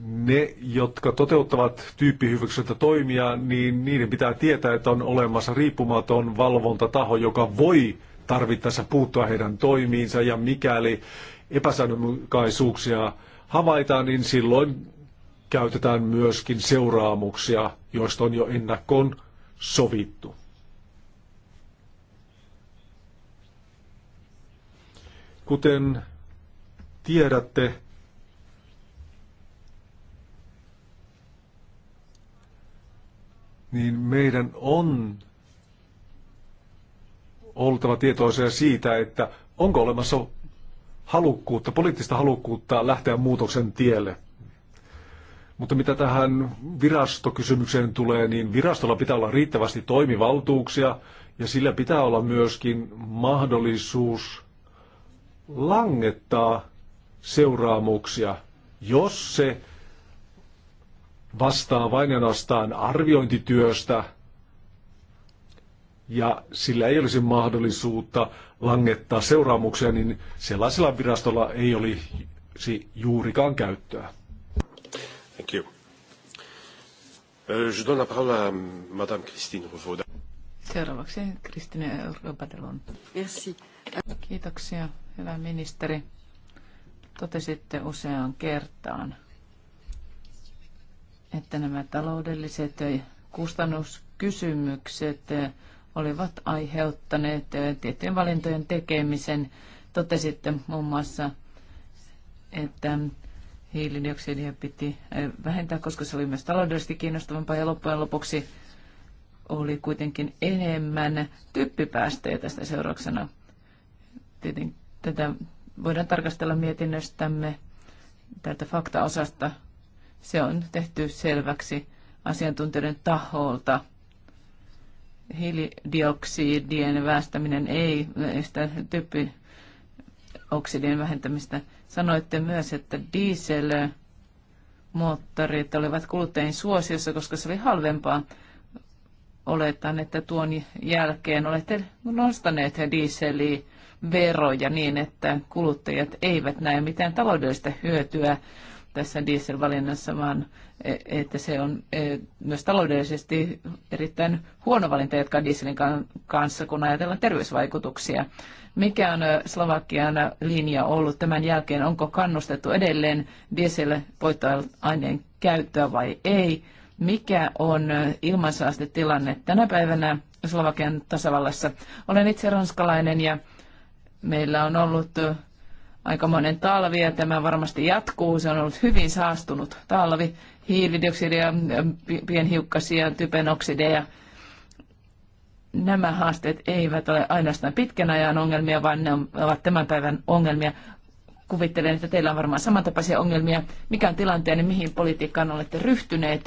ne, jotka toteuttavat tyyppihyväksyntä toimia, niin niiden pitää tietää, että on olemassa riippumaton valvontataho, joka voi tarvittaessa puuttua heidän toimiinsa ja mikäli epäsäännönmukaisuuksia havaitaan, niin silloin käytetään myöskin seuraamuksia, joista on jo ennakkoon sovittu. Kuten tiedätte, niin meidän on oltava tietoisia siitä, että onko olemassa halukkuutta, poliittista halukkuutta lähteä muutoksen tielle. Mutta mitä tähän virastokysymykseen tulee, niin virastolla pitää olla riittävästi toimivaltuuksia ja sillä pitää olla myöskin mahdollisuus langettaa seuraamuksia, jos se vastaa vain ainoastaan arviointityöstä, ja sillä ei olisi mahdollisuutta langettaa seuraamuksia, niin sellaisella virastolla ei olisi juurikaan käyttöä. Thank you. Euh, je donne la parole à Madame Christine Revaud. Seuraavaksi Kristine Urbadelon. Merci. Kiitoksia, hyvä ministeri. Totesitte useaan kertaan, että nämä taloudelliset kustannuskysymykset olivat aiheuttaneet tiettyjen valintojen tekemisen. Totesitte muun muassa, että hiilidioksidia piti eh, vähentää, koska se oli myös taloudellisesti kiinnostavampaa ja loppujen lopuksi oli kuitenkin enemmän typpipäästöjä tästä seurauksena. Tietenkin tätä voidaan tarkastella mietinnöstämme tältä faktaosasta se on tehty selväksi asiantuntijoiden taholta. Hiilidioksidien väestäminen ei estä typpioksidien vähentämistä. Sanoitte myös, että dieselmoottorit olivat kuluttajien suosiossa, koska se oli halvempaa. Oletan, että tuon jälkeen olette nostaneet dieseliä veroja niin, että kuluttajat eivät näe mitään taloudellista hyötyä tässä dieselvalinnassa, vaan e, että se on e, myös taloudellisesti erittäin huono valinta jatkaa dieselin kanssa, kun ajatellaan terveysvaikutuksia. Mikä on e, Slovakian linja ollut tämän jälkeen? Onko kannustettu edelleen dieselpoittoaineen käyttöä vai ei? Mikä on ilmansaastetilanne tänä päivänä Slovakian tasavallassa? Olen itse ranskalainen ja meillä on ollut aikamoinen talvi ja tämä varmasti jatkuu. Se on ollut hyvin saastunut talvi. Hiilidioksidia, pienhiukkasia, typenoksideja. Nämä haasteet eivät ole ainoastaan pitkän ajan ongelmia, vaan ne ovat tämän päivän ongelmia. Kuvittelen, että teillä on varmaan samantapaisia ongelmia. Mikä on tilanteenne, mihin politiikkaan olette ryhtyneet,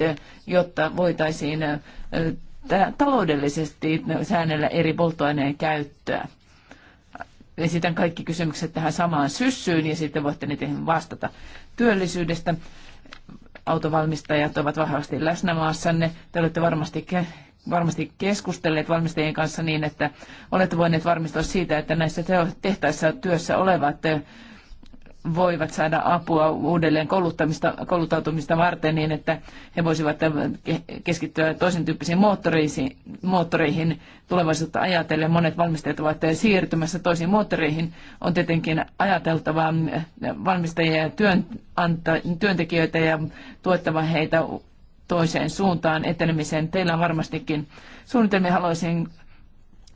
jotta voitaisiin taloudellisesti säännellä eri polttoaineen käyttöä? esitän kaikki kysymykset tähän samaan syssyyn ja sitten voitte niihin vastata työllisyydestä. Autovalmistajat ovat vahvasti läsnä maassanne. Te olette varmasti varmasti keskustelleet valmistajien kanssa niin, että olette voineet varmistua siitä, että näissä tehtaissa työssä olevat voivat saada apua uudelleen kouluttamista, kouluttautumista varten niin, että he voisivat eh, keskittyä toisen tyyppisiin moottoreihin tulevaisuutta ajatellen. Monet valmistajat ovat eh, siirtymässä toisiin moottoreihin. On tietenkin ajateltava mm, valmistajia ja työntekijöitä ja tuettava heitä toiseen suuntaan etenemiseen. Teillä on varmastikin suunnitelmia. Haluaisin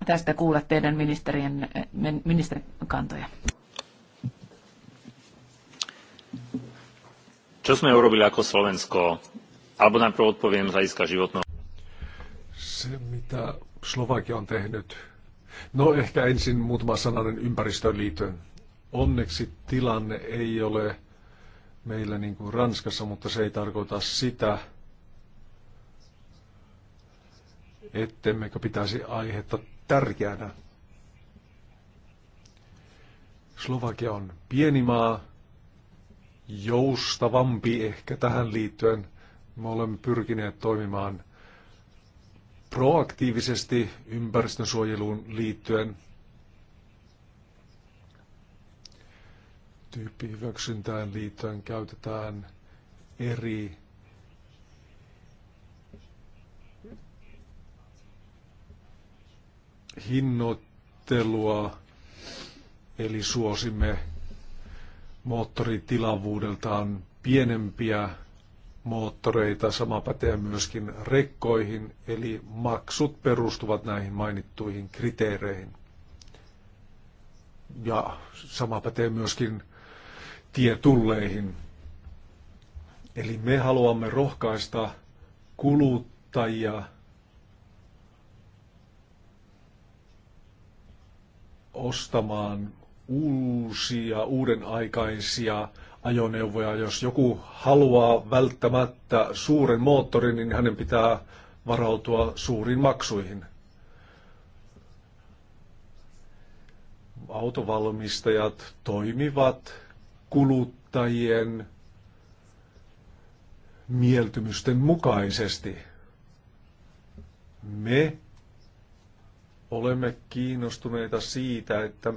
tästä kuulla teidän ministerien, eh, ministerin kantoja. Čo sme urobili ako Slovensko? Alebo najprv odpoviem z hľadiska životného. Se, mitä Slovakia on tehnyt. No ehkä ensin muutama sananen ympäristöön liittyen. Onneksi tilanne ei ole meillä niin kuin Ranskassa, mutta se ei tarkoita sitä, ettemmekö pitäisi aihetta tärkeänä. Slovakia on pieni maa, joustavampi ehkä tähän liittyen. Me olemme pyrkineet toimimaan proaktiivisesti ympäristönsuojeluun liittyen. Tyyppihyväksyntään liittyen käytetään eri hinnoittelua, eli suosimme moottoritilavuudeltaan pienempiä moottoreita. Sama pätee myöskin rekkoihin, eli maksut perustuvat näihin mainittuihin kriteereihin. Ja sama pätee myöskin tietulleihin. Eli me haluamme rohkaista kuluttajia ostamaan uusia, uuden aikaisia ajoneuvoja. Jos joku haluaa välttämättä suuren moottorin, niin hänen pitää varautua suuriin maksuihin. Autovalmistajat toimivat kuluttajien mieltymysten mukaisesti. Me Olemme kiinnostuneita siitä, että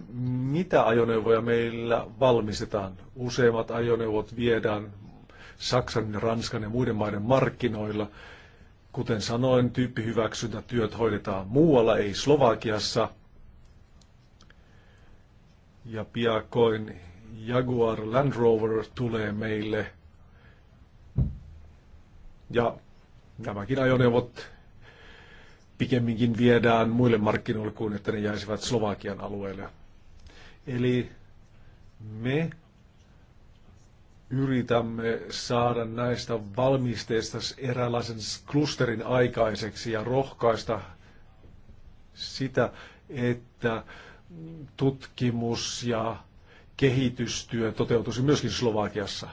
mitä ajoneuvoja meillä valmistetaan. Useimmat ajoneuvot viedään Saksan, Ranskan ja muiden maiden markkinoilla. Kuten sanoin, tyyppihyväksyntätyöt hoidetaan muualla, ei Slovakiassa. Ja piakoin Jaguar Land Rover tulee meille. Ja nämäkin ajoneuvot pikemminkin viedään muille markkinoille kuin että ne jäisivät Slovakian alueelle. Eli me yritämme saada näistä valmisteista eräänlaisen klusterin aikaiseksi ja rohkaista sitä, että tutkimus ja kehitystyö toteutuisi myöskin Slovakiassa.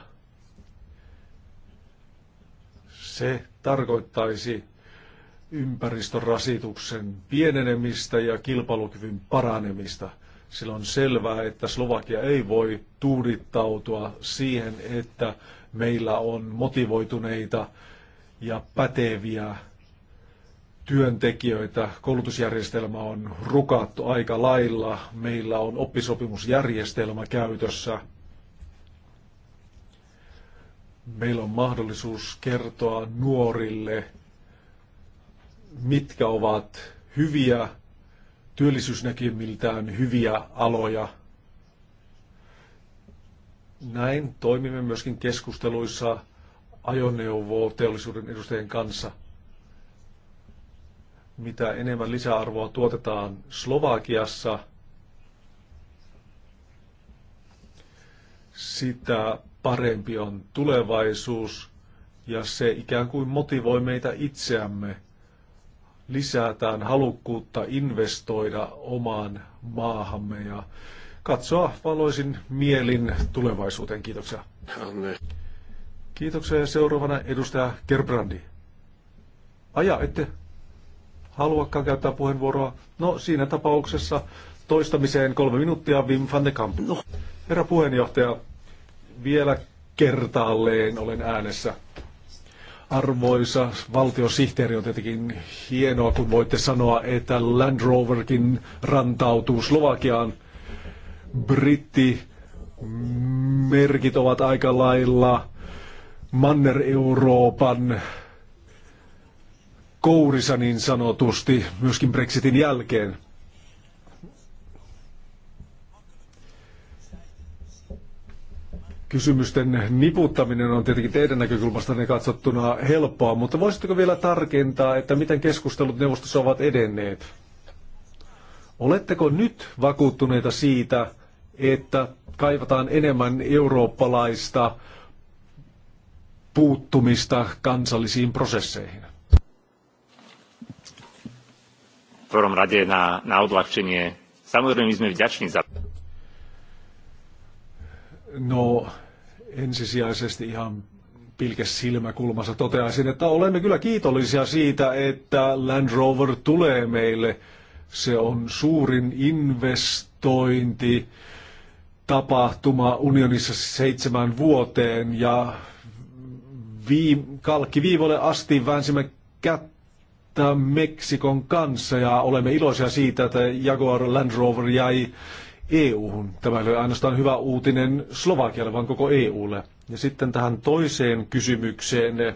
Se tarkoittaisi ympäristörasituksen pienenemistä ja kilpailukyvyn paranemista. Sillä on selvää, että Slovakia ei voi tuudittautua siihen, että meillä on motivoituneita ja päteviä työntekijöitä. Koulutusjärjestelmä on rukattu aika lailla. Meillä on oppisopimusjärjestelmä käytössä. Meillä on mahdollisuus kertoa nuorille mitkä ovat hyviä työllisyysnäkymiltään hyviä aloja. Näin toimimme myöskin keskusteluissa ajoneuvoteollisuuden edustajien kanssa. Mitä enemmän lisäarvoa tuotetaan Slovakiassa, sitä parempi on tulevaisuus ja se ikään kuin motivoi meitä itseämme – lisätään halukkuutta investoida omaan maahamme ja katsoa valoisin mielin tulevaisuuteen. Kiitoksia. Kiitoksia ja seuraavana edustaja Gerbrandi. Aja, ette haluakaan käyttää puheenvuoroa. No siinä tapauksessa toistamiseen kolme minuuttia Wim van de Kamp. No. Herra puheenjohtaja, vielä kertaalleen olen äänessä. Arvoisa valtiosihteeri, on tietenkin hienoa, kun voitte sanoa, että Land Roverkin rantautuu Slovakiaan. Britti merkit ovat aika lailla Manner-Euroopan kourissa niin sanotusti myöskin Brexitin jälkeen. kysymysten niputtaminen on tietenkin teidän näkökulmastanne katsottuna helppoa, mutta voisitteko vielä tarkentaa, että miten keskustelut neuvostossa ovat edenneet? Oletteko nyt vakuuttuneita siitä, että kaivataan enemmän eurooppalaista puuttumista kansallisiin prosesseihin? Forum Radio na, na odľahčenie. Samozrejme, my sme vďační za... No, ensisijaisesti ihan pilkes silmäkulmassa toteaisin, että olemme kyllä kiitollisia siitä, että Land Rover tulee meille. Se on suurin investointi tapahtuma unionissa seitsemän vuoteen ja vii, kalkkiviivolle asti väänsimme kättä Meksikon kanssa ja olemme iloisia siitä, että Jaguar Land Rover jäi EU-hun. Tämä ei ole ainoastaan hyvä uutinen Slovakialle, vaan koko EUlle. Ja sitten tähän toiseen kysymykseen.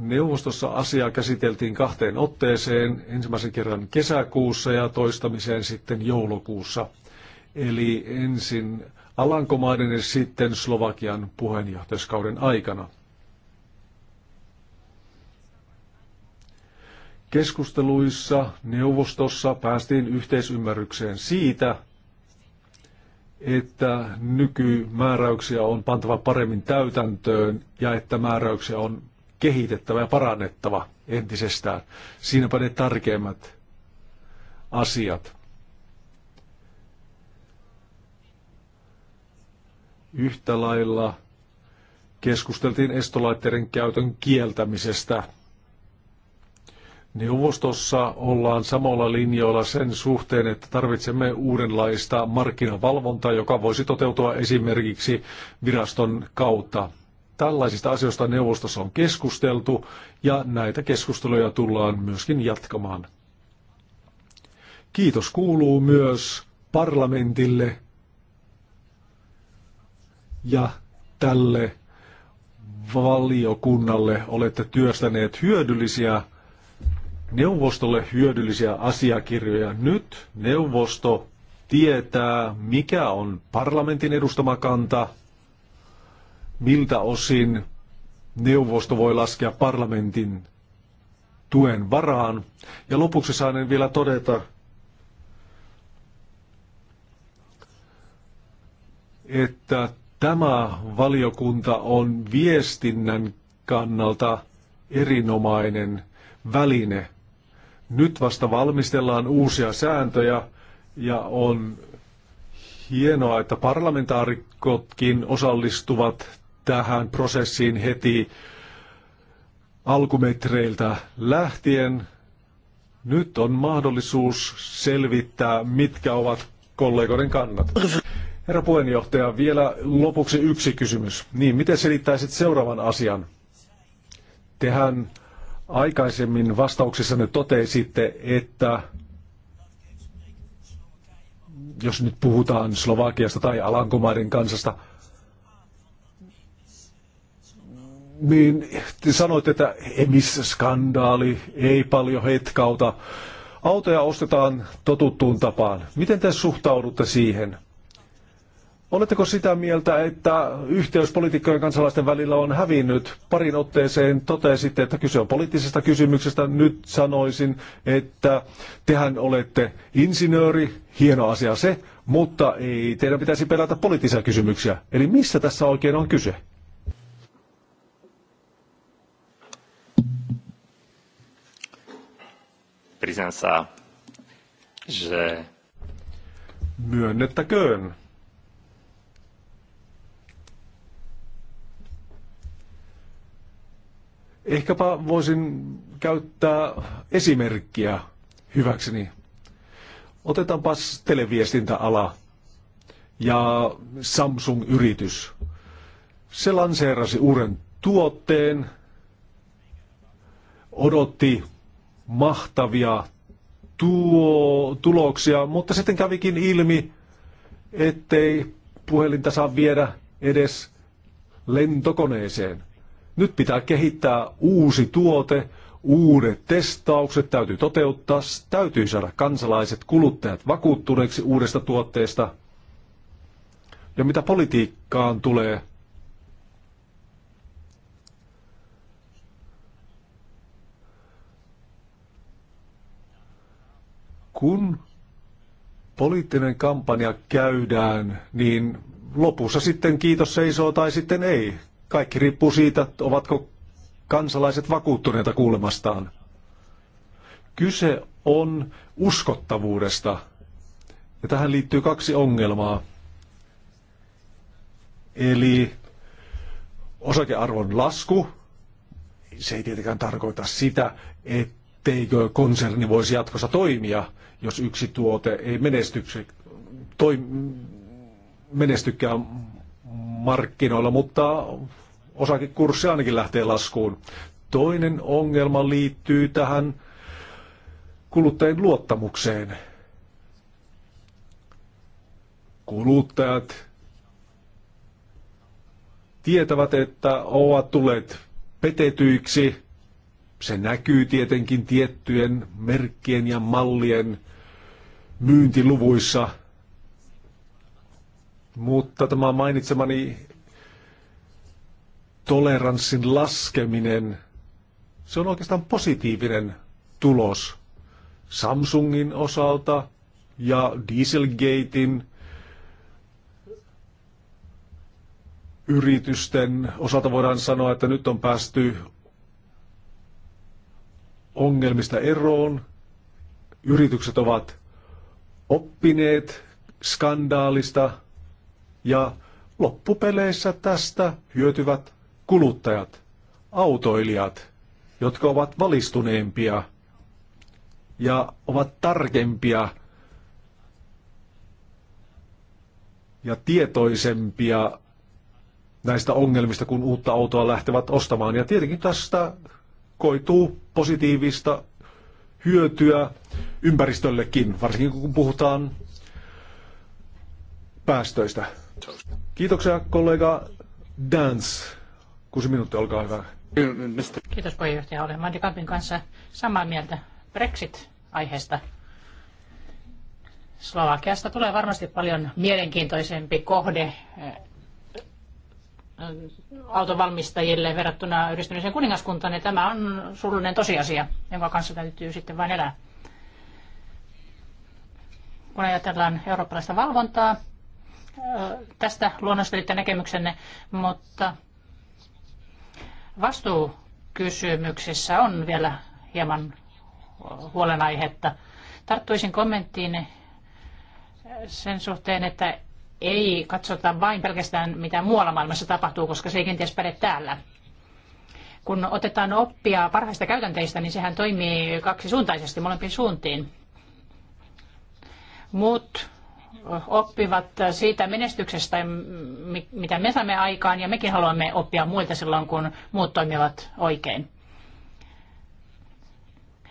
Neuvostossa asiaa käsiteltiin kahteen otteeseen, ensimmäisen kerran kesäkuussa ja toistamiseen sitten joulukuussa. Eli ensin Alankomaiden ja sitten Slovakian puheenjohtajuuskauden aikana. Keskusteluissa neuvostossa päästiin yhteisymmärrykseen siitä, että nykymääräyksiä on pantava paremmin täytäntöön ja että määräyksiä on kehitettävä ja parannettava entisestään. Siinäpä ne tärkeimmät asiat. Yhtä lailla keskusteltiin estolaitteiden käytön kieltämisestä – Neuvostossa ollaan samalla linjoilla sen suhteen, että tarvitsemme uudenlaista markkinavalvontaa, joka voisi toteutua esimerkiksi viraston kautta. Tällaisista asioista neuvostossa on keskusteltu ja näitä keskusteluja tullaan myöskin jatkamaan. Kiitos kuuluu myös parlamentille ja tälle valiokunnalle. Olette työstäneet hyödyllisiä neuvostolle hyödyllisiä asiakirjoja. Nyt neuvosto tietää, mikä on parlamentin edustama kanta, miltä osin neuvosto voi laskea parlamentin tuen varaan. Ja lopuksi saanen vielä todeta, että tämä valiokunta on viestinnän kannalta erinomainen väline nyt vasta valmistellaan uusia sääntöjä ja on hienoa, että parlamentaarikotkin osallistuvat tähän prosessiin heti alkumetreiltä lähtien. Nyt on mahdollisuus selvittää, mitkä ovat kollegoiden kannat. Herra puheenjohtaja, vielä lopuksi yksi kysymys. Niin, miten selittäisit seuraavan asian? Tehän Aikaisemmin vastauksessanne totesitte, että jos nyt puhutaan Slovakiasta tai Alankomaiden kansasta, niin te sanoitte, että skandaali, ei paljon hetkauta. Autoja ostetaan totuttuun tapaan. Miten te suhtaudutte siihen? Oletteko sitä mieltä, että yhteys poliitikkojen kansalaisten välillä on hävinnyt? Parin otteeseen totesitte, että kyse on poliittisesta kysymyksestä. Nyt sanoisin, että tehän olette insinööri, hieno asia se, mutta ei teidän pitäisi pelätä poliittisia kysymyksiä. Eli missä tässä oikein on kyse? Priznam že... Myönnettäköön, Ehkäpä voisin käyttää esimerkkiä hyväkseni. Otetaanpas televiestintäala ja Samsung-yritys. Se lanseerasi uuden tuotteen, odotti mahtavia tuo, tuloksia, mutta sitten kävikin ilmi, ettei puhelinta saa viedä edes lentokoneeseen. Nyt pitää kehittää uusi tuote, uudet testaukset täytyy toteuttaa, täytyy saada kansalaiset, kuluttajat vakuuttuneeksi uudesta tuotteesta. Ja mitä politiikkaan tulee, kun poliittinen kampanja käydään, niin lopussa sitten kiitos seisoo tai sitten ei. Kaikki riippuu siitä, ovatko kansalaiset vakuuttuneita kuulemastaan. Kyse on uskottavuudesta. Ja tähän liittyy kaksi ongelmaa. Eli osakearvon lasku, se ei tietenkään tarkoita sitä, etteikö konserni voisi jatkossa toimia, jos yksi tuote ei menestykse, toi, menestykään markkinoilla, mutta osakekurssi ainakin lähtee laskuun. Toinen ongelma liittyy tähän kuluttajien luottamukseen. Kuluttajat tietävät, että ovat tulleet petetyiksi. Se näkyy tietenkin tiettyjen merkkien ja mallien myyntiluvuissa. Mutta tämä mainitsemani toleranssin laskeminen, se on oikeastaan positiivinen tulos Samsungin osalta ja Dieselgatein yritysten osalta voidaan sanoa, että nyt on päästy ongelmista eroon. Yritykset ovat oppineet skandaalista ja loppupeleissä tästä hyötyvät kuluttajat, autoilijat, jotka ovat valistuneempia ja ovat tarkempia ja tietoisempia näistä ongelmista, kun uutta autoa lähtevät ostamaan. Ja tietenkin tästä koituu positiivista hyötyä ympäristöllekin, varsinkin kun puhutaan päästöistä. Kiitoksia kollega Dance. Kuusi minuuttia, olkaa hyvä. Kiitos puheenjohtaja. Olen Madi Kampin kanssa samaa mieltä Brexit-aiheesta. Slovakiasta tulee varmasti paljon mielenkiintoisempi kohde eh, autovalmistajille verrattuna yhdistyneeseen kuningaskuntaan, ja tämä on surullinen tosiasia, jonka kanssa täytyy sitten vain elää. Kun ajatellaan eurooppalaista valvontaa, eh, tästä luonnostelitte näkemyksenne, mutta vastuukysymyksessä on vielä hieman huolenaihetta. Tarttuisin kommenttiin sen suhteen, että ei katsota vain pelkästään mitä muualla maailmassa tapahtuu, koska se ei kenties päde täällä. Kun otetaan oppia parhaista käytänteistä, niin sehän toimii kaksisuuntaisesti molempiin suuntiin. Mutta oppivat siitä menestyksestä, mitä me saamme aikaan, ja mekin haluamme oppia muilta silloin, kun muut toimivat oikein.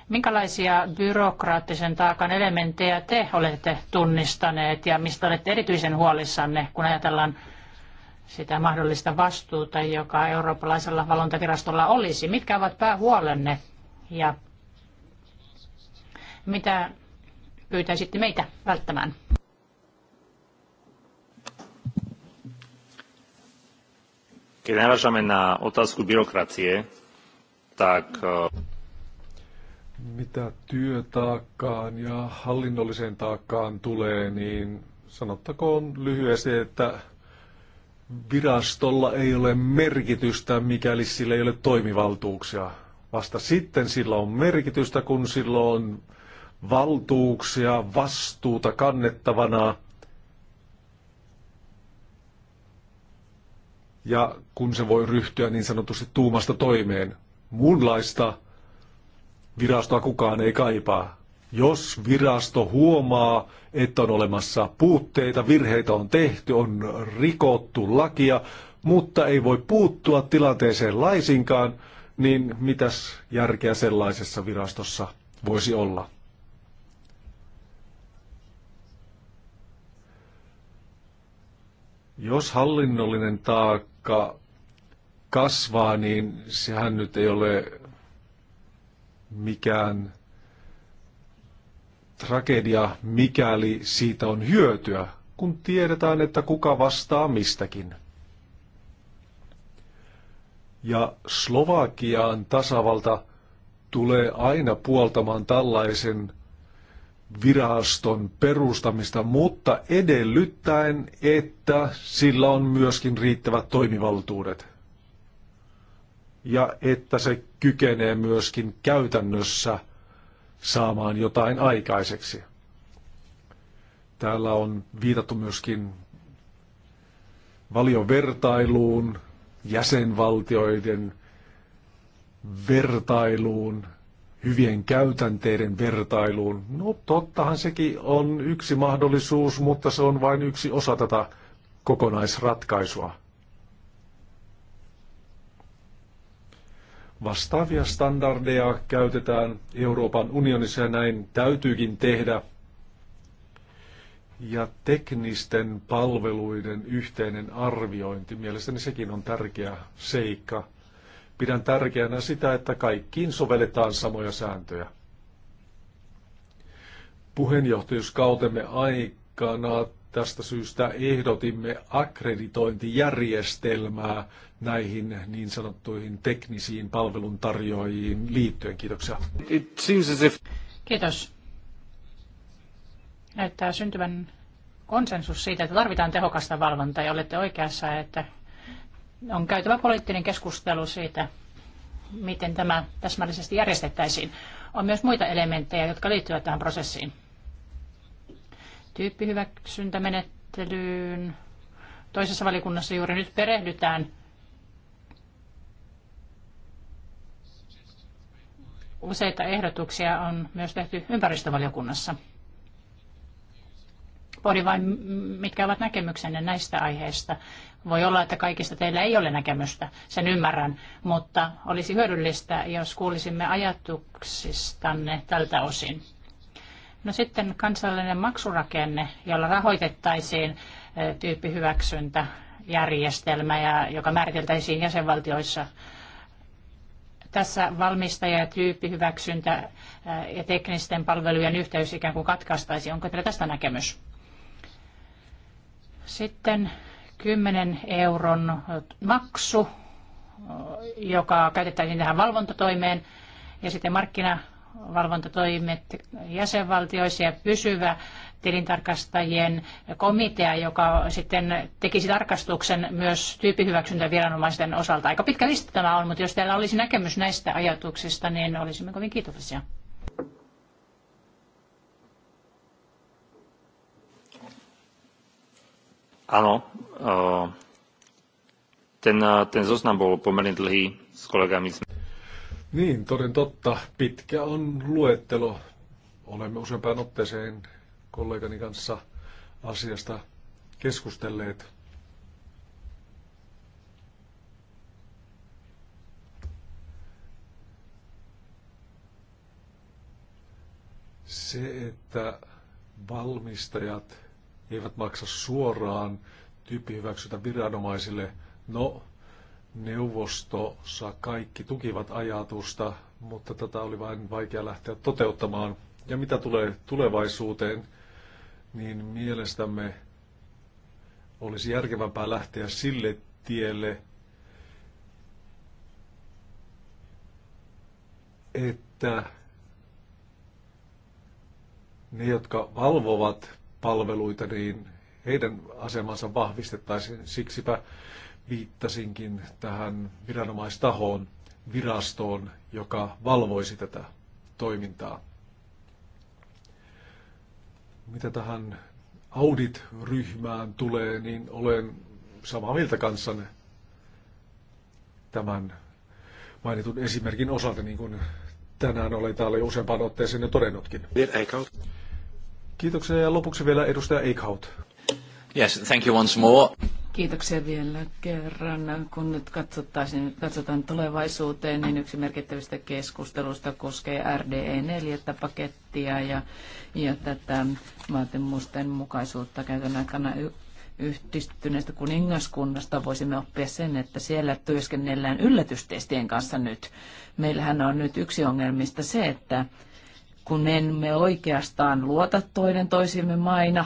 Minkälaisia byrokraattisen taakan elementtejä te olette tunnistaneet ja mistä olette erityisen huolissanne, kun ajatellaan sitä mahdollista vastuuta, joka eurooppalaisella valvontavirastolla olisi? Mitkä ovat päähuolenne ja mitä pyytäisitte meitä välttämään? Keď narážame na otázku byrokracie, tak... E, Mitä työtaakkaan ja hallinnolliseen taakkaan tulee, niin sanottakoon lyhyesti, että virastolla ei ole merkitystä, mikäli sillä ei ole toimivaltuuksia. Vasta sitten sillä on merkitystä, kun sillä on valtuuksia, vastuuta kannettavana – ja kun se voi ryhtyä niin sanotusti tuumasta toimeen. Muunlaista virastoa kukaan ei kaipaa. Jos virasto huomaa, että on olemassa puutteita, virheitä on tehty, on rikottu lakia, mutta ei voi puuttua tilanteeseen laisinkaan, niin mitäs järkeä sellaisessa virastossa voisi olla? Jos hallinnollinen taakka taakka kasvaa, niin sehän nyt ei ole mikään tragedia, mikäli siitä on hyötyä, kun tiedetään, että kuka vastaa mistäkin. Ja Slovakiaan tasavalta tulee aina puoltamaan tällaisen viraston perustamista, mutta edellyttäen, että sillä on myöskin riittävät toimivaltuudet ja että se kykenee myöskin käytännössä saamaan jotain aikaiseksi. Täällä on viitattu myöskin valiovertailuun, jäsenvaltioiden vertailuun hyvien käytänteiden vertailuun. No tottahan sekin on yksi mahdollisuus, mutta se on vain yksi osa tätä kokonaisratkaisua. Vastaavia standardeja käytetään Euroopan unionissa ja näin täytyykin tehdä. Ja teknisten palveluiden yhteinen arviointi, mielestäni sekin on tärkeä seikka. Pidän tärkeänä sitä, että kaikkiin sovelletaan samoja sääntöjä. Puheenjohtajuuskautemme aikana tästä syystä ehdotimme akkreditointijärjestelmää näihin niin sanottuihin teknisiin palveluntarjoajiin liittyen. Kiitoksia. It seems as if... Kiitos. Näyttää syntyvän konsensus siitä, että tarvitaan tehokasta valvontaa ja olette oikeassa, että on käytävä poliittinen keskustelu siitä, miten tämä täsmällisesti järjestettäisiin. On myös muita elementtejä, jotka liittyvät tähän prosessiin. Tyyppihyväksyntämenettelyyn. Toisessa valikunnassa juuri nyt perehdytään useita ehdotuksia on myös tehty ympäristövaliokunnassa. Pohdin vain, mitkä ovat näkemyksenne näistä aiheista. Voi olla, että kaikista teillä ei ole näkemystä, sen ymmärrän, mutta olisi hyödyllistä, jos kuulisimme ajatuksistanne tältä osin. No sitten kansallinen maksurakenne, jolla rahoitettaisiin tyyppihyväksyntäjärjestelmä, ja, joka määriteltäisiin jäsenvaltioissa. Tässä valmistaja- ja tyyppihyväksyntä ja teknisten palvelujen yhteys ikään kuin katkaistaisiin. Onko teillä tästä näkemys? Sitten 10 euron maksu, joka käytettäisiin tähän valvontatoimeen, ja sitten markkinavalvontatoimet jäsenvaltioissa ja pysyvä tilintarkastajien komitea, joka sitten tekisi tarkastuksen myös tyyppihyväksyntäviranomaisten osalta. Aika pitkä lista tämä on, mutta jos teillä olisi näkemys näistä ajatuksista, niin olisimme kovin kiitollisia. Áno, eh, ten, eh, ten zoznam bol pomerne dlhý s kolegami. Niin, toden totta. Pitkä on luettelo. Olemme useampaan otteeseen kollegani kanssa asiasta keskustelleet. Se, että valmistajat he eivät maksa suoraan hyväksytä viranomaisille. No, neuvostossa kaikki tukivat ajatusta, mutta tätä oli vain vaikea lähteä toteuttamaan. Ja mitä tulee tulevaisuuteen, niin mielestämme olisi järkevämpää lähteä sille tielle, että ne, jotka valvovat palveluita, niin heidän asemansa vahvistettaisiin. Siksipä viittasinkin tähän viranomaistahoon, virastoon, joka valvoisi tätä toimintaa. Mitä tähän audit-ryhmään tulee, niin olen samaa mieltä kanssanne tämän mainitun esimerkin osalta, niin kuin tänään olen täällä jo useampaan otteeseen jo todennutkin. Kiitoksia ja lopuksi vielä edustaja Eichhout. Yes, thank you once more. Kiitoksia vielä kerran. Kun nyt katsotaan, katsotaan tulevaisuuteen, niin yksi merkittävistä keskustelusta koskee RDE4-pakettia ja, ja tätä vaatimusten mukaisuutta käytön aikana yhdistyneestä kuningaskunnasta voisimme oppia sen, että siellä työskennellään yllätystestien kanssa nyt. Meillähän on nyt yksi ongelmista se, että kun emme oikeastaan luota toinen toisimme maina.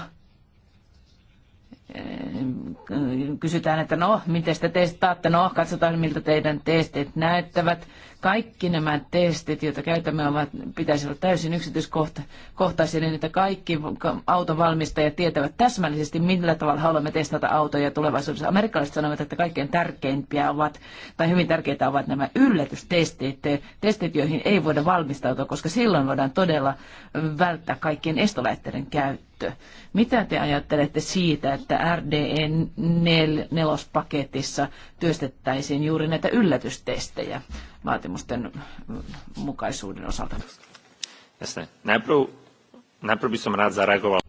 Kysytään, että no, miten te testaatte? No, katsotaan, miltä teidän testit näyttävät. Kaikki nämä testit, joita käytämme, ovat, pitäisi olla täysin yksityiskohtaisia, niin että kaikki autonvalmistajat tietävät täsmällisesti, millä tavalla haluamme testata autoja tulevaisuudessa. Amerikkalaiset sanovat, että kaikkein tärkeimpiä ovat, tai hyvin tärkeitä ovat nämä yllätystestit, testit, joihin ei voida valmistautua, koska silloin voidaan todella välttää kaikkien estolaitteiden käyttö. Mitä te ajattelette siitä, että RDE nelospaketissa työstettäisiin juuri näitä yllätystestejä? vaatimusten mukaisuuden osalta. Jasne. Najprv, najprv by som rád zareagoval.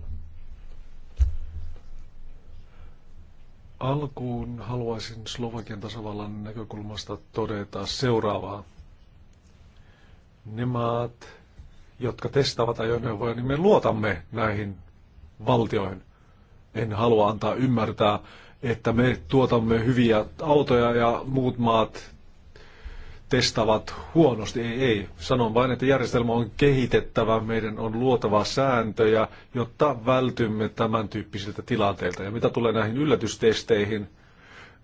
Alkuun haluaisin Slovakian tasavallan näkökulmasta todeta seuraavaa. Ne maat, jotka testaavat ajoneuvoja, niin me luotamme näihin valtioihin. En halua antaa ymmärtää, että me tuotamme hyviä autoja ja muut maat testaavat huonosti. Ei, ei. Sanon vain, että järjestelmä on kehitettävä, meidän on luotava sääntöjä, jotta vältymme tämän tyyppisiltä tilanteilta. Ja mitä tulee näihin yllätystesteihin,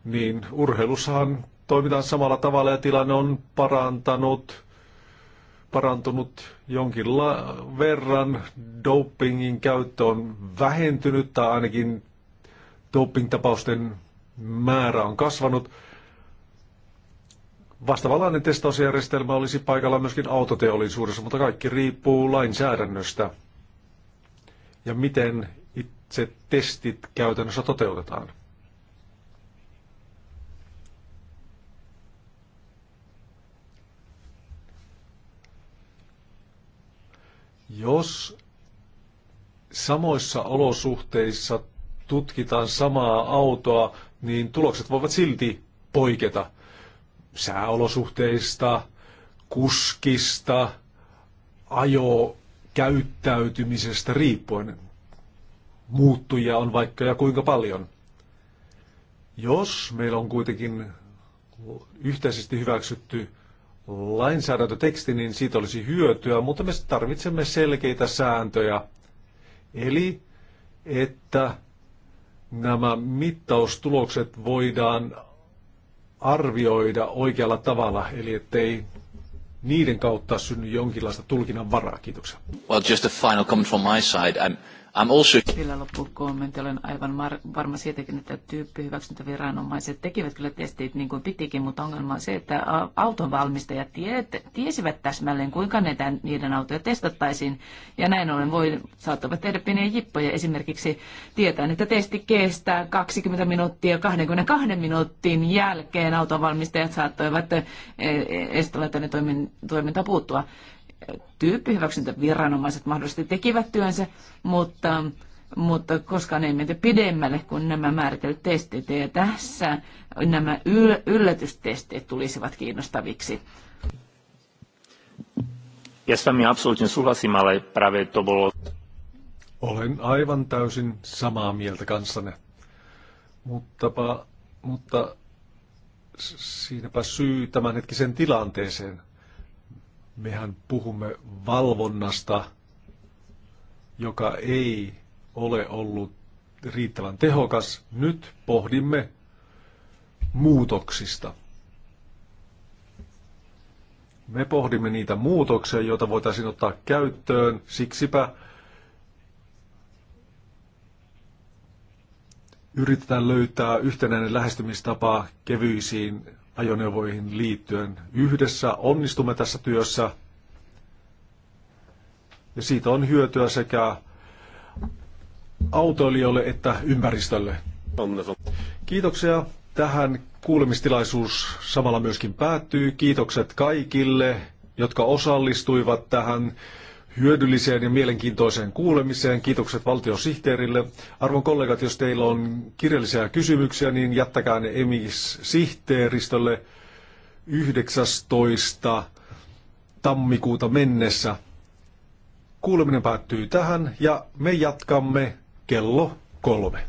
niin urheilussahan toimitaan samalla tavalla ja tilanne on parantanut, parantunut jonkin verran. Dopingin käyttö on vähentynyt tai ainakin dopingtapausten määrä on kasvanut. Vastavallainen testausjärjestelmä olisi paikalla myöskin autoteollisuudessa, mutta kaikki riippuu lainsäädännöstä ja miten itse testit käytännössä toteutetaan. Jos samoissa olosuhteissa tutkitaan samaa autoa, niin tulokset voivat silti poiketa – sääolosuhteista, kuskista, ajo käyttäytymisestä riippuen. Muuttujia on vaikka ja kuinka paljon. Jos meillä on kuitenkin yhteisesti hyväksytty lainsäädäntöteksti, niin siitä olisi hyötyä, mutta me tarvitsemme selkeitä sääntöjä. Eli että nämä mittaustulokset voidaan arvioida oikealla tavalla, eli ettei niiden kautta synny jonkinlaista tulkinnan varaa. Kiitoksia. Well, just a final comment from my side. I'm I'm also... Vielä loppukommentti. Olen aivan varma siitäkin, että tyyppihyväksyntäviranomaiset tekivät kyllä testit niin kuin pitikin, mutta ongelma on se, että autonvalmistajat tiesivät täsmälleen, kuinka näitä, niiden autoja testattaisiin. Ja näin ollen voi, saattaa tehdä pieniä jippoja. Esimerkiksi tietää, että testi kestää 20 minuuttia. 22 minuuttiin jälkeen autonvalmistajat saattoivat e, e, estolaitoinen toimintaa puuttua viranomaiset mahdollisesti tekivät työnsä, mutta, mutta koskaan ei mennyt pidemmälle kuin nämä määritellyt testit. Ja tässä nämä yl- yllätystestit tulisivat kiinnostaviksi. Ja s vami absoluutin souhlasím, to bolo... Olen aivan täysin samaa mieltä kanssanne. Mutta, mutta siinäpä syy tämänhetkiseen tilanteeseen mehän puhumme valvonnasta, joka ei ole ollut riittävän tehokas. Nyt pohdimme muutoksista. Me pohdimme niitä muutoksia, joita voitaisiin ottaa käyttöön. Siksipä yritetään löytää yhtenäinen lähestymistapa kevyisiin ajoneuvoihin liittyen. Yhdessä onnistumme tässä työssä ja siitä on hyötyä sekä autoilijoille että ympäristölle. Kiitoksia. Tähän kuulemistilaisuus samalla myöskin päättyy. Kiitokset kaikille, jotka osallistuivat tähän hyödylliseen ja mielenkiintoiseen kuulemiseen. Kiitokset valtiosihteerille. Arvon kollegat, jos teillä on kirjallisia kysymyksiä, niin jättäkää ne EMIS-sihteeristölle 19. tammikuuta mennessä. Kuuleminen päättyy tähän ja me jatkamme kello kolme.